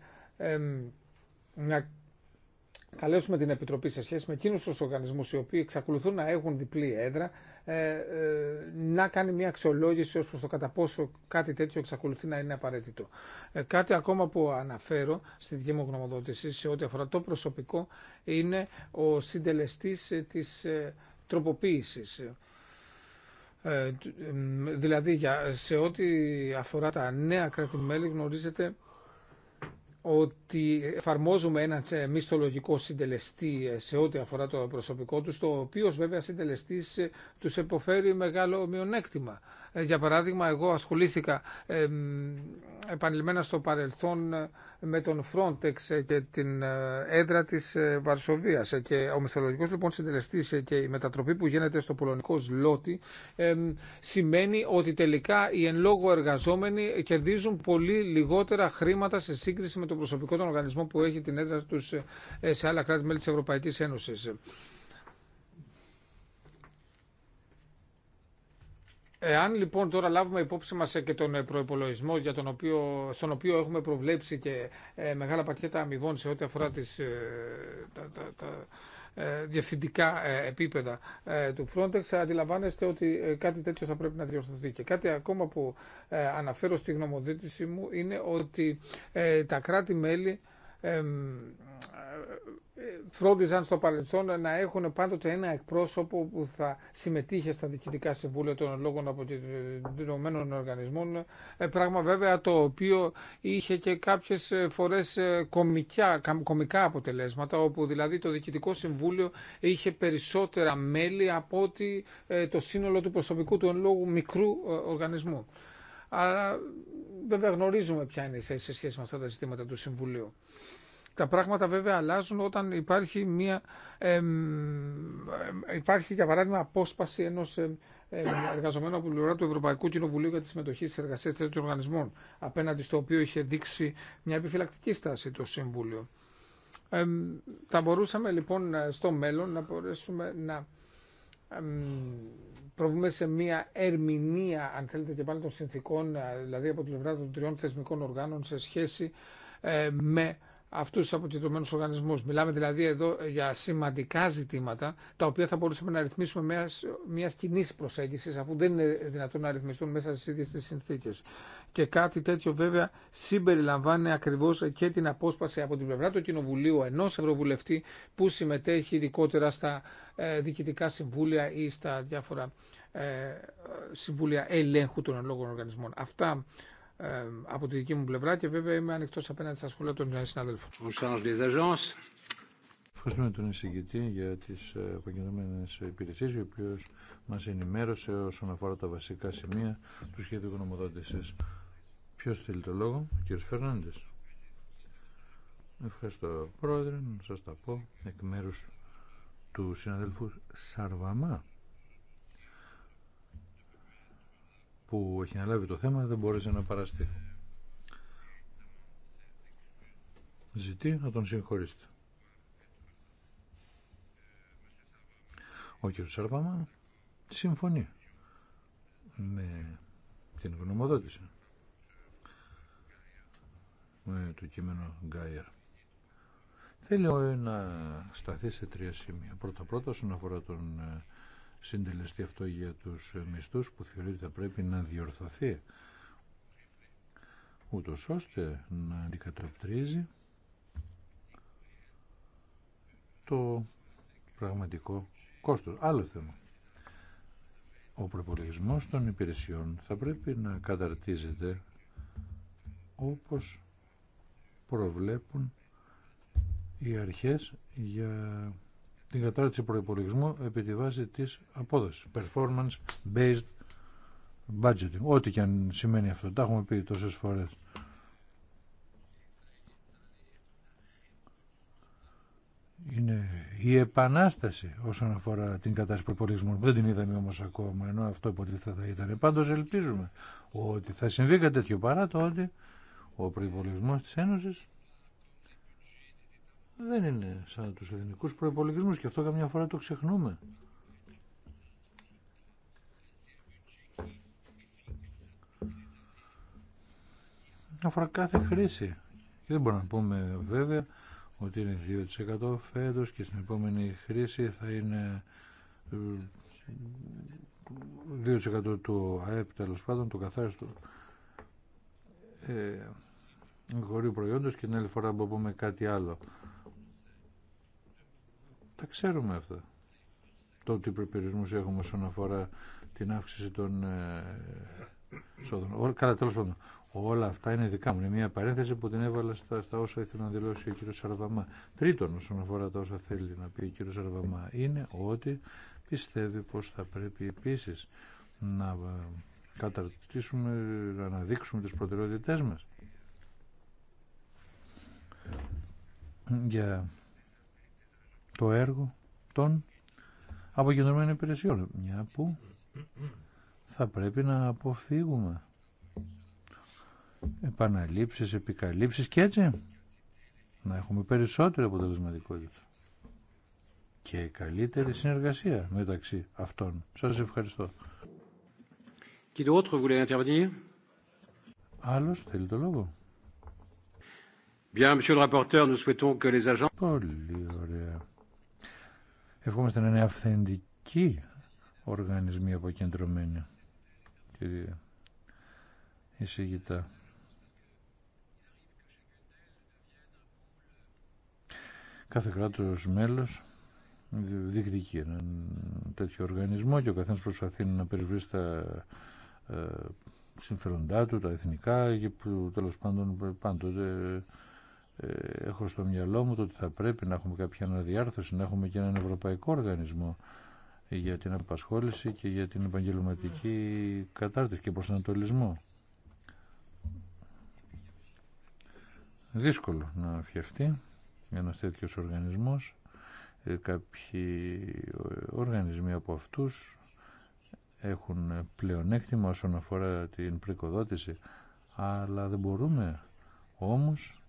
καλέσουμε την Επιτροπή σε σχέση με εκείνους τους οργανισμούς οι οποίοι εξακολουθούν να έχουν διπλή έδρα ε, ε, να κάνει μια αξιολόγηση ως προς το κατά πόσο κάτι τέτοιο εξακολουθεί να είναι απαραίτητο. Ε, κάτι ακόμα που αναφέρω στη δική μου γνωμοδότηση σε ό,τι αφορά το προσωπικό είναι ο συντελεστής της τροποποίησης. δηλαδή σε ό,τι αφορά τα νέα κράτη-μέλη γνωρίζετε ότι εφαρμόζουμε ένα ε, μισθολογικό συντελεστή ε, σε ό,τι αφορά το προσωπικό του, το οποίο βέβαια συντελεστής ε, του εποφέρει μεγάλο μειονέκτημα. Ε, για παράδειγμα, εγώ ασχολήθηκα επανειλημμένα στο παρελθόν ε, με τον Frontex ε, και την έδρα της Βαρσοβίας και ο μισθολογικός λοιπόν συντελεστής και η μετατροπή που γίνεται στο πολωνικό ε, σημαίνει ότι τελικά οι εν λόγω εργαζόμενοι κερδίζουν πολύ λιγότερα χρήματα σε σύγκριση με τον προσωπικό των οργανισμών που έχει την έδρα τους σε άλλα κράτη-μέλη της Ευρωπαϊκής Ένωσης. Εάν λοιπόν τώρα λάβουμε υπόψη μας ε, και τον ε, προϋπολογισμό για τον οποίο, στον οποίο έχουμε προβλέψει και ε, μεγάλα πακέτα αμοιβών σε ό,τι αφορά τις, τα, τα, τα διευθυντικά επίπεδα του Frontex, αντιλαμβάνεστε ότι κάτι τέτοιο θα πρέπει να διορθωθεί. Και κάτι ακόμα που αναφέρω στη γνωμοδίτηση μου είναι ότι τα κράτη-μέλη ε, φρόντιζαν στο παρελθόν να έχουν πάντοτε ένα εκπρόσωπο που θα συμμετείχε στα διοικητικά συμβούλια των λόγων αποκεντρωμένων οργανισμών. Ε, πράγμα βέβαια το οποίο είχε και κάποιες ε, φορές κομικά, κομικά αποτελέσματα όπου δηλαδή το διοικητικό συμβούλιο είχε περισσότερα μέλη από ότι το σύνολο του προσωπικού του εν λόγου μικρού οργανισμού. Αλλά βέβαια γνωρίζουμε ποια είναι η θέση σε σχέση με αυτά τα ζητήματα του Συμβουλίου. Τα πράγματα βέβαια αλλάζουν όταν υπάρχει μια, ε, υπάρχει για παράδειγμα απόσπαση ενός ε, εργαζομένου από πλευρά του Ευρωπαϊκού Κοινοβουλίου για τη συμμετοχή στι εργασίε τέτοιων οργανισμών, απέναντι στο οποίο είχε δείξει μια επιφυλακτική στάση το Συμβούλιο. Ε, θα μπορούσαμε λοιπόν ε, στο μέλλον να μπορέσουμε να προβούμε σε μια ερμηνεία, αν θέλετε και πάλι, των συνθήκων, ε, δηλαδή από την πλευρά των τριών θεσμικών οργάνων σε σχέση ε, με αυτούς τους αποτιτωμένους οργανισμούς. Μιλάμε δηλαδή εδώ για σημαντικά ζητήματα, τα οποία θα μπορούσαμε να ρυθμίσουμε μια, μια κοινή προσέγγιση, αφού δεν είναι δυνατόν να ρυθμιστούν μέσα στις ίδιες τις συνθήκες. Και κάτι τέτοιο βέβαια συμπεριλαμβάνει ακριβώς και την απόσπαση από την πλευρά του Κοινοβουλίου ενός Ευρωβουλευτή που συμμετέχει ειδικότερα στα ε, διοικητικά συμβούλια ή στα διάφορα ε, συμβούλια ελέγχου των ελόγων οργανισμών. Αυτά από τη δική μου πλευρά και βέβαια είμαι ανοιχτό απέναντι στα σχόλια των ε, συναδέλφων. Ευχαριστούμε τον εισηγητή για τι ε, επαγγελματικέ υπηρεσίε, ο οποίο μα ενημέρωσε όσον αφορά τα βασικά σημεία του σχέδιου γνωμοδότηση. Ποιο θέλει το λόγο, ο κ. Φερνάντε. Ευχαριστώ, πρόεδρε, να σα τα πω εκ μέρου του συναδέλφου Σαρβαμά που έχει αναλάβει το θέμα δεν μπόρεσε να παραστεί. Ζητεί να τον συγχωρήσετε. Ο κ. Σαρβάμα συμφωνεί με την γνωμοδότηση με το κείμενο Γκάιερ. Θέλω να σταθεί σε τρία σημεία. Πρώτα πρώτα όσον αφορά τον ε, συντελεστεί αυτό για τους μισθούς που θεωρείται θα πρέπει να διορθωθεί ούτω ώστε να αντικατοπτρίζει το πραγματικό κόστος. Άλλο θέμα. Ο προπολογισμό των υπηρεσιών θα πρέπει να καταρτίζεται όπως προβλέπουν οι αρχές για την κατάρτιση προπολογισμού επί τη βάση τη απόδοση. Performance based budgeting. Ό,τι και αν σημαίνει αυτό. Τα έχουμε πει τόσε φορέ. Είναι η επανάσταση όσον αφορά την κατάσταση προπολογισμού. Δεν την είδαμε όμως ακόμα, ενώ αυτό υποτίθεται θα ήταν. Πάντω ελπίζουμε ότι θα συμβεί κάτι τέτοιο παρά το ότι ο προπολογισμό τη Ένωση δεν είναι σαν τους εθνικούς προϋπολογισμούς και αυτό καμιά φορά το ξεχνούμε. Αφορά κάθε χρήση. Και δεν μπορούμε να πούμε βέβαια ότι είναι 2% φέτος και στην επόμενη χρήση θα είναι 2% ε, του ΑΕΠ τέλο πάντων, του καθάριστου ε, χωρίου προϊόντος και την άλλη φορά μπορούμε κάτι άλλο. Τα ξέρουμε αυτά. Το τι προπηρεσμούς έχουμε όσον αφορά την αύξηση των ε, εισόδων. Καλά, τέλος πάντων. Όλα αυτά είναι δικά μου. Είναι μια παρένθεση που την έβαλα στα, στα όσα ήθελε να δηλώσει ο κύριος Σαραβαμά. Τρίτον, όσον αφορά τα όσα θέλει να πει ο κύριος Σαραβαμά, είναι ότι πιστεύει πως θα πρέπει επίσης να ε, καταρτήσουμε, να αναδείξουμε τις προτεραιότητές μας για το έργο των αποκεντρωμένων υπηρεσιών. Μια που θα πρέπει να αποφύγουμε επαναλήψεις, επικαλύψεις και έτσι να έχουμε περισσότερη αποτελεσματικότητα και καλύτερη συνεργασία μεταξύ αυτών. Σας ευχαριστώ. Qui Άλλος θέλει το λόγο. Bien, monsieur Ευχόμαστε να είναι αυθεντικοί οργανισμοί αποκεντρωμένοι. Κύριε εισηγητά. Κάθε κράτος μέλος διεκδικεί ένα τέτοιο οργανισμό και ο καθένας προσπαθεί να τα τα ε, συμφέροντά του, τα εθνικά και που τέλος πάντων πάντοτε ε, έχω στο μυαλό μου το ότι θα πρέπει να έχουμε κάποια αναδιάρθρωση, να έχουμε και έναν ευρωπαϊκό οργανισμό για την απασχόληση και για την επαγγελματική κατάρτιση και προσανατολισμό. Δύσκολο να φτιαχτεί ένας τέτοιος οργανισμός. Ε, κάποιοι οργανισμοί από αυτούς έχουν πλεονέκτημα όσον αφορά την πρικοδότηση, αλλά δεν μπορούμε όμως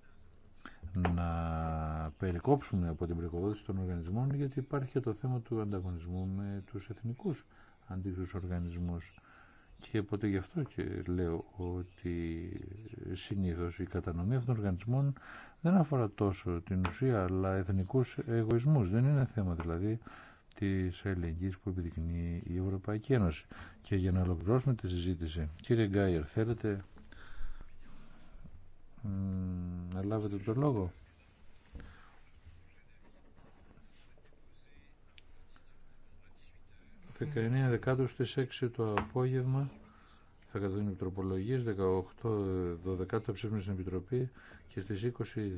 να περικόψουμε από την πρεκοδότηση των οργανισμών γιατί υπάρχει και το θέμα του ανταγωνισμού με τους εθνικούς αντίστοιχου οργανισμούς και οπότε γι' αυτό και λέω ότι συνήθως η κατανομή αυτών των οργανισμών δεν αφορά τόσο την ουσία αλλά εθνικούς εγωισμούς δεν είναι θέμα δηλαδή της ελεγγύης που επιδεικνύει η Ευρωπαϊκή Ένωση και για να ολοκληρώσουμε τη συζήτηση κύριε Γκάιερ θέλετε να λάβετε το λόγο. Mm. 19 Δεκάτου στις 6 το απόγευμα θα καταδίνει οι τροπολογίες, 18 Δωδεκάτου θα ψήφουν στην Επιτροπή και στις 20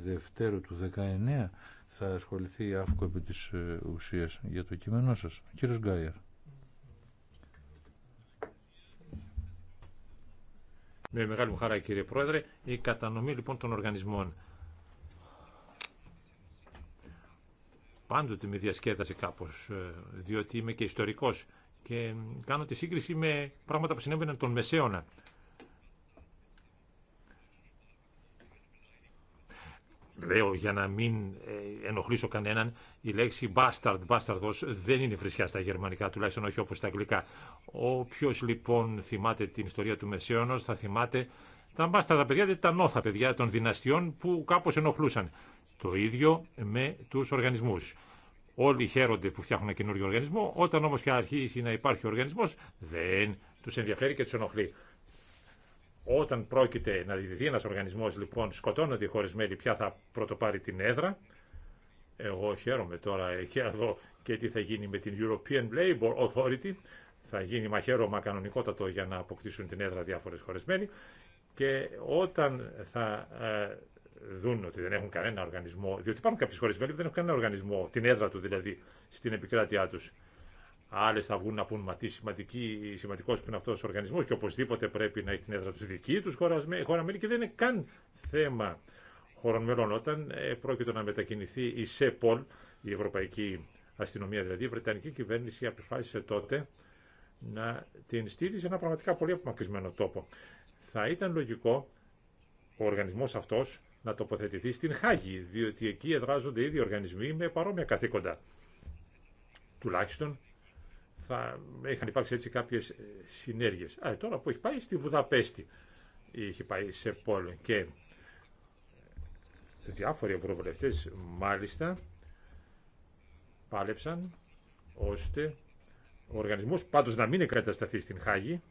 Δευτέρου του 19 θα ασχοληθεί η ΑΦΚΟ επί της ε, ουσίας για το κείμενό σας. Κύριος Γκάιερ. Με μεγάλη μου χαρά κύριε Πρόεδρε, η κατανομή λοιπόν των οργανισμών. Πάντοτε με διασκέδασε κάπως, ε, διότι είμαι και ιστορικός και ε, κάνω τη σύγκριση με πράγματα που συνέβαιναν τον Μεσαίωνα. λέω για να μην ε, ενοχλήσω κανέναν, η λέξη bastard, «bastardos» δεν είναι φρυσιά στα γερμανικά, τουλάχιστον όχι όπως στα αγγλικά. Όποιο λοιπόν θυμάται την ιστορία του Μεσαίωνος θα θυμάται τα μπάσταρδα παιδιά, δηλαδή τα νόθα παιδιά των δυναστιών που κάπως ενοχλούσαν. Το ίδιο με τους οργανισμούς. Όλοι χαίρονται που φτιάχνουν ένα καινούριο οργανισμό, όταν όμως πια αρχίσει να υπάρχει ο οργανισμός δεν τους ενδιαφέρει και τους ενοχλεί. Όταν πρόκειται να διδηθεί ένα οργανισμός, λοιπόν, σκοτώνονται οι χωρισμένοι, ποια θα πρωτοπάρει την έδρα. Εγώ χαίρομαι τώρα και εδώ και τι θα γίνει με την European Labour Authority. Θα γίνει μαχαίρωμα κανονικότατο για να αποκτήσουν την έδρα διάφορες χωρισμένοι. Και όταν θα ε, δουν ότι δεν έχουν κανένα οργανισμό, διότι υπάρχουν κάποιε χωρισμένοι που δεν έχουν κανένα οργανισμό, την έδρα του δηλαδή, στην επικράτειά του. Άλλε θα βγουν να πούν μα τι σημαντικό που είναι αυτό ο οργανισμό και οπωσδήποτε πρέπει να έχει την έδρα του δική του χώρα μέλη και δεν είναι καν θέμα χωρών μελών. Όταν ε, πρόκειται να μετακινηθεί η ΣΕΠΟΛ, η Ευρωπαϊκή Αστυνομία δηλαδή, η Βρετανική κυβέρνηση αποφάσισε τότε να την στείλει σε ένα πραγματικά πολύ απομακρυσμένο τόπο. Θα ήταν λογικό ο οργανισμό αυτό να τοποθετηθεί στην Χάγη, διότι εκεί εδράζονται ήδη οργανισμοί με παρόμοια καθήκοντα. Τουλάχιστον θα είχαν υπάρξει έτσι κάποιες ε, συνέργειες. Α, ε, τώρα που έχει πάει στη Βουδαπέστη, είχε πάει σε πόλο και διάφοροι ευρωβουλευτές μάλιστα πάλεψαν ώστε ο οργανισμός πάντως να μην εγκατασταθεί στην Χάγη,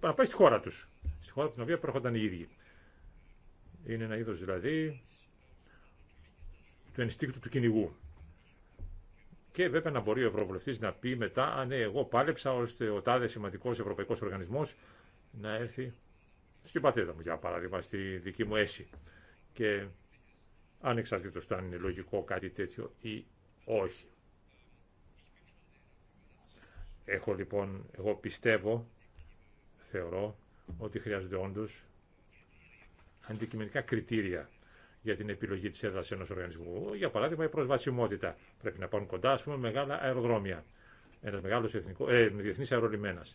να πάει στη χώρα τους, στη χώρα από την οποία προέρχονταν οι ίδιοι. Είναι ένα είδος δηλαδή του ενστήκτου του κυνηγού. Και βέβαια να μπορεί ο Ευρωβουλευτή να πει μετά, αν ναι, εγώ πάλεψα ώστε ο τάδε σημαντικό ευρωπαϊκό οργανισμό να έρθει στην πατρίδα μου, για παράδειγμα, στη δική μου έση. Και ανεξαρτήτως το αν είναι λογικό κάτι τέτοιο ή όχι. Έχω λοιπόν, εγώ πιστεύω, θεωρώ, ότι χρειάζονται όντω αντικειμενικά κριτήρια για την επιλογή τη έδρα ενό οργανισμού. Για παράδειγμα, η προσβασιμότητα. Πρέπει να πάρουν κοντά, α πούμε, μεγάλα αεροδρόμια. Ένα μεγάλο ε, διεθνή αερολιμένα.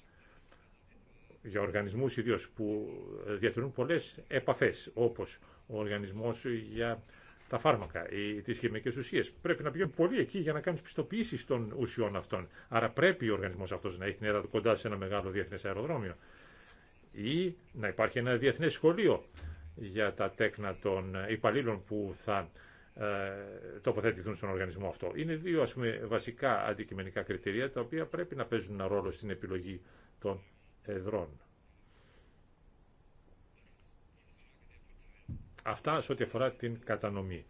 Για οργανισμού ιδίω που διατηρούν πολλέ επαφέ, όπω ο οργανισμό για τα φάρμακα ή τι χημικέ ουσίε. Πρέπει να πηγαίνουν πολύ εκεί για να κάνουν πιστοποιήσει των ουσιών αυτών. Άρα πρέπει ο οργανισμό αυτό να έχει την έδρα του κοντά σε ένα μεγάλο διεθνέ αεροδρόμιο. Ή να υπάρχει ένα διεθνέ σχολείο για τα τέκνα των υπαλλήλων που θα ε, τοποθετηθούν στον οργανισμό αυτό. Είναι δύο ας πούμε, βασικά αντικειμενικά κριτήρια τα οποία πρέπει να παίζουν ένα ρόλο στην επιλογή των εδρών. Αυτά σε ό,τι αφορά την κατανομή.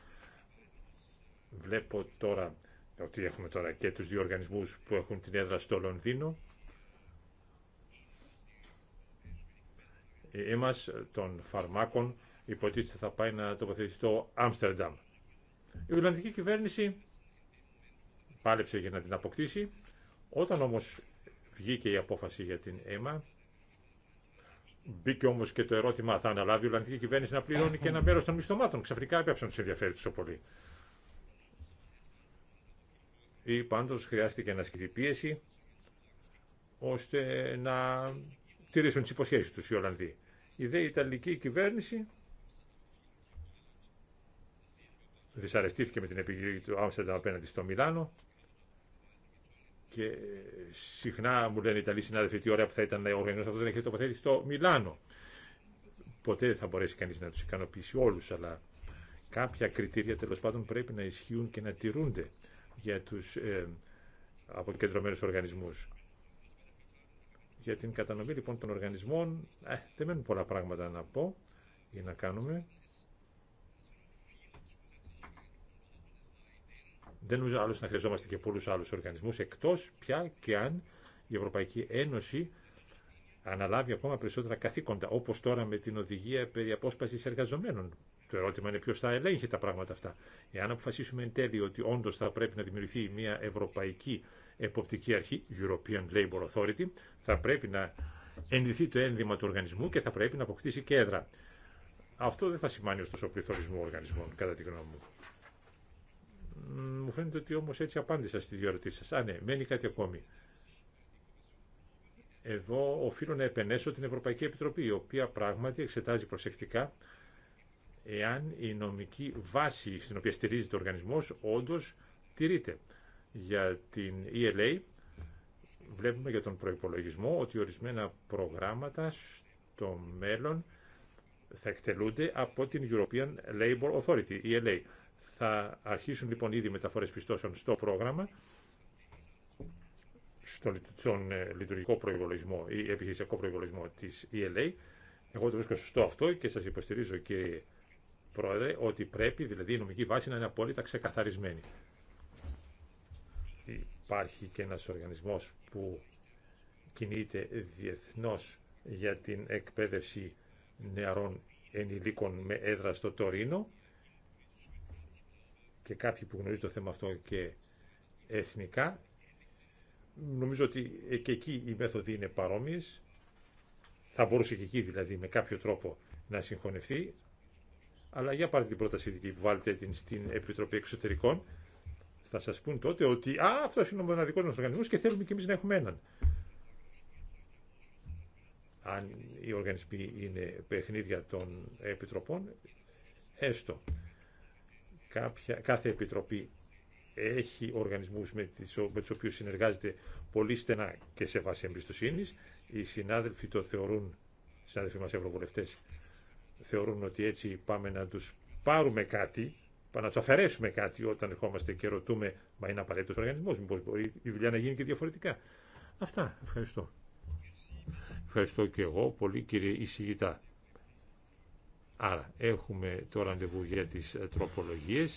Βλέπω τώρα ότι έχουμε τώρα και τους δύο οργανισμούς που έχουν την έδρα στο Λονδίνο μας των φαρμάκων υποτίθεται θα πάει να τοποθετηθεί στο Άμστερνταμ. Η Ολλανδική κυβέρνηση πάλεψε για να την αποκτήσει. Όταν όμως βγήκε η απόφαση για την αίμα, μπήκε όμως και το ερώτημα θα αναλάβει η Ολλανδική κυβέρνηση να πληρώνει και ένα μέρος των μισθωμάτων. Ξαφνικά έπιαψαν τους ενδιαφέρει τόσο πολύ. Ή πάντως χρειάστηκε να ασκηθεί πίεση ώστε να τηρήσουν τις υποσχέσεις τους οι Ολλανδοί. Η δε Ιταλική κυβέρνηση δυσαρεστήθηκε με την επιχείρηση του Άμστερνταμ απέναντι στο Μιλάνο και συχνά μου λένε οι Ιταλοί συνάδελφοι τι ωραία που θα ήταν να οργανώσει αυτό δεν έχει τοποθέτηση στο Μιλάνο. Ποτέ δεν θα μπορέσει κανείς να τους ικανοποιήσει όλους, αλλά κάποια κριτήρια τέλο πάντων πρέπει να ισχύουν και να τηρούνται για τους ε, αποκεντρωμένους οργανισμούς. Για την κατανομή λοιπόν των οργανισμών ε, δεν μένουν πολλά πράγματα να πω ή να κάνουμε. Δεν νομίζω άλλωστε να χρειαζόμαστε και πολλούς άλλους οργανισμούς, εκτός πια και αν η Ευρωπαϊκή Ένωση αναλάβει ακόμα περισσότερα καθήκοντα, όπως τώρα με την οδηγία περί απόσπασης εργαζομένων. Το ερώτημα είναι ποιο θα ελέγχει τα πράγματα αυτά. Εάν αποφασίσουμε εν τέλει ότι όντω θα πρέπει να δημιουργηθεί μια ευρωπαϊκή εποπτική αρχή, European Labour Authority, θα πρέπει να ενδυθεί το ένδυμα του οργανισμού και θα πρέπει να αποκτήσει κέντρα. Αυτό δεν θα σημάνει ωστόσο πληθωρισμό οργανισμών, κατά τη γνώμη μου. Μου φαίνεται ότι όμως έτσι απάντησα στις δύο ερωτήσεις σας. Α, ναι, μένει κάτι ακόμη. Εδώ οφείλω να επενέσω την Ευρωπαϊκή Επιτροπή, η οποία πράγματι εξετάζει προσεκτικά εάν η νομική βάση στην οποία στηρίζεται ο οργανισμός όντως τηρείται για την ELA βλέπουμε για τον προϋπολογισμό ότι ορισμένα προγράμματα στο μέλλον θα εκτελούνται από την European Labour Authority, ELA. Θα αρχίσουν λοιπόν ήδη μεταφορές πιστώσεων στο πρόγραμμα, στον, ε, λειτουργικό προϋπολογισμό ή επιχειρησιακό προϋπολογισμό της ELA. Εγώ το βρίσκω σωστό αυτό και σας υποστηρίζω κύριε Πρόεδρε ότι πρέπει δηλαδή η νομική βάση να είναι απόλυτα ξεκαθαρισμένη υπάρχει και ένας οργανισμός που κινείται διεθνώς για την εκπαίδευση νεαρών ενηλίκων με έδρα στο Τωρίνο και κάποιοι που γνωρίζουν το θέμα αυτό και εθνικά. Νομίζω ότι και εκεί οι μέθοδοι είναι παρόμοιες. Θα μπορούσε και εκεί δηλαδή με κάποιο τρόπο να συγχωνευτεί. Αλλά για πάρτε την πρόταση που βάλετε την στην Επιτροπή Εξωτερικών θα σας πούν τότε ότι αυτό είναι ο μοναδικό μα οργανισμό και θέλουμε και εμείς να έχουμε έναν. Αν οι οργανισμοί είναι παιχνίδια των επιτροπών, έστω. Κάποια, κάθε επιτροπή έχει οργανισμούς με, τις, με τους οποίους συνεργάζεται πολύ στενά και σε βάση εμπιστοσύνη. Οι συνάδελφοι το θεωρούν, οι συνάδελφοι μας ευρωβουλευτές, θεωρούν ότι έτσι πάμε να τους πάρουμε κάτι να του αφαιρέσουμε κάτι όταν ερχόμαστε και ρωτούμε, μα είναι απαραίτητο ο οργανισμό, μήπω μπορεί η δουλειά να γίνει και διαφορετικά. Αυτά. Ευχαριστώ. Ευχαριστώ και εγώ πολύ κύριε Ισηγητά Άρα έχουμε το ραντεβού για τι ε, τροπολογίε.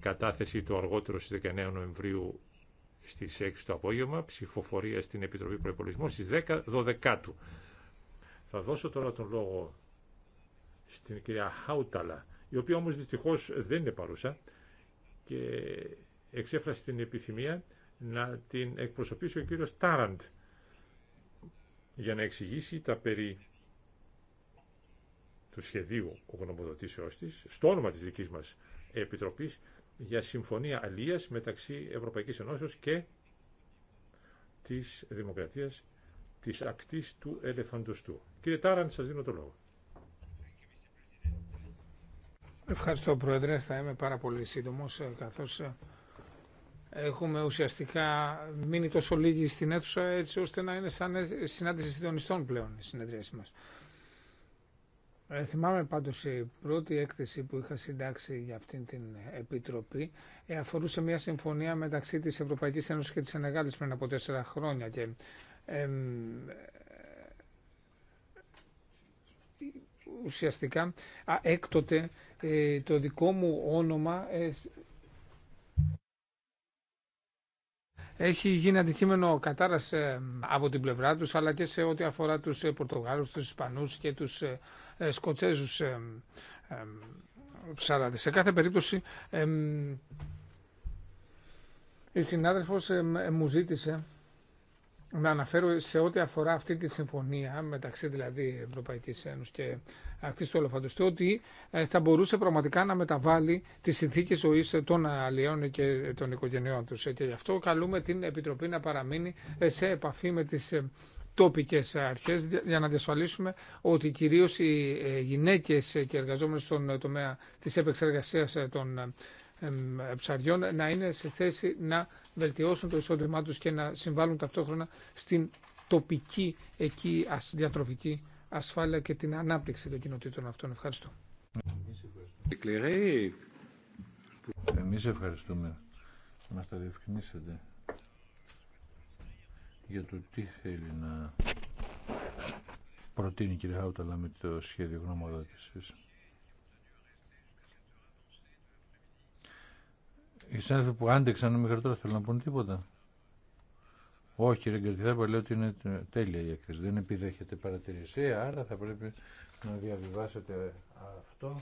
Κατάθεση το αργότερο στις 19 Νοεμβρίου στι 6 το απόγευμα. Ψηφοφορία στην Επιτροπή Προϋπολογισμών στι 10 12 Θα δώσω τώρα τον λόγο στην κυρία Χάουταλα η οποία όμως δυστυχώς δεν είναι παρούσα και εξέφρασε την επιθυμία να την εκπροσωπήσει ο κύριος Τάραντ για να εξηγήσει τα περί του σχεδίου γνωμοδοτήσεώς της, στο όνομα της δικής μας Επιτροπής, για συμφωνία αλίας μεταξύ Ευρωπαϊκής Ενώσεως και της Δημοκρατίας της ακτής του ελεφαντοστού. Κύριε Τάραντ, σας δίνω το λόγο. Ευχαριστώ Πρόεδρε. Θα είμαι πάρα πολύ σύντομος ε, καθώς ε, έχουμε ουσιαστικά μείνει τόσο λίγοι στην αίθουσα έτσι ώστε να είναι σαν ε, συνάντηση συντονιστών πλέον η συνεδρίαση μας. Ε, θυμάμαι πάντως η πρώτη έκθεση που είχα συντάξει για αυτήν την Επιτροπή αφορούσε μια συμφωνία μεταξύ της Ευρωπαϊκής Ένωσης και της Ενεγάλης πριν από τέσσερα χρόνια και ουσιαστικά έκτοτε ε, το δικό μου όνομα ε, έχει γίνει αντικείμενο κατάρας ε, από την πλευρά τους αλλά και σε ό,τι αφορά τους Πορτογάλους, τους Ισπανούς και τους Σκοτσέζους ψαράδες. Σε κάθε περίπτωση η συνάδελφος μου ζήτησε να αναφέρω σε ό,τι αφορά αυτή τη συμφωνία μεταξύ δηλαδή Ευρωπαϊκής Ένωσης και ότι ε, θα μπορούσε πραγματικά να μεταβάλει τι συνθήκε ζωή των αλλιών και των οικογενειών του. Ε, και γι' αυτό καλούμε την Επιτροπή να παραμείνει ε, σε επαφή με τι τοπικέ αρχέ, για να διασφαλίσουμε ότι κυρίω οι γυναίκε και εργαζόμενοι στον τομέα της επεξεργασία των ψαριών να είναι σε θέση να βελτιώσουν το εισόδημά τους και να συμβάλλουν ταυτόχρονα στην τοπική εκεί διατροφική ασφάλεια και την ανάπτυξη των κοινοτήτων αυτών. Ευχαριστώ. Εμείς ευχαριστούμε που μας τα διευκρινίσετε για το τι θέλει να προτείνει η κυρία Χάουταλα με το σχέδιο γνωμοδότησης. Οι συνάδελφοι που άντεξαν μέχρι τώρα θέλουν να πούν τίποτα. Όχι κύριε Γκρατιδάπα, λέω ότι είναι τέλεια η έκθεση. Δεν επιδέχεται παρατηρησία, ε, άρα θα πρέπει να διαβιβάσετε αυτό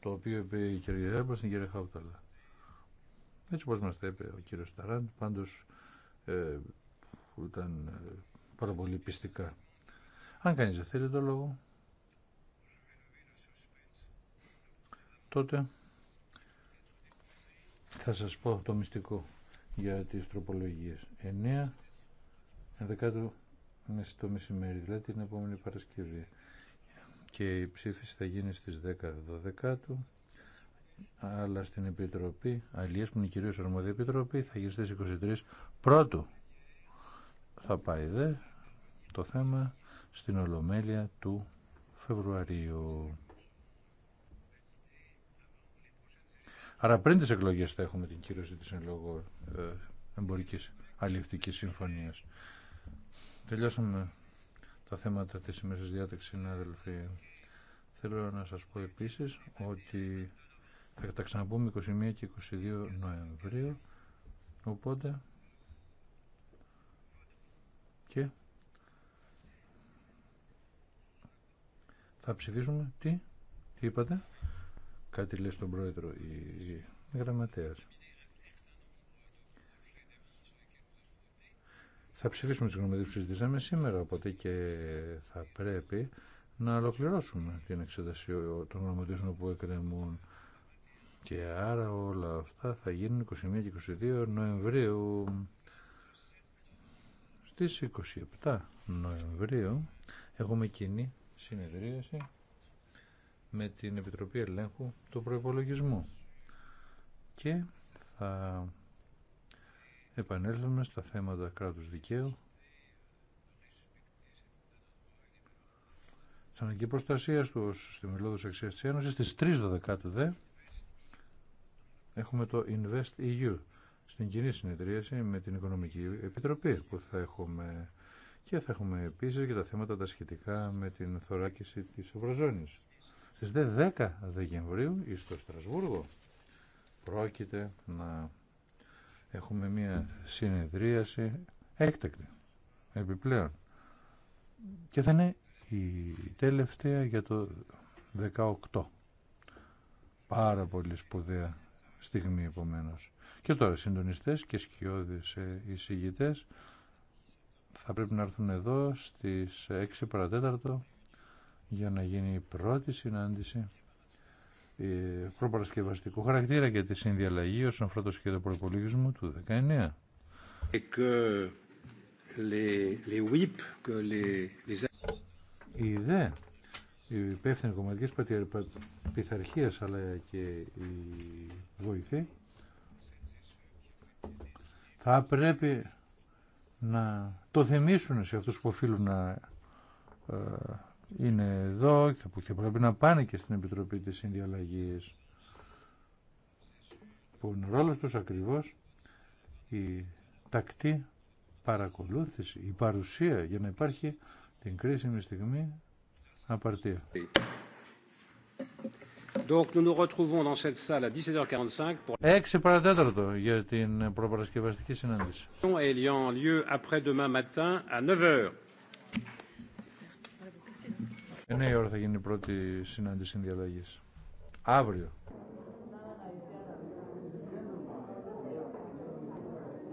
το οποίο είπε η κυρία Γκρατιδάπα στην κυρία Χαουταλά. Έτσι όπως μας τα είπε ο κύριος Ταράντ, πάντως ε, ήταν ε, πάρα πολύ πιστικά. Αν κανείς δεν θέλει το λόγο, τότε θα σας πω το μυστικό για τις τροπολογίες. 9 11 το μεσημέρι, δηλαδή την επόμενη Παρασκευή. Και η ψήφιση θα γίνει στις 10-12 αλλά στην Επιτροπή, αλλιές που είναι κυρίως αρμόδια Επιτροπή, θα γίνει στις 23 πρώτου. Θα πάει δε το θέμα στην Ολομέλεια του Φεβρουαρίου. Άρα πριν τις εκλογές θα έχουμε την κύρωση της εν λόγω ε, εμπορικής αλληλευτικής συμφωνίας. Τελειώσαμε τα θέματα της σημερινής διάταξης, συνάδελφοι. Θέλω να σας πω επίσης ότι θα τα ξαναπούμε 21 και 22 Νοεμβρίου, οπότε και θα ψηφίσουμε τι, τι είπατε, κάτι λέει στον πρόεδρο η, η γραμματέας. θα ψηφίσουμε τις γνωμετίες που συζητήσαμε σήμερα, οπότε και θα πρέπει να ολοκληρώσουμε την εξέταση των γνωμετήσεων που εκκρεμούν. Και άρα όλα αυτά θα γίνουν 21 και 22 Νοεμβρίου. Στις 27 Νοεμβρίου έχουμε κοινή συνεδρίαση με την Επιτροπή Ελέγχου του Προϋπολογισμού και θα επανέλθουμε στα θέματα κράτους δικαίου, Στην αναγκή προστασία του στη Αξίας της Ένωσης, στις 3 Δωδεκάτου δε, έχουμε το Invest EU, στην κοινή συνεδρίαση με την Οικονομική Επιτροπή που θα έχουμε και θα έχουμε επίσης και τα θέματα τα σχετικά με την θωράκιση της Ευρωζώνης. Στις 10 Δεκεμβρίου στο Στρασβούργο πρόκειται να έχουμε μία συνεδρίαση έκτακτη επιπλέον και θα είναι η τελευταία για το 18 πάρα πολύ σπουδαία στιγμή επομένω. και τώρα συντονιστές και σκιώδεις ε, εισηγητέ θα πρέπει να έρθουν εδώ στις 6 για να γίνει η πρώτη συνάντηση ε, προπαρασκευαστικού χαρακτήρα και τη συνδιαλλαγή όσον αφορά το σχέδιο του 19. Η ιδέα η υπεύθυνη κομματική πειθαρχία αλλά και η βοηθή, θα πρέπει να το θυμίσουν σε αυτούς που οφείλουν να ε, είναι εδώ που θα πρέπει να πάνε και στην Επιτροπή της Συνδιαλλαγής που είναι ο ρόλος τους ακριβώς η τακτή παρακολούθηση, η παρουσία για να υπάρχει την κρίσιμη στιγμή απαρτία. Donc nous nous retrouvons dans cette salle à 17h45 pour 6 παρατέταρτο για την προπαρασκευαστική συνάντηση. Et ayant lieu après-demain matin à 9h. 9 η ώρα θα γίνει η πρώτη συνάντηση συνδιαλλαγής. Αύριο.